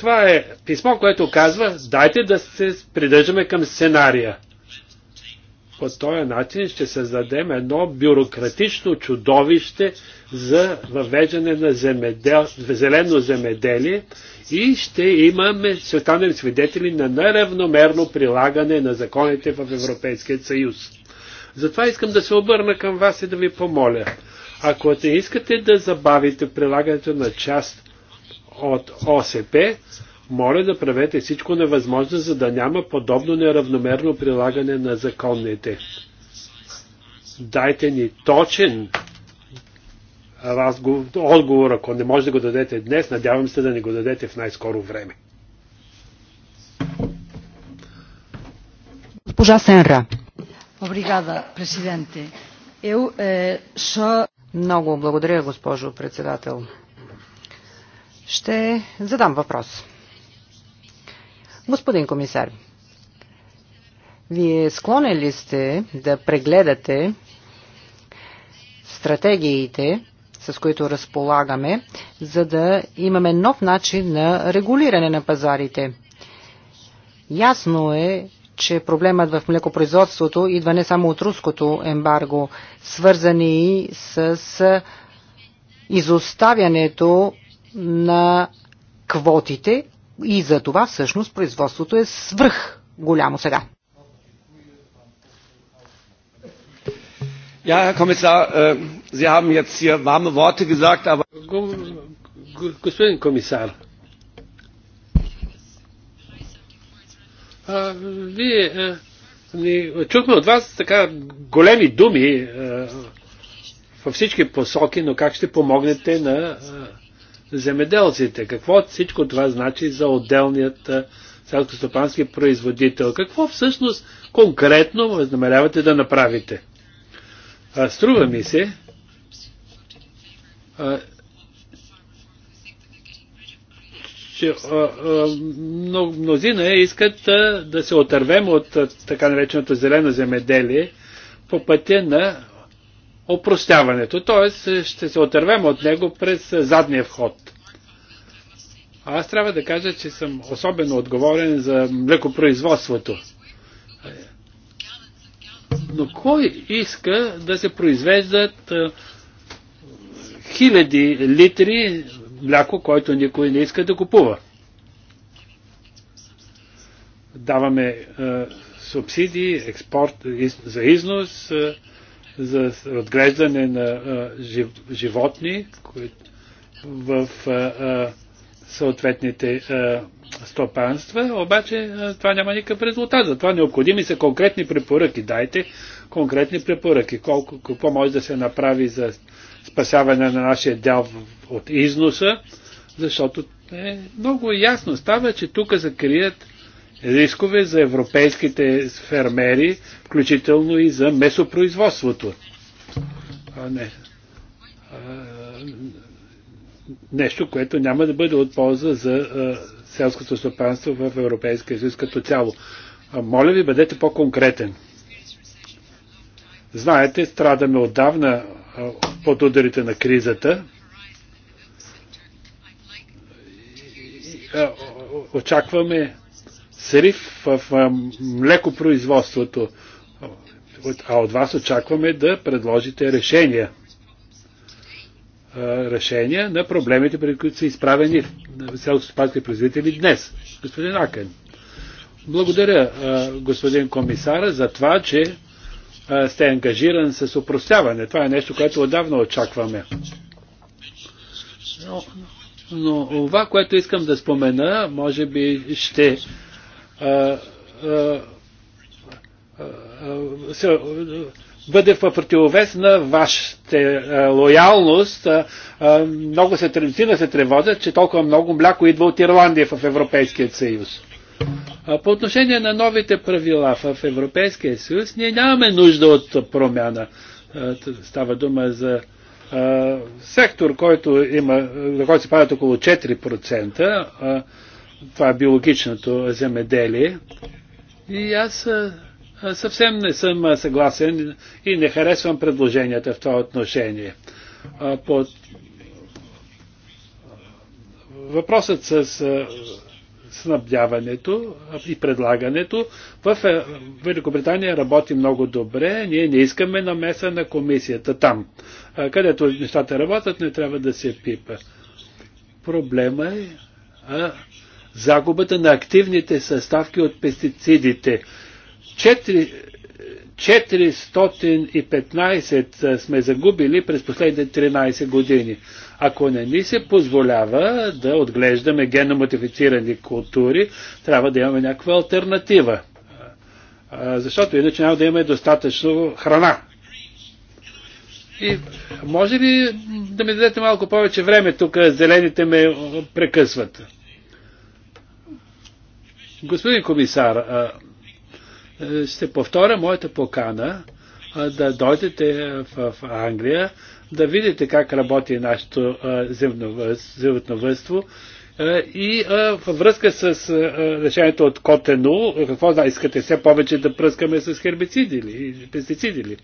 Това е писмо, което казва, дайте да се придържаме към сценария. По този начин ще създадем едно бюрократично чудовище за въвеждане на земедел, зелено земеделие и ще имаме, ще станем свидетели на неравномерно прилагане на законите в Европейския съюз. Затова искам да се обърна към вас и да ви помоля. Ако не искате да забавите прилагането на част от ОСП, моля да правете всичко невъзможно, за да няма подобно неравномерно прилагане на законните. Дайте ни точен разговор, отговор, ако не може да го дадете днес, надявам се да ни го дадете в най-скоро време. Госпожа Сенра. Обригада, президенте. Е, Много благодаря, госпожо председател. Ще задам въпрос. Господин комисар, вие склонен ли сте да прегледате стратегиите, с които разполагаме, за да имаме нов начин на регулиране на пазарите? Ясно е, че проблемът в млекопроизводството идва не само от руското ембарго, свързани с изоставянето на квотите и за това всъщност производството е свръх голямо сега. Ja, Herr Kommissar, äh, Sie haben jetzt hier warme Worte gesagt, aber... Господин комисар, вие ни, чухме от вас така големи думи във всички посоки, но как ще помогнете на земеделците. Какво всичко това значи за отделният селскостопански производител? Какво всъщност конкретно възнамерявате да направите? А, струва ми се, а, че мнозина искат а, да се отървем от а, така нареченото зелено земеделие по пътя на опростяването. Т.е. ще се отървем от него през задния вход. А аз трябва да кажа, че съм особено отговорен за млекопроизводството. Но кой иска да се произвеждат хиляди литри мляко, който никой не иска да купува? Даваме субсидии, експорт за износ, за отглеждане на животни в съответните стопанства, обаче това няма никакъв резултат. Затова необходими са конкретни препоръки. Дайте конкретни препоръки. Колко, какво може да се направи за спасяване на нашия дял от износа, защото е много ясно става, че тук закрият рискове за европейските фермери, включително и за месопроизводството. А, не. А, нещо, което няма да бъде от полза за а, селското стопанство в Европейския съюз като цяло. А, моля ви, бъдете по-конкретен. Знаете, страдаме отдавна а, под ударите на кризата. а, очакваме срив в млекопроизводството. А от вас очакваме да предложите решения. Решения на проблемите, пред които са изправени селскостопанските производители днес. Господин Акен. Благодаря, господин комисара, за това, че сте ангажиран с упростяване. Това е нещо, което отдавна очакваме. Но, но това, което искам да спомена, може би ще бъде в противовес на вашата лоялност. Много се, мнозина се тревожат, че толкова много мляко идва от Ирландия в Европейския съюз. По отношение на новите правила в Европейския съюз, ние нямаме нужда от промяна. Става дума за сектор, който има, за който се падат около 4%, това е биологичното земеделие. И аз съвсем не съм съгласен и не харесвам предложенията в това отношение. По въпросът с снабдяването и предлагането. В Великобритания работи много добре. Ние не искаме намеса на комисията там. Където нещата работят, не трябва да се пипа. Проблема е загубата на активните съставки от пестицидите. 415 сме загубили през последните 13 години. Ако не ни се позволява да отглеждаме геномодифицирани култури, трябва да имаме някаква альтернатива. Защото иначе няма да имаме достатъчно храна. И може ли да ми дадете малко повече време? Тук зелените ме прекъсват. Господин комисар, ще повторя моята покана да дойдете в Англия, да видите как работи нашето животновътство и във връзка с решението от Котено, какво да искате все повече да пръскаме с хербициди или пестициди ли?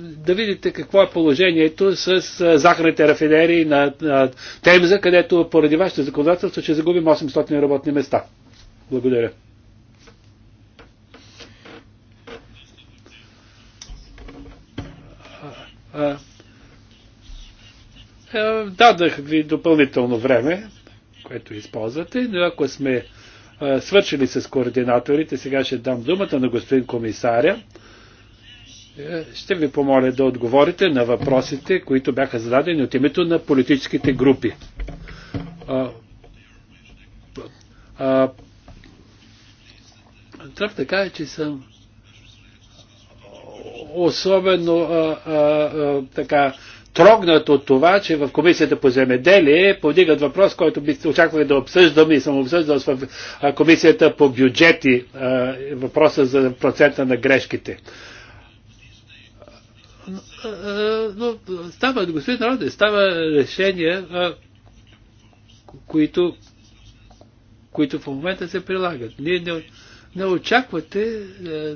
да видите какво е положението с захарните рафинерии на, на Темза, където поради вашето законодателство ще загубим 800 работни места. Благодаря. А, а, е, дадах ви допълнително време, което използвате, но ако сме а, свършили с координаторите, сега ще дам думата на господин комисаря ще ви помоля да отговорите на въпросите, които бяха зададени от името на политическите групи. А, а, трябва да кажа, че съм особено а, а, а, така трогнат от това, че в Комисията по земеделие повдигат въпрос, който би очаквали да обсъждам и съм обсъждал в Комисията по бюджети а, въпроса за процента на грешките. А, е, но става, господин народ, е, става решения, е, които, които в момента се прилагат. Ние не, не очаквате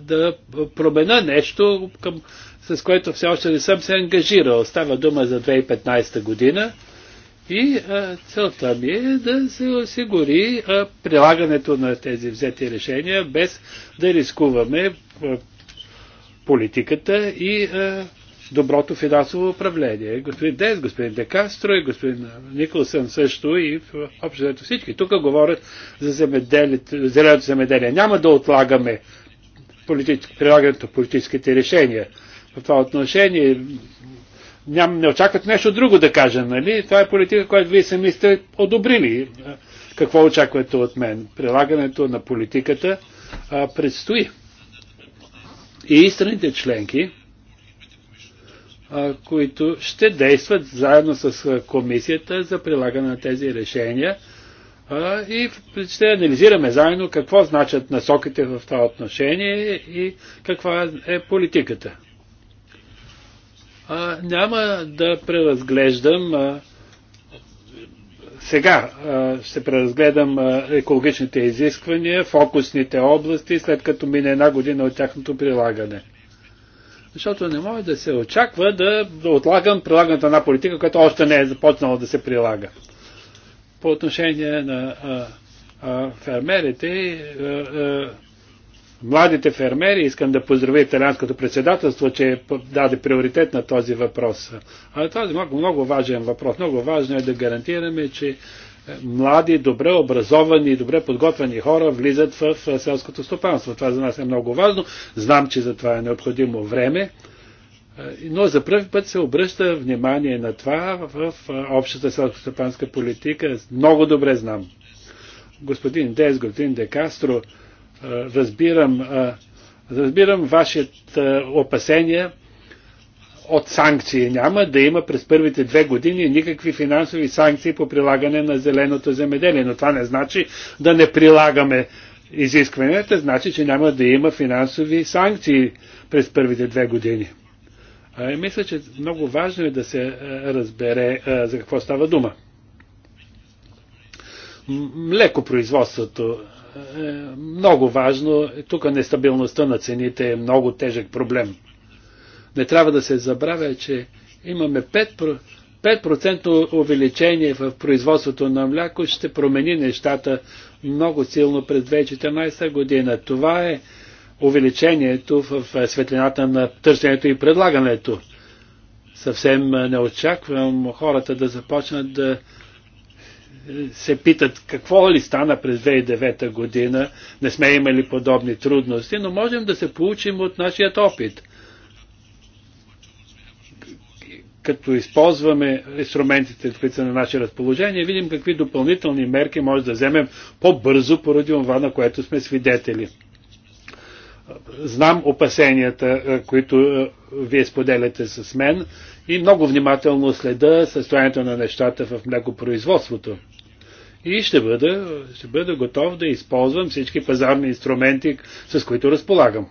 да промена нещо, към, с което все още не съм се ангажирал. Става дума за 2015 година и а, целта ми е да се осигури а, прилагането на тези взети решения, без да рискуваме а, политиката и а, доброто финансово управление. Господин Дес, господин Декастро и господин Николсън също и в обществото всички. Тук говорят за зеленото земеделие. Няма да отлагаме политически, прилагането на политическите решения. В това отношение ням, не очакват нещо друго да кажа, нали? Това е политика, която вие сами сте одобрили. Какво очаквате от мен? Прилагането на политиката а, предстои. И страните членки които ще действат заедно с комисията за прилагане на тези решения и ще анализираме заедно какво значат насоките в това отношение и каква е политиката. Няма да преразглеждам сега ще преразгледам екологичните изисквания, фокусните области, след като мине една година от тяхното прилагане. Защото не може да се очаква да, да отлагам прилагането на политика, която още не е започнала да се прилага. По отношение на а, а, фермерите, а, а, младите фермери, искам да поздравя италианското председателство, че даде приоритет на този въпрос. А това е много, много важен въпрос. Много важно е да гарантираме, че млади, добре образовани и добре подготвени хора влизат в селското стопанство. Това за нас е много важно. Знам, че за това е необходимо време, е, но за първи път се обръща внимание на това в общата селско-стопанска политика. Много добре знам. Господин Дес, господин Де Кастро, е, разбирам, е, разбирам вашите опасения от санкции няма да има през първите две години никакви финансови санкции по прилагане на зеленото земеделие. Но това не значи да не прилагаме изискванията, значи, че няма да има финансови санкции през първите две години. А, и мисля, че много важно е да се разбере а, за какво става дума. Млеко производството е много важно. Тук нестабилността на цените е много тежък проблем не трябва да се забравя, че имаме 5%, 5% увеличение в производството на мляко, ще промени нещата много силно през 2014 година. Това е увеличението в светлината на търсенето и предлагането. Съвсем не очаквам хората да започнат да е, се питат какво ли стана през 2009 година, не сме имали подобни трудности, но можем да се получим от нашият опит. като използваме инструментите, които са на наше разположение, видим какви допълнителни мерки може да вземем по-бързо поради това, на което сме свидетели. Знам опасенията, е, които е, вие споделяте с мен и много внимателно следа състоянието на нещата в млекопроизводството. И ще бъда, ще бъда готов да използвам всички пазарни инструменти, с които разполагам.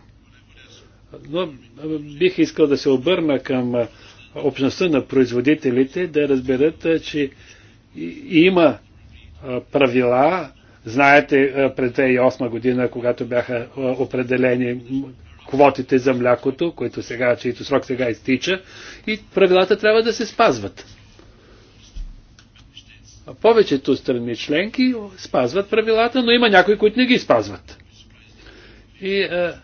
Но е, бих искал да се обърна към общността на производителите да разберат, че има правила. Знаете, през 2008 година, когато бяха определени квотите за млякото, които сега, чието срок сега изтича, и правилата трябва да се спазват. Повечето страни членки спазват правилата, но има някои, които не ги спазват. И а,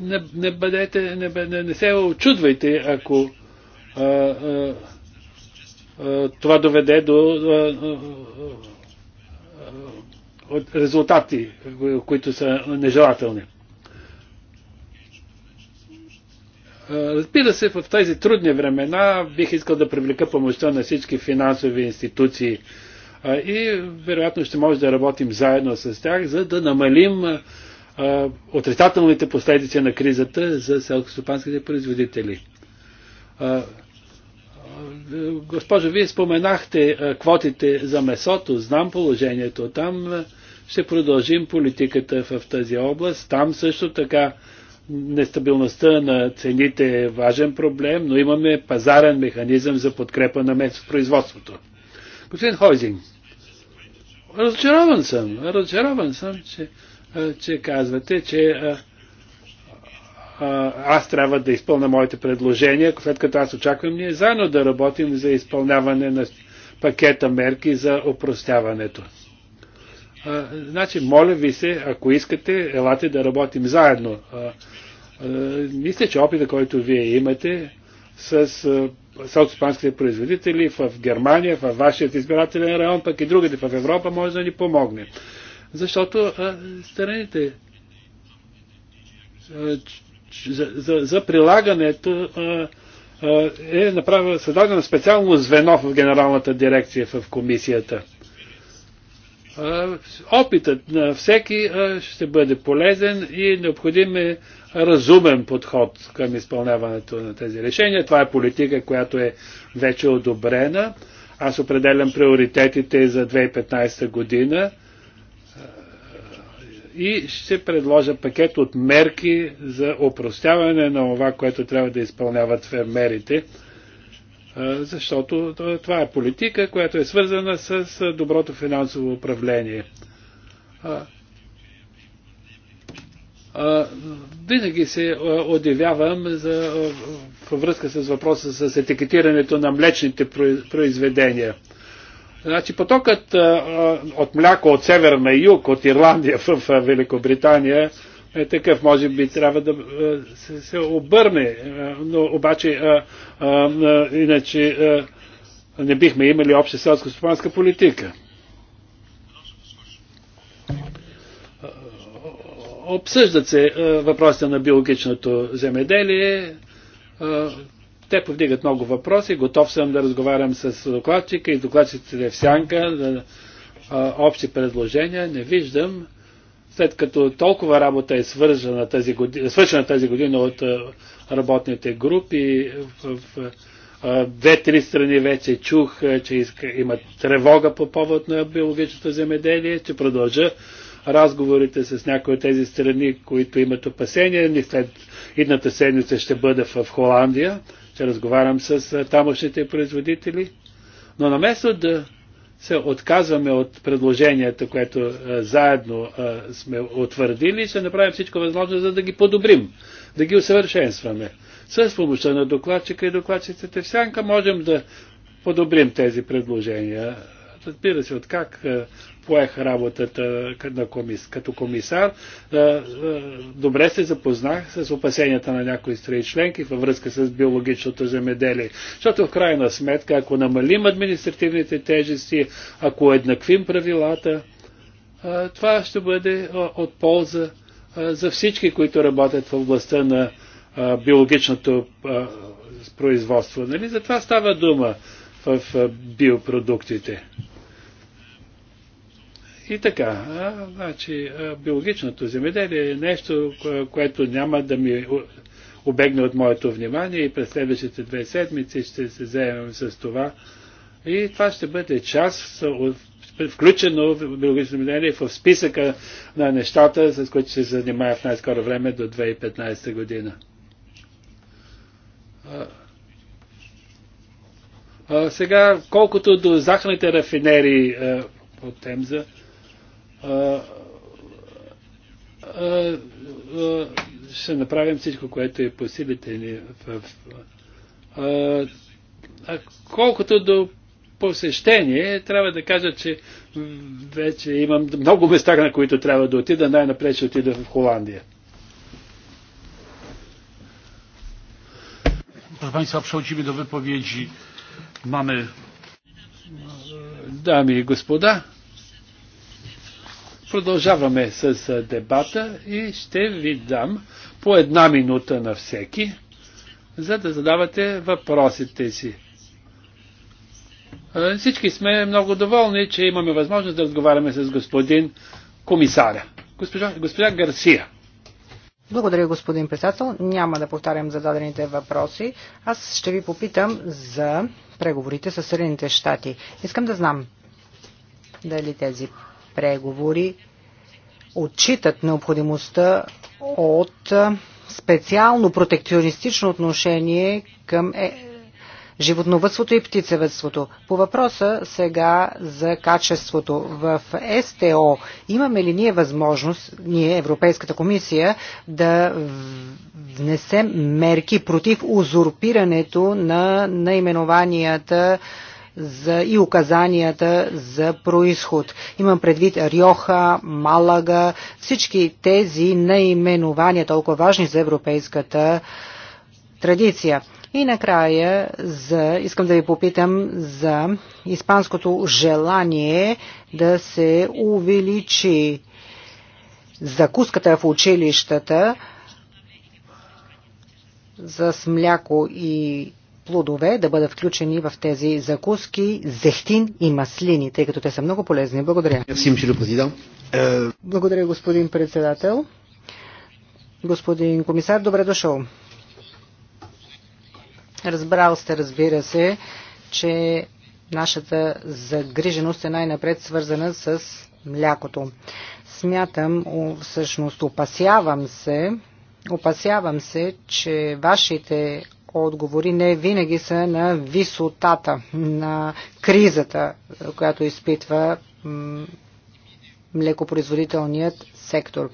не, не, бъдете, не, не, не се очудвайте, ако а, а, а, това доведе до а, а, а, резултати, които са нежелателни. Разбира се, в тези трудни времена бих искал да привлека помощта на всички финансови институции и вероятно ще може да работим заедно с тях, за да намалим отрицателните последици на кризата за селскостопанските производители. Госпожо, вие споменахте квотите за месото, знам положението там. Ще продължим политиката в тази област. Там също така нестабилността на цените е важен проблем, но имаме пазарен механизъм за подкрепа на месопроизводството. Господин Хойзинг, разочарован съм, разочарован съм, че че казвате, че аз трябва да изпълна моите предложения, след като аз очаквам ние заедно да работим за изпълняване на пакета мерки за опростяването. А, значи, моля ви се, ако искате, елате да работим заедно. А, а, мисля, че опита, който вие имате с селскостопанските производители в Германия, в вашия избирателен район, пък и другите в Европа, може да ни помогне защото страните за, за, за прилагането е направено, създадено специално звено в Генералната дирекция в комисията. Опитът на всеки ще бъде полезен и необходим е разумен подход към изпълняването на тези решения. Това е политика, която е вече одобрена. Аз определям приоритетите за 2015 година и ще предложа пакет от мерки за опростяване на това, което трябва да изпълняват фермерите, защото това е политика, която е свързана с доброто финансово управление. Винаги се одивявам за, във връзка с въпроса с етикетирането на млечните произведения – Значи потокът от мляко от север на юг, от Ирландия в Великобритания е такъв. Може би трябва да се, се обърне, но обаче а, а, иначе а, не бихме имали обща селско-стопанска политика. Обсъждат се въпросите на биологичното земеделие, те повдигат много въпроси. Готов съм да разговарям с докладчика и докладчиците в сянка за а, общи предложения. Не виждам, след като толкова работа е свършена тази година, свършена тази година от а, работните групи, в, в две-три страни вече чух, че иска, има тревога по повод на биологичното земеделие, че продължа разговорите с някои от тези страни, които имат опасения. след идната седмица ще бъда в Холандия ще разговарям с тамошните производители, но наместо да се отказваме от предложението, което заедно сме утвърдили, ще направим всичко възможно, за да ги подобрим, да ги усъвършенстваме. С помощта на докладчика и докладчиците в сянка можем да подобрим тези предложения. Разбира се, от как е, поех работата като комисар, е, е, добре се запознах с опасенията на някои страни членки във връзка с биологичното земеделие. Защото в крайна сметка, ако намалим административните тежести, ако еднаквим правилата, това ще бъде от полза за всички, които работят в областта на биологичното производство. Нали? За това става дума в биопродуктите. И така, а, значи, биологичното земеделие е нещо, което няма да ми обегне от моето внимание и през следващите две седмици ще се заемем с това. И това ще бъде част включено в биологично земеделие в списъка на нещата, с които ще се занимая в най-скоро време до 2015 година. Сега, колкото до захарните рафинери от Темза, ще направим всичко, което е по силите ни. В, а, а колкото до посещение, трябва да кажа, че вече имам много места, на които трябва да отида. Най-напред ще отида в Холандия. Proszę Państwa, przechodzimy do wypowiedzi Mamy. Дами и господа, продължаваме с дебата и ще ви дам по една минута на всеки, за да задавате въпросите си. Всички сме много доволни, че имаме възможност да разговаряме с господин комисаря. Госпожа, госпожа Гарсия. Благодаря, господин председател. Няма да повтарям зададените въпроси. Аз ще ви попитам за преговорите с Съединените щати. Искам да знам дали тези преговори отчитат необходимостта от специално протекционистично отношение към е, животновътството и птицевътството. По въпроса сега за качеството в СТО, имаме ли ние възможност, ние Европейската комисия, да внесем мерки против узурпирането на наименованията за, и указанията за происход. Имам предвид Риоха, Малага, всички тези наименования, толкова важни за европейската традиция. И накрая за, искам да ви попитам за испанското желание да се увеличи закуската в училищата за с мляко и плодове да бъдат включени в тези закуски зехтин и маслини, тъй като те са много полезни. Благодаря. Благодаря, господин председател. Господин комисар, добре дошъл. Разбрал сте, разбира се, че нашата загриженост е най-напред свързана с млякото. Смятам, всъщност опасявам се, опасявам се, че вашите отговори не винаги са на висотата на кризата, която изпитва млекопроизводителният сектор.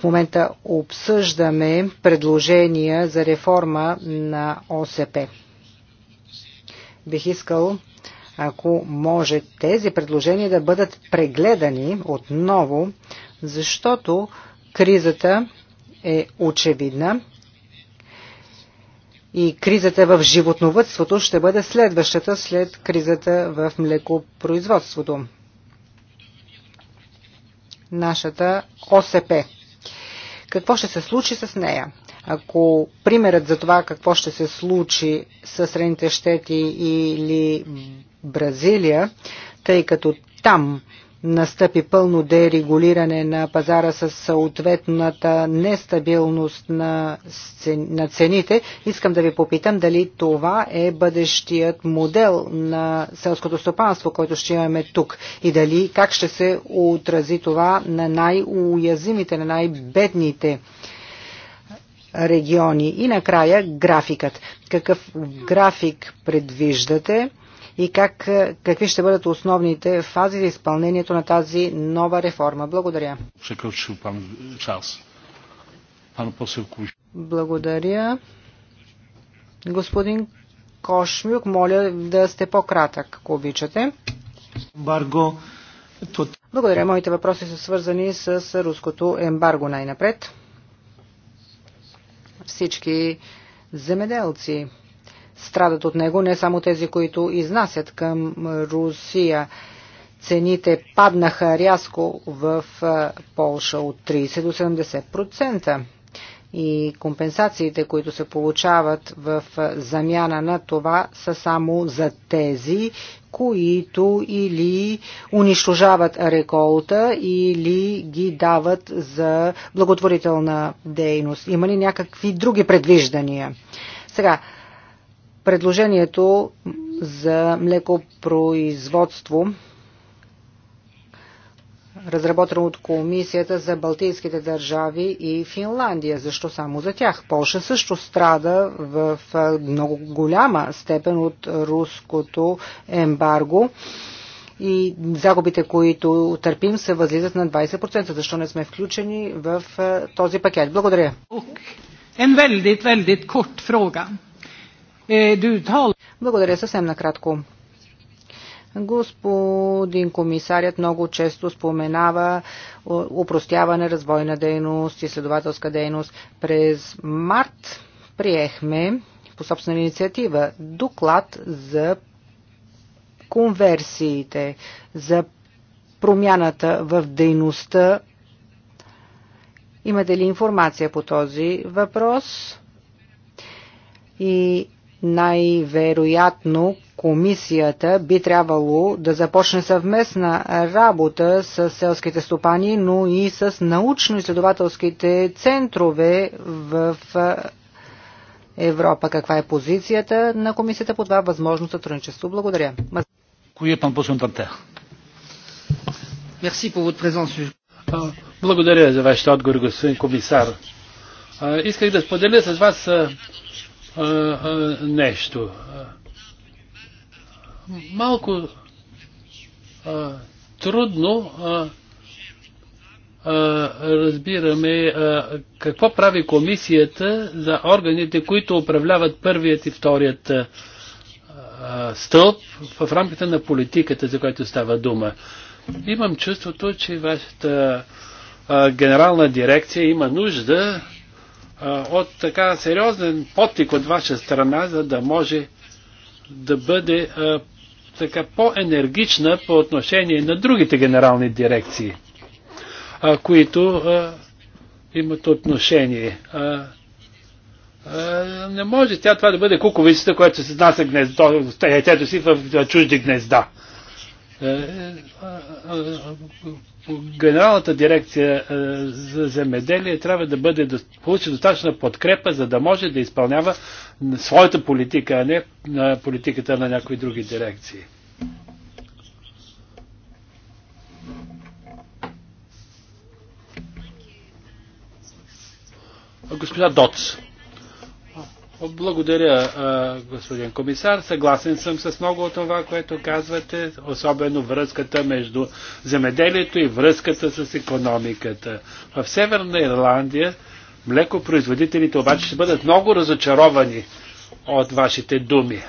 В момента обсъждаме предложения за реформа на ОСП. Бих искал, ако може, тези предложения да бъдат прегледани отново, защото кризата е очевидна и кризата в животновътството ще бъде следващата след кризата в млекопроизводството. Нашата ОСП какво ще се случи с нея? Ако примерът за това какво ще се случи с Средните щети или Бразилия, тъй като там настъпи пълно дерегулиране на пазара с съответната нестабилност на, на цените, искам да ви попитам дали това е бъдещият модел на селското стопанство, който ще имаме тук и дали как ще се отрази това на най-уязвимите, на най-бедните региони. И накрая графикът. Какъв график предвиждате и как, е, какви ще бъдат основните фази за изпълнението на тази нова реформа. Благодаря. пан час. Пан Благодаря. Господин Кошмюк, моля да сте по-кратък, ако обичате. Барго, благодаря. Моите въпроси са свързани с руското ембарго най-напред. Всички земеделци страдат от него не само тези, които изнасят към Русия. Цените паднаха рязко в Полша от 30 до 70% и компенсациите, които се получават в замяна на това, са само за тези, които или унищожават реколта, или ги дават за благотворителна дейност. Има ли някакви други предвиждания? Сега, предложението за млекопроизводство, разработено от Комисията за Балтийските държави и Финландия. Защо само за тях? Польша също страда в много голяма степен от руското ембарго и загубите, които търпим, се възлизат на 20%. Защо не сме включени в този пакет? Благодаря. En väldigt, väldigt kort fråga. Eh, Благодаря съвсем накратко. Господин комисарят много често споменава упростяване, развойна дейност, изследователска дейност. През март приехме по собствена инициатива доклад за конверсиите, за промяната в дейността. Имате ли информация по този въпрос? И най-вероятно комисията би трябвало да започне съвместна работа с селските стопани, но и с научно-изследователските центрове в Европа. Каква е позицията на комисията по това възможно сътрудничество? Благодаря. Е благодаря за вашето отговор, господин комисар. Исках да споделя с вас а, нещо. Малко а, трудно а, а, разбираме а, какво прави комисията за органите, които управляват първият и вторият а, стълб в рамките на политиката, за която става дума. Имам чувството, че вашата а, генерална дирекция има нужда от така сериозен потик от ваша страна, за да може да бъде а, така по-енергична по отношение на другите генерални дирекции, а, които а, имат отношение. А, а, не може тя това да бъде куковицата, която се знася гнездо, яйцето си в чужди гнезда. А, а, а, Генералната дирекция е, за земеделие трябва да бъде да получи достатъчна подкрепа, за да може да изпълнява своята политика, а не на политиката на някои други дирекции. Господа Доц. Благодаря, господин комисар. Съгласен съм с много от това, което казвате, особено връзката между земеделието и връзката с економиката. В Северна Ирландия млекопроизводителите обаче ще бъдат много разочаровани от вашите думи.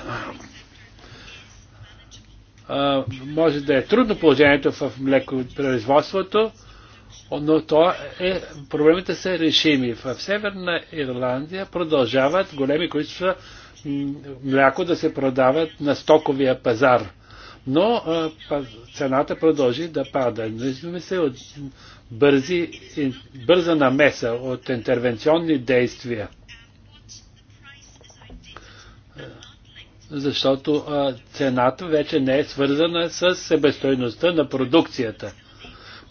може да е трудно положението в млекопроизводството, но то е, проблемите са решими. В Северна Ирландия продължават големи количества мляко да се продават на стоковия пазар. Но а, цената продължи да пада. Нуждаме се от бързи, бърза намеса, от интервенционни действия. Защото а, цената вече не е свързана с себестойността на продукцията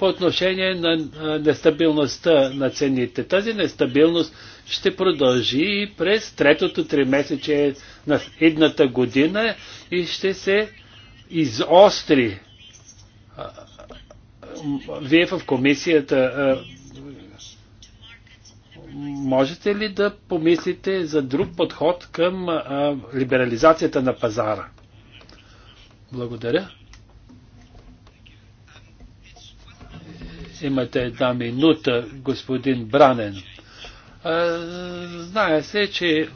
по отношение на нестабилността на цените. Тази нестабилност ще продължи и през третото три месече на едната година и ще се изостри. Вие в комисията можете ли да помислите за друг подход към либерализацията на пазара? Благодаря. Имате една минута, господин Бранен. Знае се, че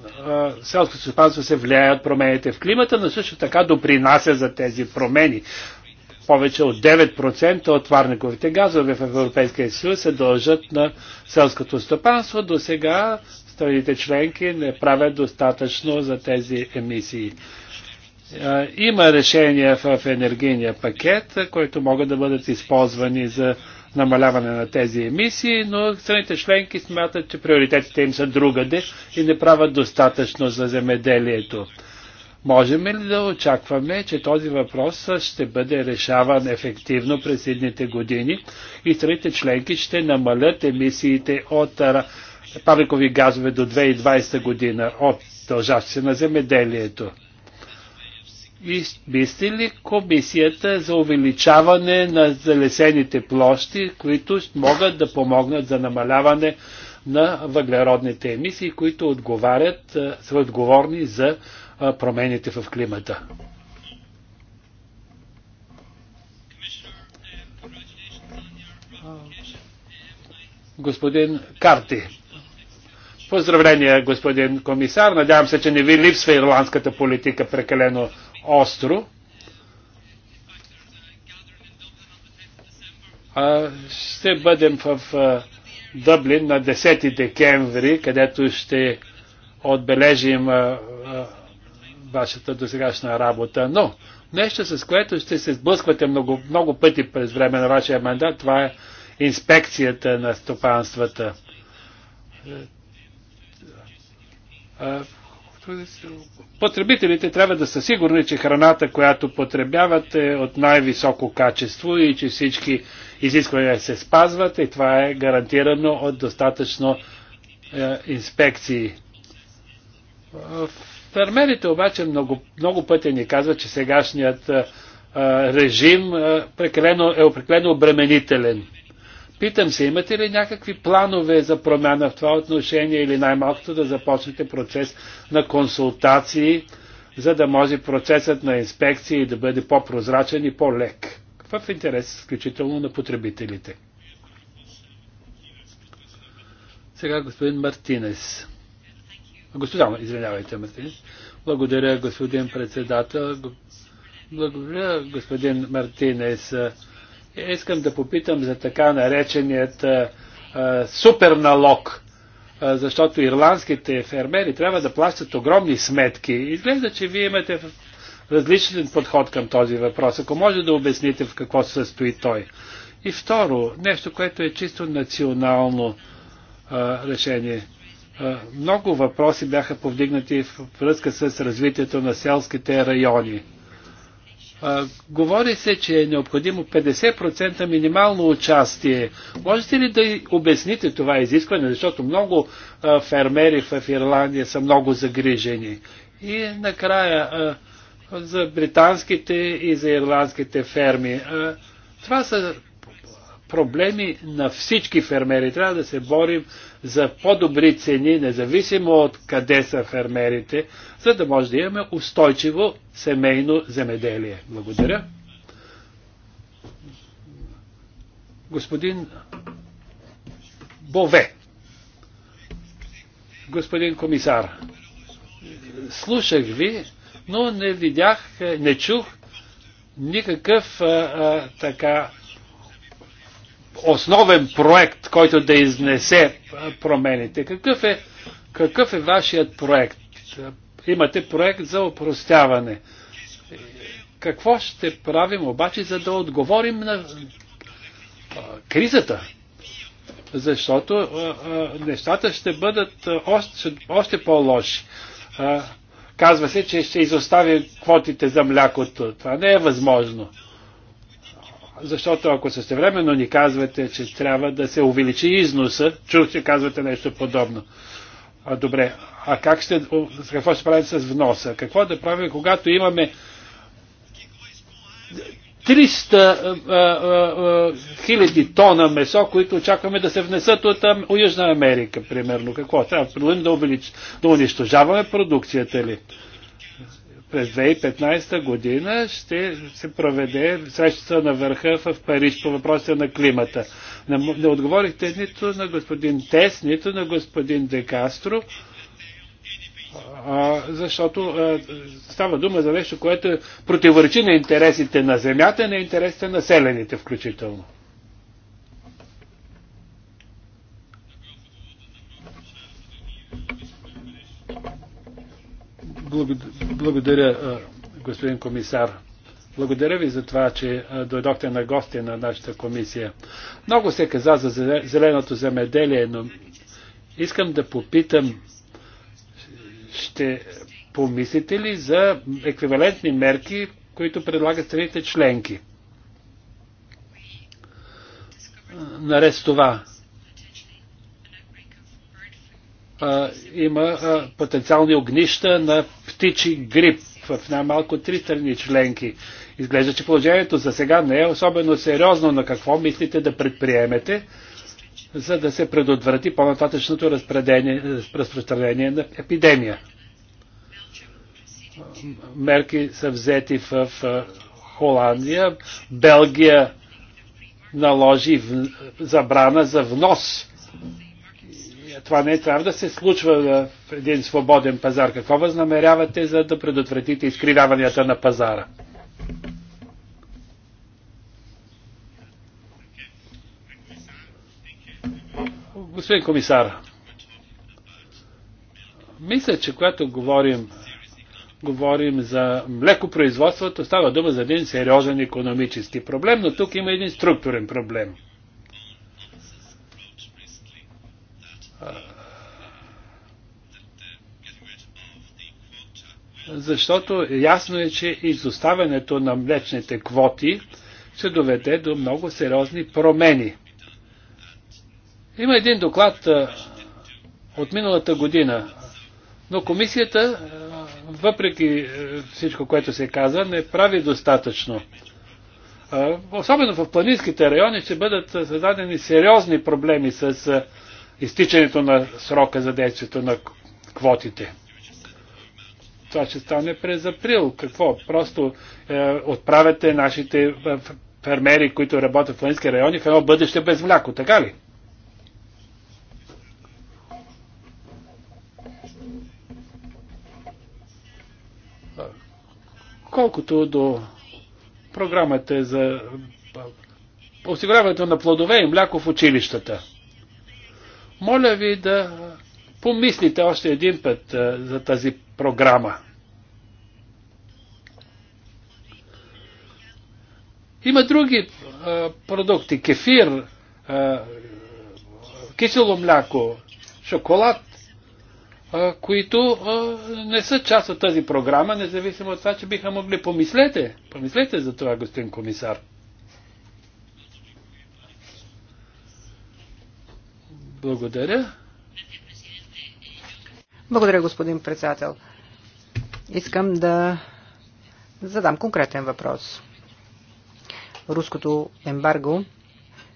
селското стопанство се влияе от промените в климата, но също така допринася за тези промени. Повече от 9% от варниковите газове в Европейския съюз се дължат на селското стопанство. До сега страните членки не правят достатъчно за тези емисии. Има решения в енергийния пакет, които могат да бъдат използвани за намаляване на тези емисии, но страните членки смятат, че приоритетите им са другаде и не правят достатъчно за земеделието. Можем ли да очакваме, че този въпрос ще бъде решаван ефективно през едните години и страните членки ще намалят емисиите от парникови газове до 2020 година от дължащи се на земеделието? мисли комисията за увеличаване на залесените площи, които могат да помогнат за намаляване на въглеродните емисии, които отговарят, са отговорни за промените в климата? Господин Карти. Поздравления, господин комисар. Надявам се, че не ви липсва ирландската политика прекалено остро. Ще бъдем в Дъблин на 10 декември, където ще отбележим вашата досегашна работа. Но нещо, с което ще се сблъсквате много, много пъти през време на вашия мандат, това е инспекцията на стопанствата потребителите трябва да са сигурни, че храната, която потребяват е от най-високо качество и че всички изисквания се спазват и това е гарантирано от достатъчно е, инспекции. Фермерите обаче много, много пъти ни казват, че сегашният е, режим е, прекалено, е обременителен. Питам се, имате ли някакви планове за промяна в това отношение или най-малкото да започнете процес на консултации, за да може процесът на инспекции да бъде по-прозрачен и по-лек, в интерес включително на потребителите. Сега господин Мартинес. Господа, извинявайте, Мартинес. Благодаря, господин председател. Благодаря, господин Мартинес. Искам да попитам за така нареченият а, супер налог, а, защото ирландските фермери трябва да плащат огромни сметки. Изглежда, че вие имате различен подход към този въпрос. Ако може да обясните в какво се състои той. И второ, нещо, което е чисто национално а, решение. А, много въпроси бяха повдигнати в връзка с развитието на селските райони говори се, че е необходимо 50% минимално участие. Можете ли да обясните това изискване, защото много а, фермери в Ирландия са много загрижени. И накрая а, за британските и за ирландските ферми. А, това са проблеми на всички фермери. Трябва да се борим за по-добри цени, независимо от къде са фермерите, за да може да имаме устойчиво семейно земеделие. Благодаря. Господин Бове. Господин комисар, слушах ви, но не видях, не чух никакъв а, а, така основен проект, който да изнесе промените. Какъв е, какъв е вашият проект? Имате проект за опростяване. Какво ще правим обаче, за да отговорим на кризата? Защото нещата ще бъдат още, още по-лоши. казва се, че ще изоставим квотите за млякото. Това не е възможно. Защото ако същевременно ни казвате, че трябва да се увеличи износа, чух, че казвате нещо подобно. А, добре, а как ще, какво ще правим с вноса? Какво да правим, когато имаме 300 хиляди тона месо, които очакваме да се внесат от а, Южна Америка, примерно. Какво? Трябва да да, увелич... да унищожаваме продукцията ли? през 2015 година ще се проведе срещата на върха в Париж по въпроса на климата. Не отговорихте нито на господин Тес, нито на господин Декастро, защото става дума за нещо, което противоречи на интересите на земята, на интересите на селените включително. Благодаря, господин комисар. Благодаря ви за това, че дойдохте на гости на нашата комисия. Много се каза за зеленото земеделие, но искам да попитам, ще помислите ли за еквивалентни мерки, които предлагат страните членки? Наред с това, а, има а, потенциални огнища на птичи грип в най-малко три страни членки. Изглежда, че положението за сега не е особено сериозно. На какво мислите да предприемете, за да се предотврати по-нататъчното разпространение на епидемия? Мерки са взети в Холандия. Белгия наложи забрана за внос това не трябва да се случва в един свободен пазар. Какво възнамерявате за да предотвратите изкривяванията на пазара? Господин комисар, мисля, че когато говорим, говорим за млекопроизводството, става дума за един сериозен економически проблем, но тук има един структурен проблем – защото ясно е, че изоставянето на млечните квоти ще доведе до много сериозни промени. Има един доклад от миналата година, но комисията, въпреки всичко, което се каза, не прави достатъчно. Особено в планинските райони ще бъдат създадени сериозни проблеми с изтичането на срока за действието на квотите това ще стане през април. Какво? Просто е, отправяте нашите е, фермери, които работят в планински райони, в едно бъдеще без мляко, така ли? Колкото до програмата за е, осигуряването на плодове и мляко в училищата. Моля ви да помислите още един път е, за тази програма. Има други а, продукти. Кефир, а, кисело мляко, шоколад, а, които а, не са част от тази програма, независимо от това, че биха могли. Помислете, помислете за това, господин комисар. Благодаря. Благодаря, господин председател. Искам да задам конкретен въпрос руското ембарго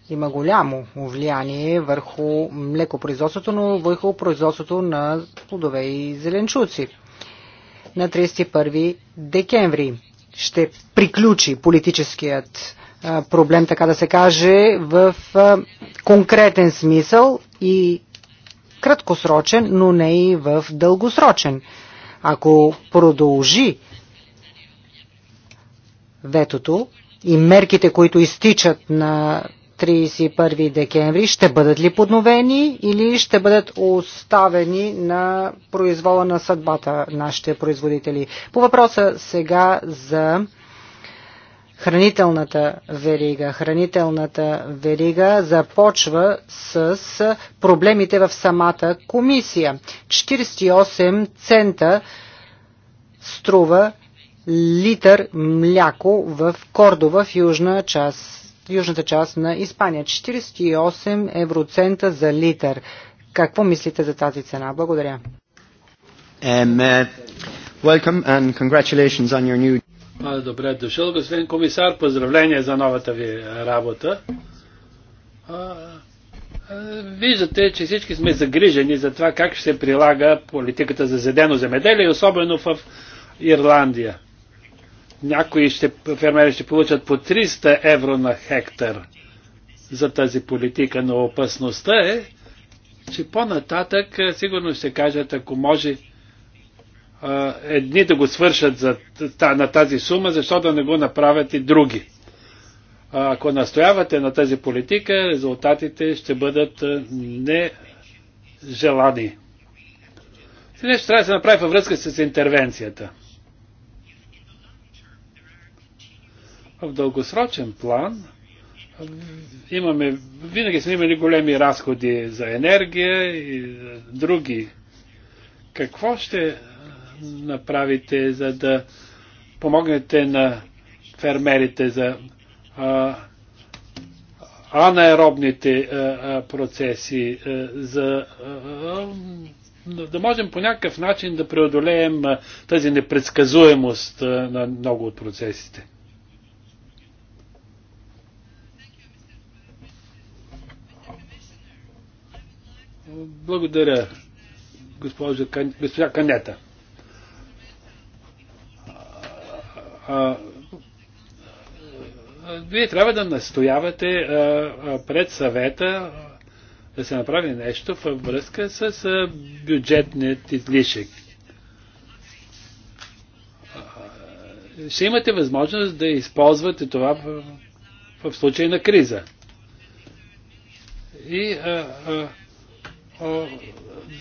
има голямо влияние върху млекопроизводството, но върху производството на плодове и зеленчуци. На 31 декември ще приключи политическият проблем, така да се каже, в конкретен смисъл и краткосрочен, но не и в дългосрочен. Ако продължи ветото, и мерките, които изтичат на 31 декември, ще бъдат ли подновени или ще бъдат оставени на произвола на съдбата нашите производители? По въпроса сега за хранителната верига. Хранителната верига започва с проблемите в самата комисия. 48 цента струва литър мляко в Кордова в южна част, южната част на Испания. 48 евроцента за литър. Какво мислите за тази цена? Благодаря. Um, uh, new... Добре дошъл, господин комисар. поздравление за новата ви работа. Виждате, че всички сме загрижени за това как ще се прилага политиката за зедено земеделие, особено в Ирландия някои ще, фермери ще получат по 300 евро на хектар за тази политика, но опасността е, че по-нататък е, сигурно ще кажат, ако може а, едни да го свършат за, на тази сума, защо да не го направят и други. А, ако настоявате на тази политика, резултатите ще бъдат нежелани. Нещо трябва да се направи във връзка с интервенцията. в дългосрочен план имаме, винаги сме имали големи разходи за енергия и други. Какво ще направите, за да помогнете на фермерите за а, анаеробните а, а, процеси, а, за а, да можем по някакъв начин да преодолеем а, тази непредсказуемост а, на много от процесите? Благодаря, госпожа, госпожа Канета. А, а, вие трябва да настоявате а, пред съвета да се направи нещо във връзка с бюджетният излишък. Ще имате възможност да използвате това в, в случай на криза. И а, а,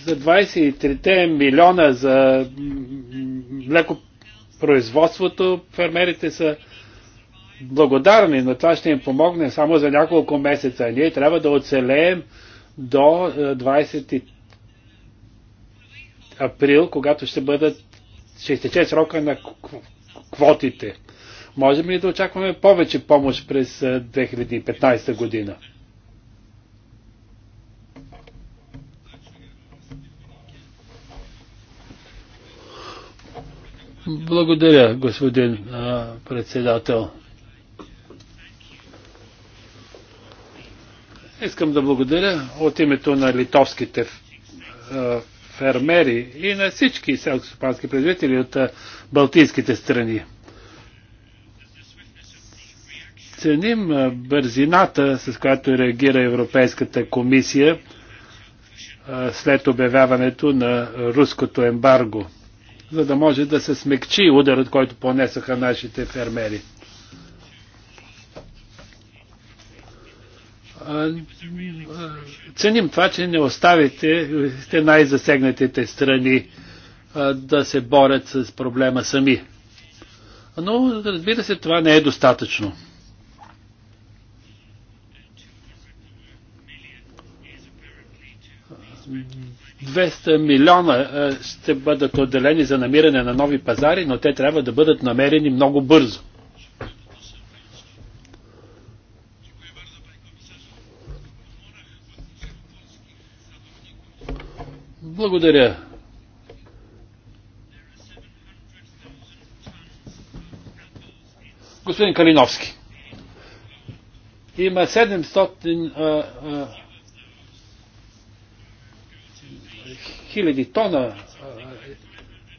за 23 милиона за млекопроизводството фермерите са благодарни, но това ще им помогне само за няколко месеца. Ние трябва да оцелеем до 20 е, април, когато ще бъдат 66 рока срока на квотите. Можем ли да очакваме повече помощ през 2015 е, година? Благодаря, господин а, председател. Искам да благодаря от името на литовските а, фермери и на всички селскостопански производители от а, Балтийските страни. Ценим а, бързината, с която реагира Европейската комисия след обявяването на руското ембарго за да може да се смекчи ударът, който понесаха нашите фермери. Ценим това, че не оставите сте най-засегнатите страни да се борят с проблема сами. Но, разбира се, това не е достатъчно. 200 милиона е, ще бъдат отделени за намиране на нови пазари, но те трябва да бъдат намерени много бързо. Благодаря. Господин Калиновски. Има 700 а, а, хиляди тона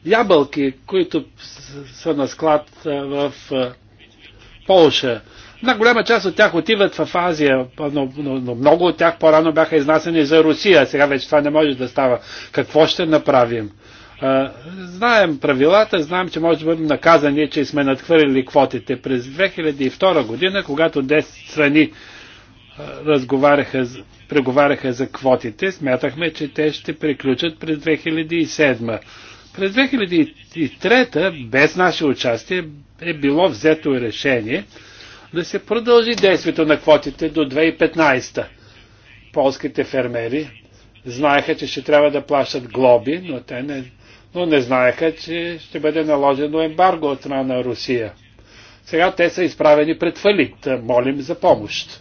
ябълки, които са на склад в Полша. На голяма част от тях отиват в Азия, но, но, но много от тях по-рано бяха изнасени за Русия. Сега вече това не може да става. Какво ще направим? А, знаем правилата, знаем, че може да бъдем наказани, че сме надхвърлили квотите. През 2002 година, когато 10 страни разговаряха, преговаряха за квотите, смятахме, че те ще приключат през 2007. През 2003, без наше участие, е било взето решение да се продължи действието на квотите до 2015. Полските фермери знаеха, че ще трябва да плащат глоби, но те не, но не знаеха, че ще бъде наложено ембарго от страна на Русия. Сега те са изправени пред фалит. Молим за помощ.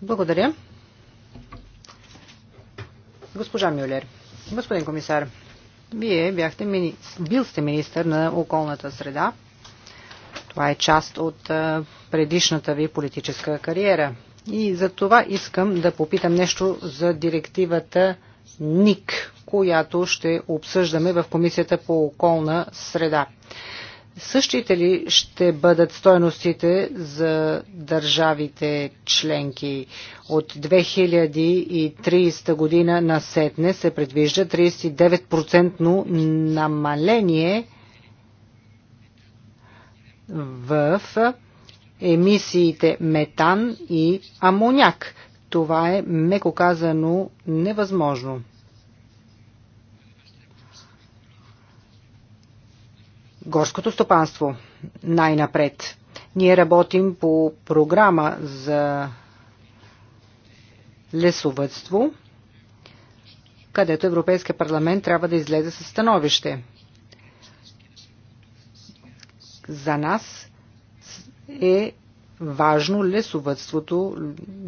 Благодаря. Госпожа Мюлер, господин комисар, вие бяхте мини... бил сте министър на околната среда. Това е част от предишната ви политическа кариера. И за това искам да попитам нещо за директивата НИК, която ще обсъждаме в Комисията по околна среда. Същите ли ще бъдат стойностите за държавите членки? От 2030 година на сетне се предвижда 39% намаление в емисиите метан и амоняк. Това е, меко казано, невъзможно. горското стопанство най-напред. Ние работим по програма за лесовътство, където Европейския парламент трябва да излезе със становище. За нас е важно лесовътството,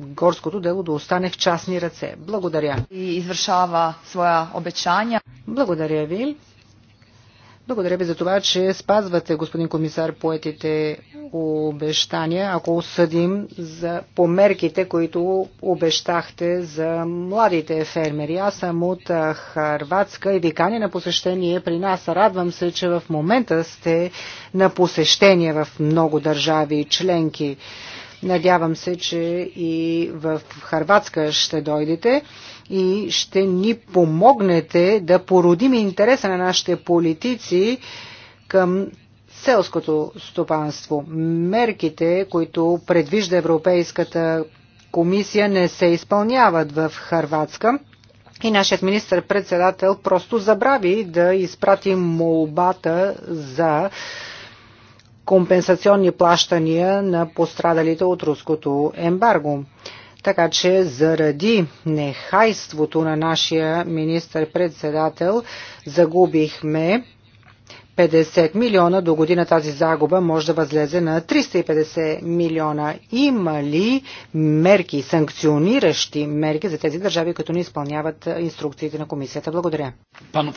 горското дело да остане в частни ръце. Благодаря. И извършава своя обещания. Благодаря ви. Благодаря ви за това, че спазвате, господин комисар, поетите обещания, ако осъдим за померките, които обещахте за младите фермери. Аз съм от Харватска и викане на посещение при нас. Радвам се, че в момента сте на посещение в много държави и членки. Надявам се, че и в Харватска ще дойдете и ще ни помогнете да породим интереса на нашите политици към селското стопанство. Мерките, които предвижда Европейската комисия, не се изпълняват в Харватска. И нашият министр-председател просто забрави да изпрати молбата за компенсационни плащания на пострадалите от руското ембарго. Така че заради нехайството на нашия министр-председател загубихме 50 милиона, до година тази загуба може да възлезе на 350 милиона. Има ли мерки, санкциониращи мерки за тези държави, като не изпълняват инструкциите на комисията? Благодаря. Пан,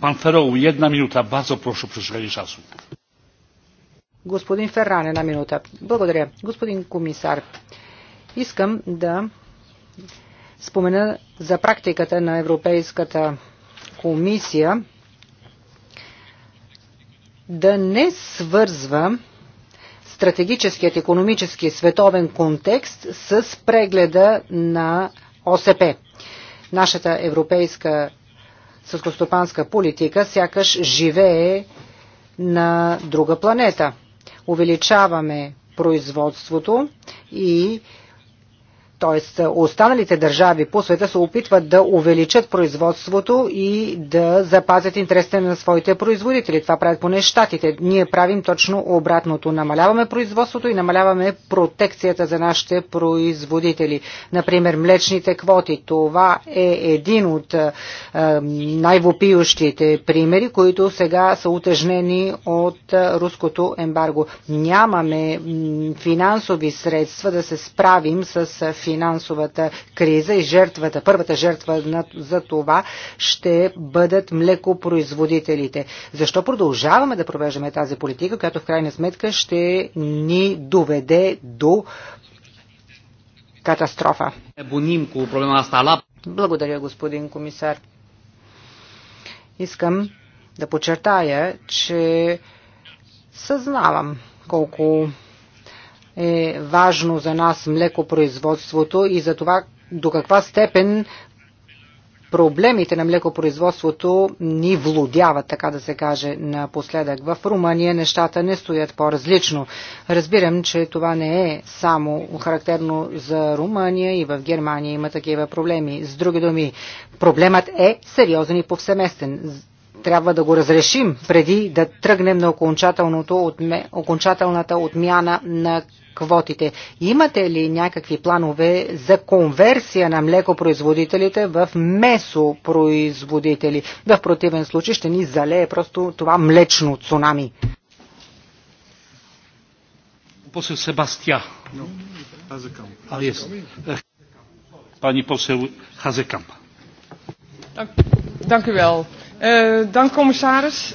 пан Ферол, една минута, базо, прошу, прошу, прошу, Господин Ферран, една минута. Благодаря. Господин комисар, искам да спомена за практиката на Европейската комисия да не свързва стратегическият економически световен контекст с прегледа на ОСП. Нашата европейска съскостопанска политика сякаш живее на друга планета – увеличаваме производството и т.е. останалите държави по света се опитват да увеличат производството и да запазят интересите на своите производители. Това правят поне щатите. Ние правим точно обратното. Намаляваме производството и намаляваме протекцията за нашите производители. Например, млечните квоти. Това е един от е, най-вопиющите примери, които сега са утежнени от е, руското ембарго. Нямаме финансови средства да се справим с е, финансовата криза и жертвата, първата жертва за това ще бъдат млекопроизводителите. Защо продължаваме да провеждаме тази политика, която в крайна сметка ще ни доведе до катастрофа? Благодаря, господин комисар. Искам да подчертая, че съзнавам колко е важно за нас млекопроизводството и за това до каква степен проблемите на млекопроизводството ни влудяват, така да се каже, напоследък. В Румъния нещата не стоят по-различно. Разбирам, че това не е само характерно за Румъния и в Германия има такива проблеми. С други думи, проблемът е сериозен и повсеместен. Трябва да го разрешим преди да тръгнем на окончателната отмяна на квотите. Имате ли някакви планове за конверсия на млекопроизводителите в месопроизводители? в противен случай ще ни залее просто това млечно цунами. Посел Себастия. А, есть. Пани посел Хазекамп. Dank u wel. Uh, dank commissaris. Uh...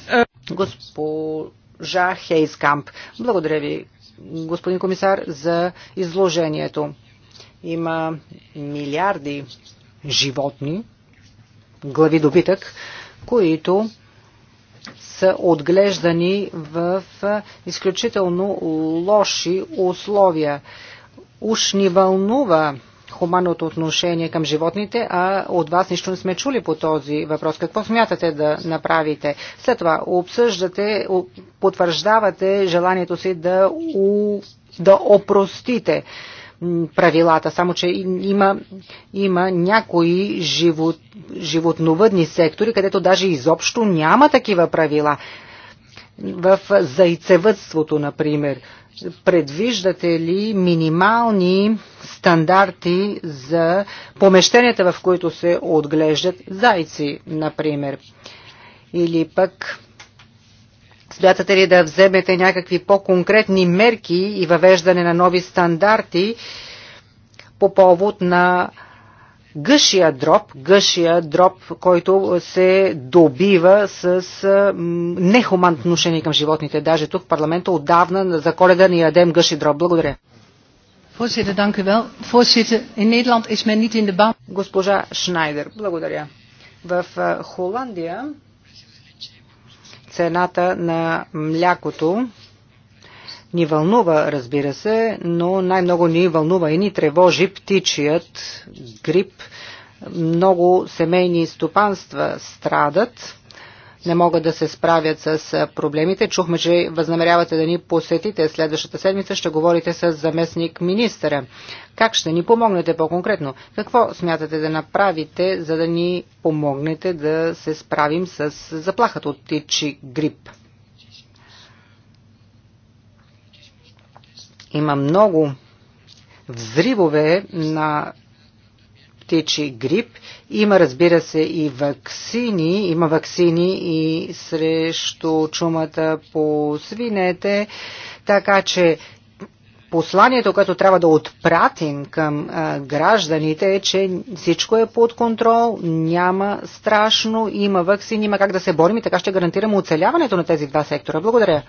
Госпожа Хейскамп. Благодаря ви, господин комисар, за изложението. Има милиарди животни, глави добитък, които са отглеждани в изключително лоши условия. Уж ни вълнува хуманното отношение към животните, а от вас нищо не сме чули по този въпрос. Какво смятате да направите? След това обсъждате, потвърждавате желанието си да, у, да опростите правилата, само че има, има някои живот, животновъдни сектори, където даже изобщо няма такива правила. В зайцевътството, например, предвиждате ли минимални стандарти за помещенията, в които се отглеждат зайци, например? Или пък смятате ли да вземете някакви по-конкретни мерки и въвеждане на нови стандарти по повод на гъшия дроб, гъшия дроб, който се добива с нехуманно отношение към животните. Даже тук в парламента отдавна за коледа ни ядем гъши дроб. Благодаря. Voorzitter, dank u wel. Voorzitter, in Nederland is men niet in de Госпожа Шнайдер, благодаря. В Холандия цената на млякото ни вълнува, разбира се, но най-много ни вълнува и ни тревожи птичият грип. Много семейни стопанства страдат, не могат да се справят с проблемите. Чухме, че възнамерявате да ни посетите следващата седмица. Ще говорите с заместник министъра. Как ще ни помогнете по-конкретно? Какво смятате да направите, за да ни помогнете да се справим с заплахата от птичи грип? Има много взривове на птичи грип. Има, разбира се, и вакцини. Има вакцини и срещу чумата по свинете. Така че посланието, което трябва да отпратим към а, гражданите е, че всичко е под контрол, няма страшно, има вакцини, има как да се борим и така ще гарантираме оцеляването на тези два сектора. Благодаря.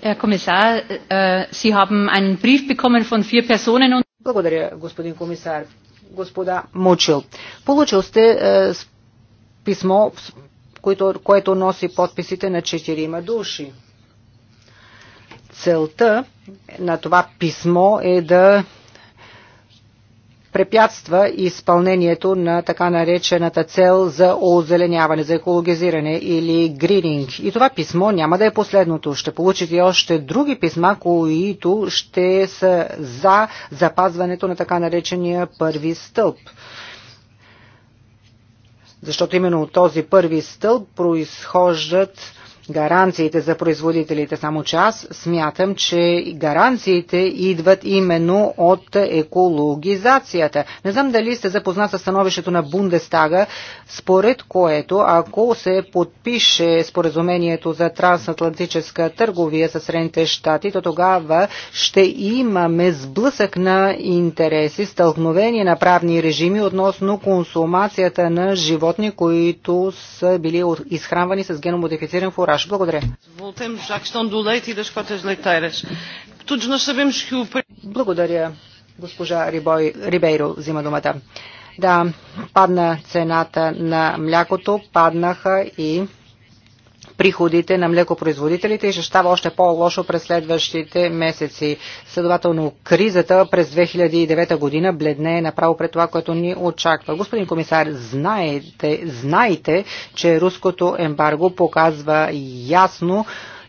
Herr Kommissar, äh, Sie haben einen Brief bekommen von vier Personen und Благодаря, господин комисар. Господа Мучил. Получил сте е, писмо, което, което носи подписите на четирима души. Целта на това писмо е да препятства изпълнението на така наречената цел за озеленяване, за екологизиране или грининг. И това писмо няма да е последното. Ще получите още други писма, които ще са за запазването на така наречения първи стълб защото именно от този първи стълб произхождат гаранциите за производителите. Само че аз смятам, че гаранциите идват именно от екологизацията. Не знам дали сте запознат с становището на Бундестага, според което ако се подпише споразумението за трансатлантическа търговия с Средните щати, то тогава ще имаме сблъсък на интереси, стълкновение на правни режими относно консумацията на животни, които са били изхранвани с геномодифициран фураж кураж. Благодаря. E Благодаря, госпожа Рибой, Рибейро взима думата. Да, падна цената на млякото, паднаха и приходите на млекопроизводителите и ще става още по-лошо през следващите месеци. Следователно, кризата през 2009 година бледне е направо пред това, което ни очаква. Господин комисар, знаете, знаете, че руското ембарго показва ясно,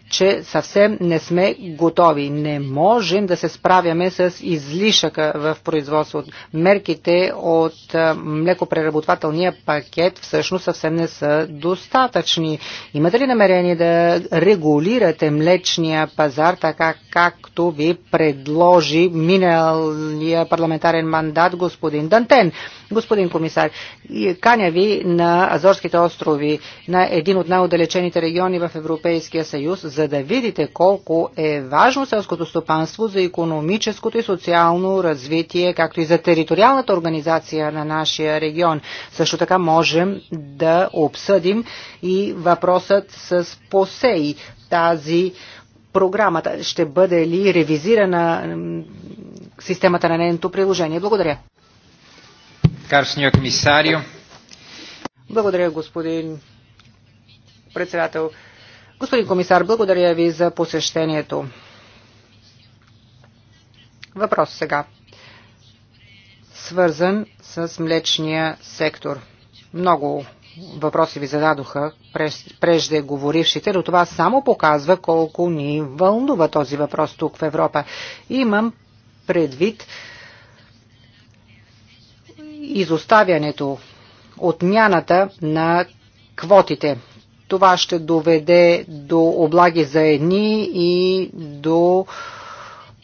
че съвсем не сме готови. Не можем да се справяме с излишъка в производството. Мерките от млекопреработвателния пакет всъщност съвсем не са достатъчни. Имате ли намерение да регулирате млечния пазар така както ви предложи миналия парламентарен мандат господин Дантен? Господин комисар, каня ви на Азорските острови, на един от най-отдалечените региони в Европейския съюз, за да видите колко е важно селското стопанство за економическото и социално развитие, както и за териториалната организация на нашия регион. Също така можем да обсъдим и въпросът с посей тази програмата. Ще бъде ли ревизирана системата на нейното приложение? Благодаря. комисарио. Благодаря, господин председател. Господин комисар, благодаря ви за посещението. Въпрос сега, свързан с млечния сектор. Много въпроси ви зададоха говорившите, но това само показва колко ни вълнува този въпрос тук в Европа. Имам предвид изоставянето, отмяната на квотите това ще доведе до облаги за едни и до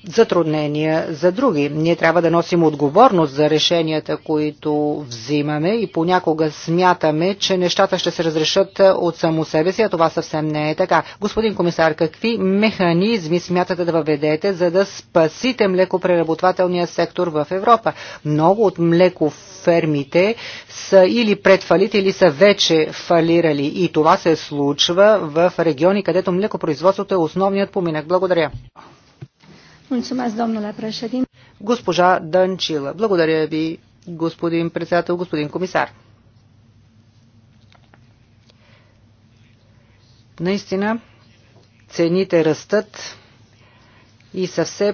затруднения за други. Ние трябва да носим отговорност за решенията, които взимаме и понякога смятаме, че нещата ще се разрешат от само себе си, а това съвсем не е така. Господин комисар, какви механизми смятате да въведете, за да спасите млекопреработвателния сектор в Европа? Много от млекофермите са или предфалити, или са вече фалирали. И това се случва в региони, където млекопроизводството е основният поминък. Благодаря. Госпожа Данчила. Благодаря ви, господин председател, господин комисар. Наистина, цените растат и са все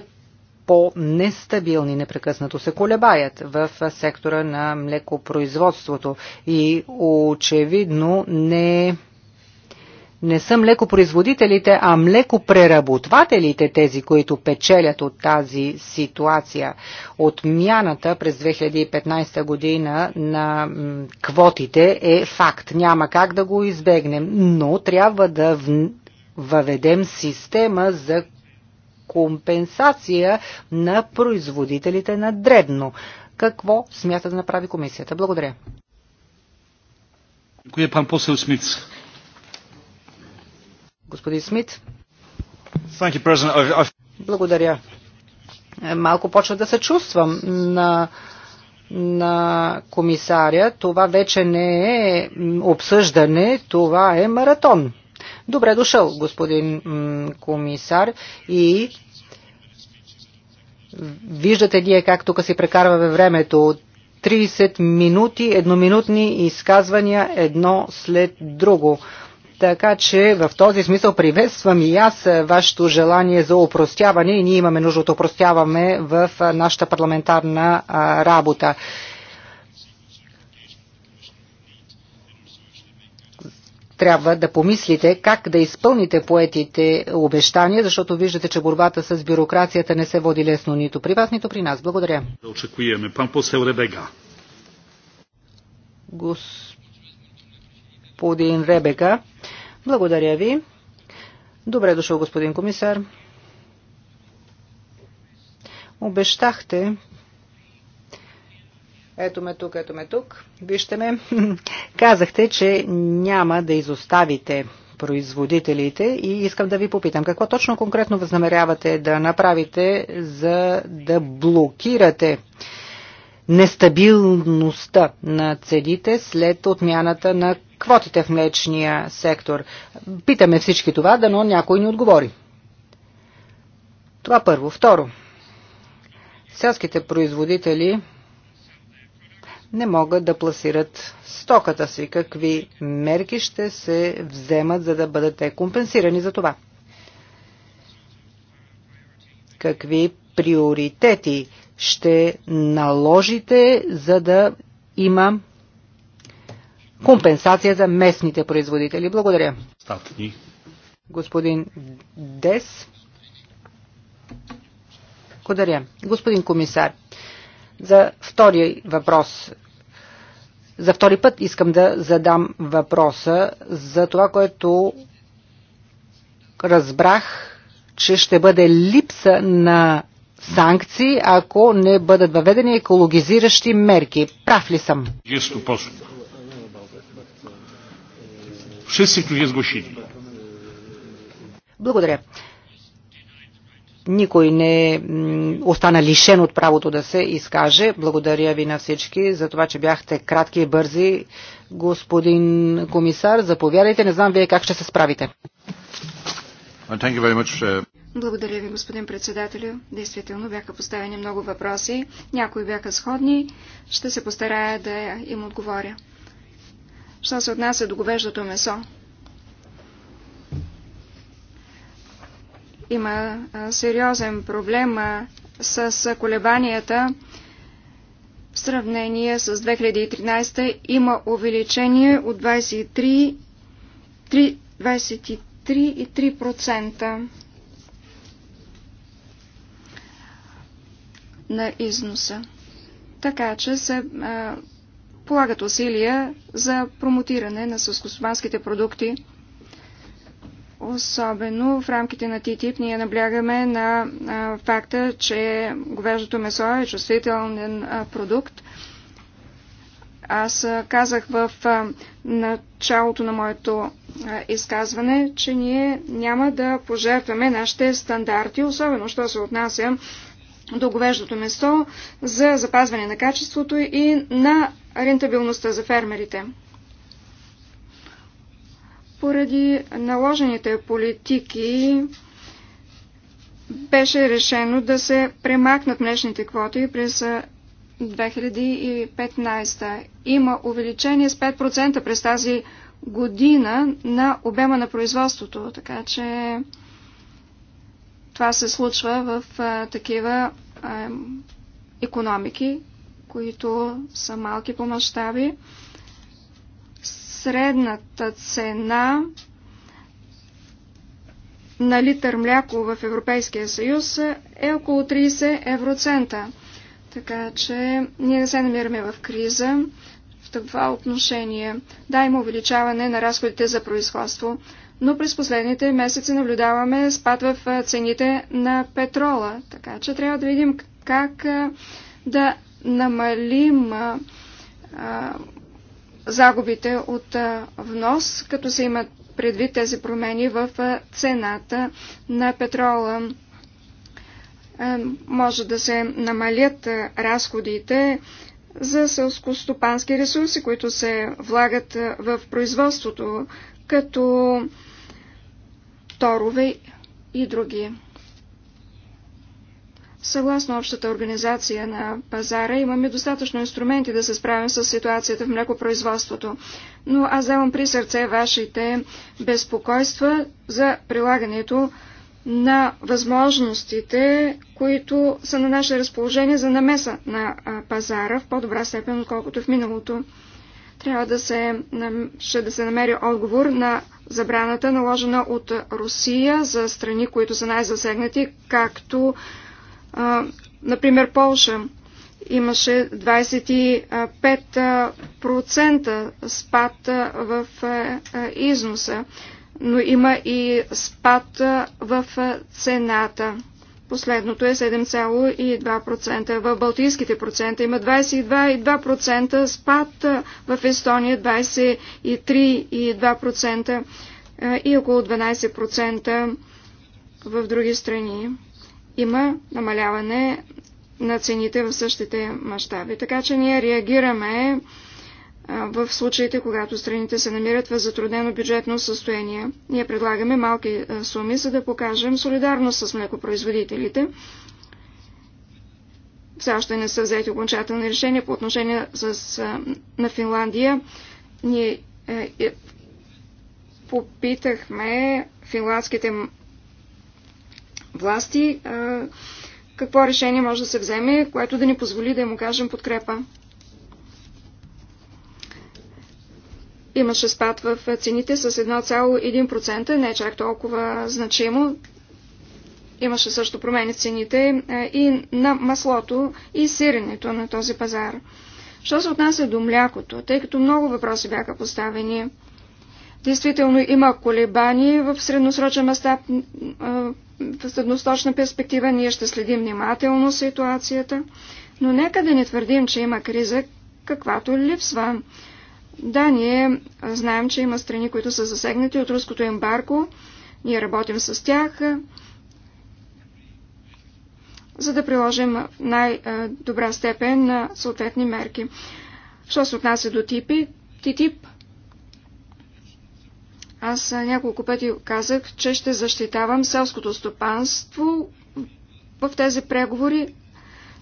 по-нестабилни, непрекъснато се колебаят в сектора на млекопроизводството и очевидно не е не са млекопроизводителите, а млекопреработвателите тези, които печелят от тази ситуация. Отмяната през 2015 година на квотите е факт. Няма как да го избегнем, но трябва да въведем система за компенсация на производителите на дребно. Какво смята да направи комисията? Благодаря. Dziękuję пан посел Смитс. Господин Смит. Благодаря. Малко почва да се чувствам на на комисаря, това вече не е обсъждане, това е маратон. Добре дошъл, господин комисар, и виждате ние как тук си прекарваме времето. 30 минути, едноминутни изказвания, едно след друго. Така че в този смисъл приветствам и аз е, вашето желание за опростяване и ние имаме нужда от опростяваме в е, нашата парламентарна е, работа. трябва да помислите как да изпълните поетите обещания, защото виждате, че борбата с бюрокрацията не се води лесно нито при вас, нито при нас. Благодаря. Да очакуваме. Пан посел Ребега. Гос господин Ребека. Благодаря ви. Добре дошъл, господин комисар. Обещахте. Ето ме тук, ето ме тук. Вижте ме. Казахте, че няма да изоставите производителите и искам да ви попитам какво точно конкретно възнамерявате да направите, за да блокирате нестабилността на цедите след отмяната на квотите в млечния сектор? Питаме всички това, да но някой ни отговори. Това първо. Второ. Селските производители не могат да пласират стоката си. Какви мерки ще се вземат, за да бъдат те компенсирани за това? Какви приоритети ще наложите, за да има компенсация за местните производители. Благодаря. Статни. Господин Дес. Благодаря. Господин комисар, за втория въпрос за втори път искам да задам въпроса за това, което разбрах, че ще бъде липса на санкции, ако не бъдат въведени екологизиращи мерки. Прав ли съм? Есть wszyscy, którzy się zgłosili. Благодаря. Никой не остана лишен от правото да се изкаже. Благодаря ви на всички за това, че бяхте кратки и бързи. Господин комисар, заповядайте. Не знам вие как ще се справите. Uh, Благодаря ви, господин председателю. Действително бяха поставени много въпроси. Някои бяха сходни. Ще се постарая да им отговоря що се отнася до говеждото месо. Има сериозен проблем с колебанията в сравнение с 2013 има увеличение от 23,3% на износа. Така че се а, полагат усилия за промотиране на сълскостопанските продукти. Особено в рамките на ТТИП ние наблягаме на а, факта, че говеждото месо е чувствителен а, продукт. Аз а, казах в а, началото на моето а, изказване, че ние няма да пожертваме нашите стандарти, особено що се отнася Договеждато место месо за запазване на качеството и на рентабилността за фермерите. Поради наложените политики беше решено да се премахнат млечните квоти през 2015. Има увеличение с 5% през тази година на обема на производството, така че това се случва в а, такива а, економики, които са малки по мащаби. Средната цена на литър мляко в Европейския съюз е около 30 евроцента. Така че ние не се намираме в криза в това отношение. Да, има увеличаване на разходите за производство, но през последните месеци наблюдаваме спад в цените на петрола. Така че трябва да видим как да намалим загубите от внос, като се имат предвид тези промени в цената на петрола. Може да се намалят разходите за селскостопански ресурси, които се влагат в производството, като торове и други. Съгласно общата организация на пазара имаме достатъчно инструменти да се справим с ситуацията в млекопроизводството, но аз давам при сърце вашите безпокойства за прилагането на възможностите, които са на наше разположение за намеса на пазара в по-добра степен, отколкото в миналото. Трябва да се, ще да се намери отговор на забраната, наложена от Русия за страни, които са най-засегнати, както, например, Полша. Имаше 25% спад в износа, но има и спад в цената. Последното е 7,2%. В Балтийските процента има 22,2% спад, в Естония 23,2% е, и около 12% в други страни. Има намаляване на цените в същите мащаби. Така че ние реагираме в случаите, когато страните се намират в затруднено бюджетно състояние. Ние предлагаме малки суми, за да покажем солидарност с млекопроизводителите. Все още не са взети окончателни решения по отношение с, на Финландия. Ние е, е, попитахме финландските власти е, какво решение може да се вземе, което да ни позволи да им окажем подкрепа. Имаше спад в цените с 1,1%, не е чак толкова значимо. Имаше също промени в цените е, и на маслото и сиренето на този пазар. Що се отнася до млякото, тъй като много въпроси бяха поставени, действително има колебани в средносрочен мастап, е, в средносрочна перспектива ние ще следим внимателно ситуацията, но нека да не твърдим, че има криза, каквато липсва. Да, ние знаем, че има страни, които са засегнати от руското ембарго. Ние работим с тях, за да приложим в най-добра степен на съответни мерки. Що се отнася до типи, ТИТИП, аз няколко пъти казах, че ще защитавам селското стопанство в тези преговори.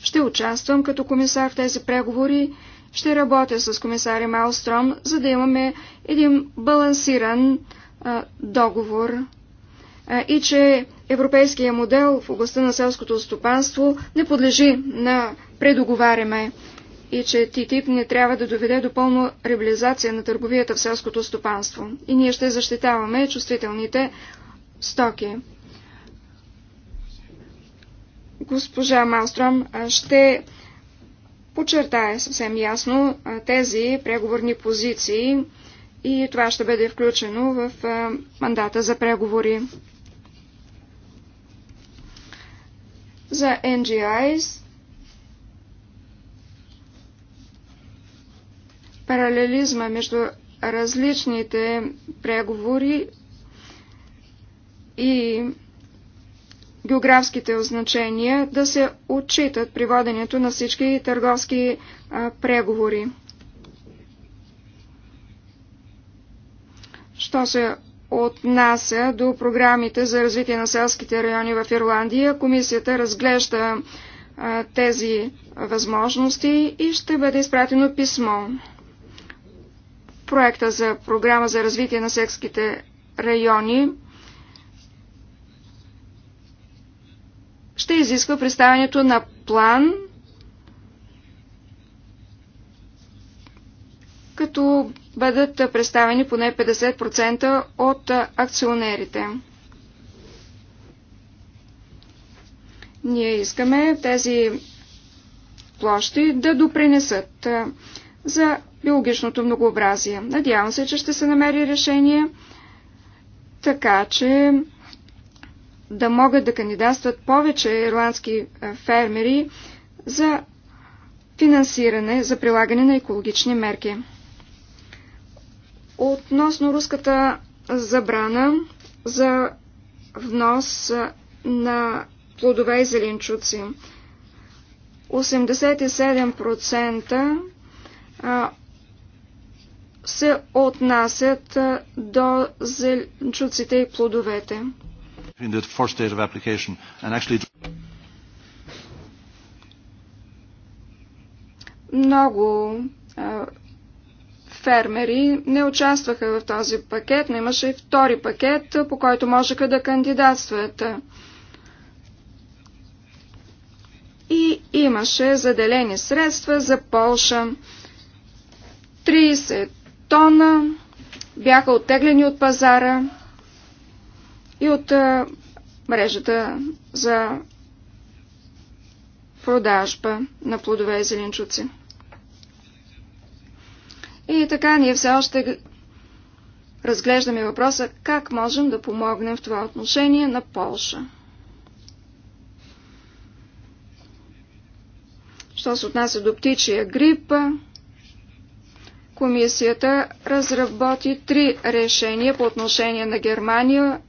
Ще участвам като комисар в тези преговори ще работя с комисаря Малстром, за да имаме един балансиран а, договор а, и че европейския модел в областта на селското стопанство не подлежи на предоговаряме и че ТТИП не трябва да доведе до пълна реализация на търговията в селското стопанство. И ние ще защитаваме чувствителните стоки. Госпожа Малстром ще подчертая съвсем ясно тези преговорни позиции и това ще бъде включено в мандата за преговори. За NGIs паралелизма между различните преговори и географските означения да се отчитат при воденето на всички търговски а, преговори. Що се отнася до програмите за развитие на селските райони в Ирландия, комисията разглежда а, тези възможности и ще бъде изпратено писмо. Проекта за програма за развитие на селските райони ще изисква представянето на план, като бъдат представени поне 50% от акционерите. Ние искаме тези площи да допринесат за биологичното многообразие. Надявам се, че ще се намери решение, така че да могат да кандидатстват повече ирландски е, фермери за финансиране за прилагане на екологични мерки. Относно руската забрана за внос е, на плодове и зеленчуци. 87% е, се отнасят до зеленчуците и плодовете between the first date of application and actually много а, фермери не участваха в този пакет, но имаше и втори пакет, по който можеха да кандидатстват. И имаше заделени средства за Полша. 30 тона бяха оттеглени от пазара и от мрежата за продажба на плодове и зеленчуци. И така ние все още разглеждаме въпроса как можем да помогнем в това отношение на Полша. Що се отнася до птичия грип, комисията разработи три решения по отношение на Германия,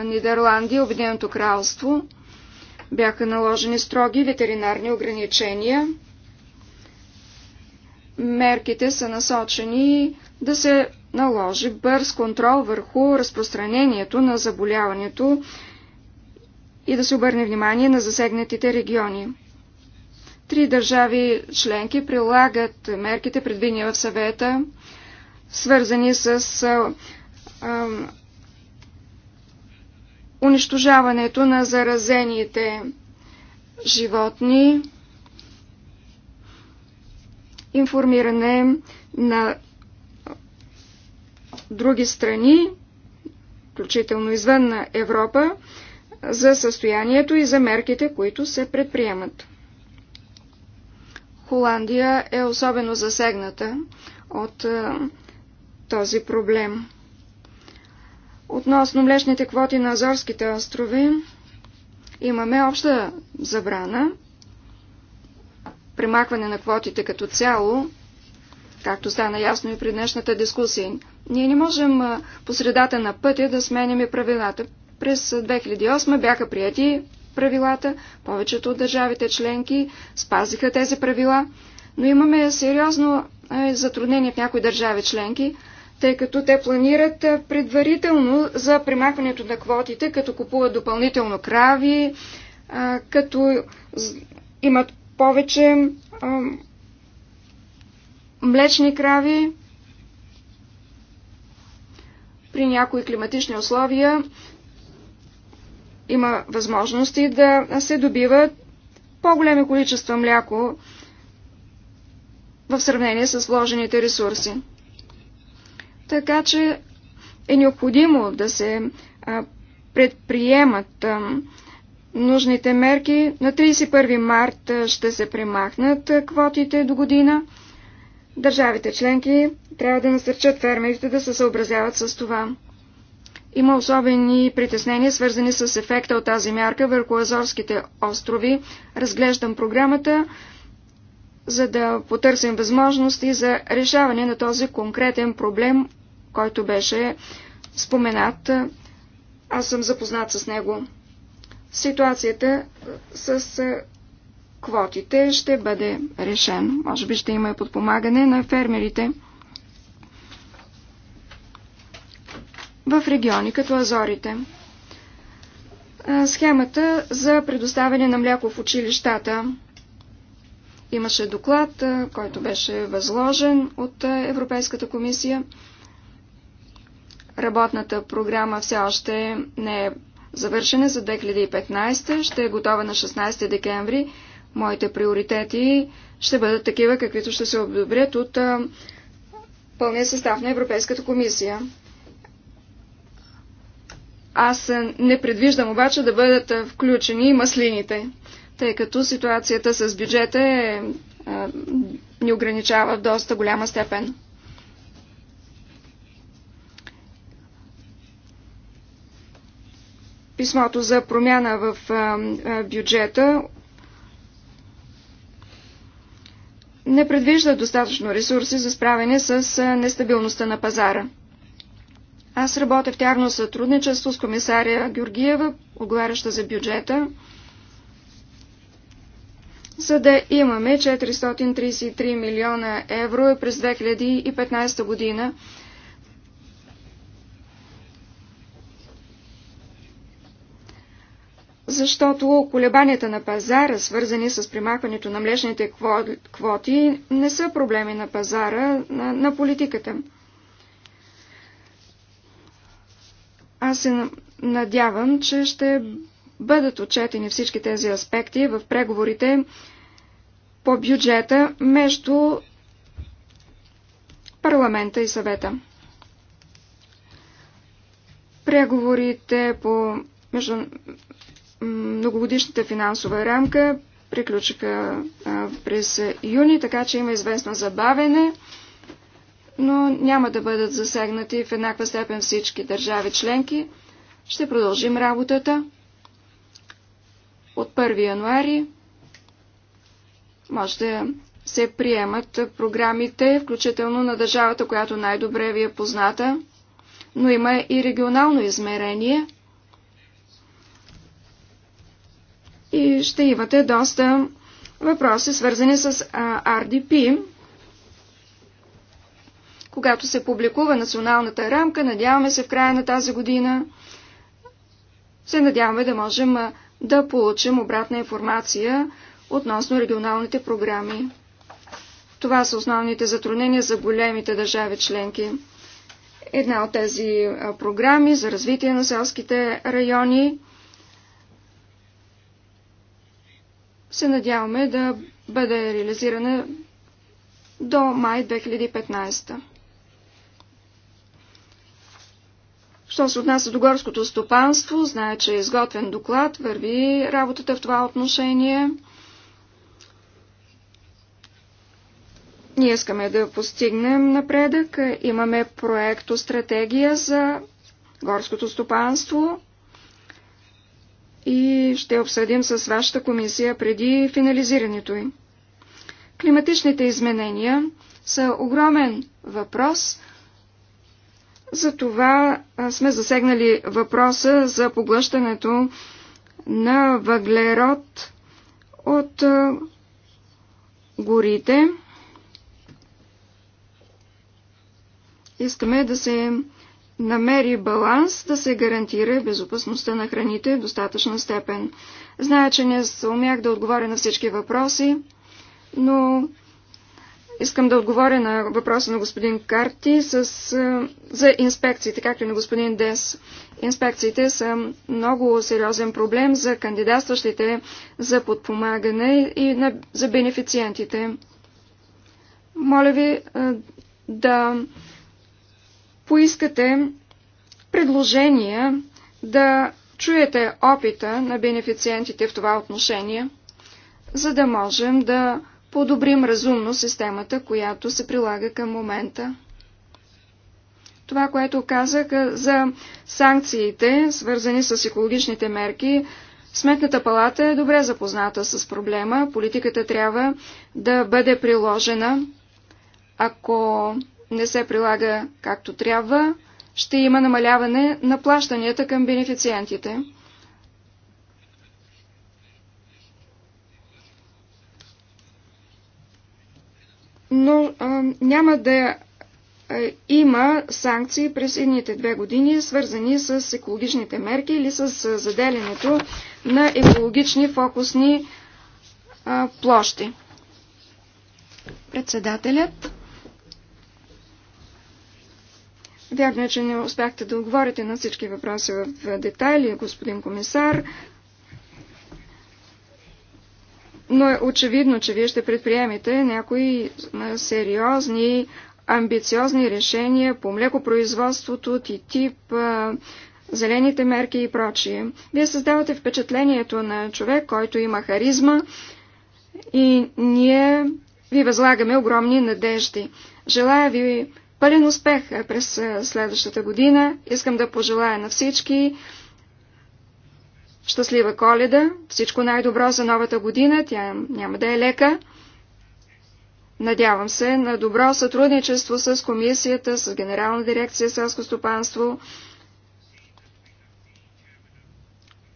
Нидерландия, Обединеното кралство бяха наложени строги ветеринарни ограничения. Мерките са насочени да се наложи бърз контрол върху разпространението на заболяването и да се обърне внимание на засегнатите региони. Три държави членки прилагат мерките предвидени в съвета, свързани с унищожаването на заразените животни, информиране на други страни, включително извън на Европа, за състоянието и за мерките, които се предприемат. Холандия е особено засегната от този проблем. Относно млечните квоти на Азорските острови, имаме обща забрана, примахване на квотите като цяло, както стана ясно и при днешната дискусия. Ние не можем по средата на пътя да сменяме правилата. През 2008 бяха прияти правилата, повечето от държавите членки спазиха тези правила, но имаме сериозно затруднение в някои държави членки, тъй като те планират предварително за примахването на квотите, като купуват допълнително крави, като имат повече млечни крави. При някои климатични условия има възможности да се добиват по-големи количества мляко в сравнение с вложените ресурси. Така че е необходимо да се предприемат нужните мерки. На 31 март ще се премахнат квотите до година. Държавите членки трябва да насърчат фермерите да се съобразяват с това. Има особени притеснения, свързани с ефекта от тази мярка върху Азорските острови. Разглеждам програмата, за да потърсим възможности за решаване на този конкретен проблем който беше споменат. Аз съм запознат с него. Ситуацията е, с е, квотите ще бъде решен. Може би ще има и подпомагане на фермерите. в региони като Азорите. Е, схемата за предоставяне на мляко в училищата. Имаше доклад, който беше възложен от Европейската комисия. Работната програма все още не е завършена за 2015, ще е готова на 16 декември. Моите приоритети ще бъдат такива, каквито ще се одобрят от а, пълния състав на Европейската комисия. Аз не предвиждам обаче да бъдат включени маслините, тъй като ситуацията с бюджета е, а, ни ограничава в доста голяма степен. писмото за промяна в бюджета не предвижда достатъчно ресурси за справяне с нестабилността на пазара. Аз работя в тярно сътрудничество с комисаря Георгиева, оговаряща за бюджета, за да имаме 433 милиона евро през 2015 година защото колебанията на пазара, свързани с примахването на млечните квоти, не са проблеми на пазара, на, на политиката. Аз се надявам, че ще бъдат отчетени всички тези аспекти в преговорите по бюджета между парламента и съвета. Преговорите по между многогодишната финансова рамка приключиха през юни, така че има известно забавене, но няма да бъдат засегнати в еднаква степен всички държави членки. Ще продължим работата от 1 януари. Може да се приемат програмите, включително на държавата, която най-добре ви е позната, но има и регионално измерение – и ще имате доста въпроси, свързани с RDP. Когато се публикува националната рамка, надяваме се в края на тази година, се надяваме да можем да получим обратна информация относно регионалните програми. Това са основните затруднения за големите държави членки. Една от тези програми за развитие на селските райони – се надяваме да бъде реализирана до май 2015. Що се отнася до горското стопанство, знае, че е изготвен доклад, върви работата в това отношение. Ние искаме да постигнем напредък. Имаме проекто стратегия за горското стопанство и ще обсъдим с вашата комисия преди финализирането им. Климатичните изменения са огромен въпрос. Затова сме засегнали въпроса за поглъщането на въглерод от горите. Искаме да се намери баланс да се гарантира безопасността на храните в достатъчна степен. Зная, че не умях да отговоря на всички въпроси, но искам да отговоря на въпроса на господин Карти с, е, за инспекциите, както и на господин Дес. Инспекциите са много сериозен проблем за кандидатстващите за подпомагане и на, за бенефициентите. Моля ви е, да поискате предложения да чуете опита на бенефициентите в това отношение, за да можем да подобрим разумно системата, която се прилага към момента. Това, което казах за санкциите, свързани с екологичните мерки, Сметната палата е добре запозната с проблема. Политиката трябва да бъде приложена. Ако не се прилага както трябва, ще има намаляване на плащанията към бенефициентите. Но а, няма да има санкции през едните две години, свързани с екологичните мерки или с заделянето на екологични фокусни площи. Председателят Вярно е, че не успяхте да отговорите на всички въпроси в детайли, господин комисар. Но е очевидно, че вие ще предприемете някои сериозни, амбициозни решения по млекопроизводството, ТИТИП, зелените мерки и прочие. Вие създавате впечатлението на човек, който има харизма и ние ви възлагаме огромни надежди. Желая ви пълен успех е, през е, следващата година. Искам да пожелая на всички щастлива коледа, всичко най-добро за новата година, тя няма да е лека. Надявам се на добро сътрудничество с комисията, с Генерална дирекция селско стопанство.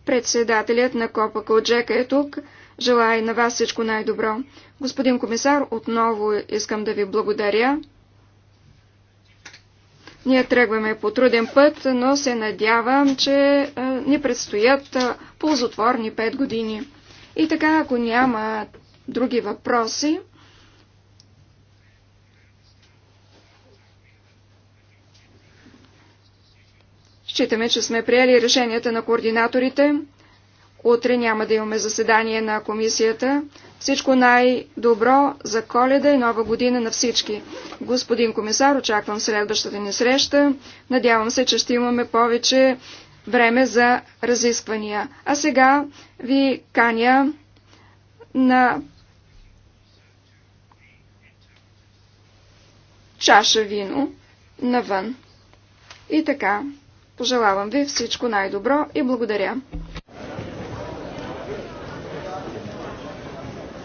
Председателят на Копа Калджека е тук. Желая на вас всичко най-добро. Господин комисар, отново искам да ви благодаря. Ние тръгваме по труден път, но се надявам, че ни предстоят ползотворни 5 години. И така, ако няма други въпроси, Считаме, че сме приели решенията на координаторите. Утре няма да имаме заседание на комисията. Всичко най-добро за коледа и нова година на всички. Господин комисар, очаквам следващата ни среща. Надявам се, че ще имаме повече време за разисквания. А сега ви каня на чаша вино навън. И така, пожелавам ви всичко най-добро и благодаря.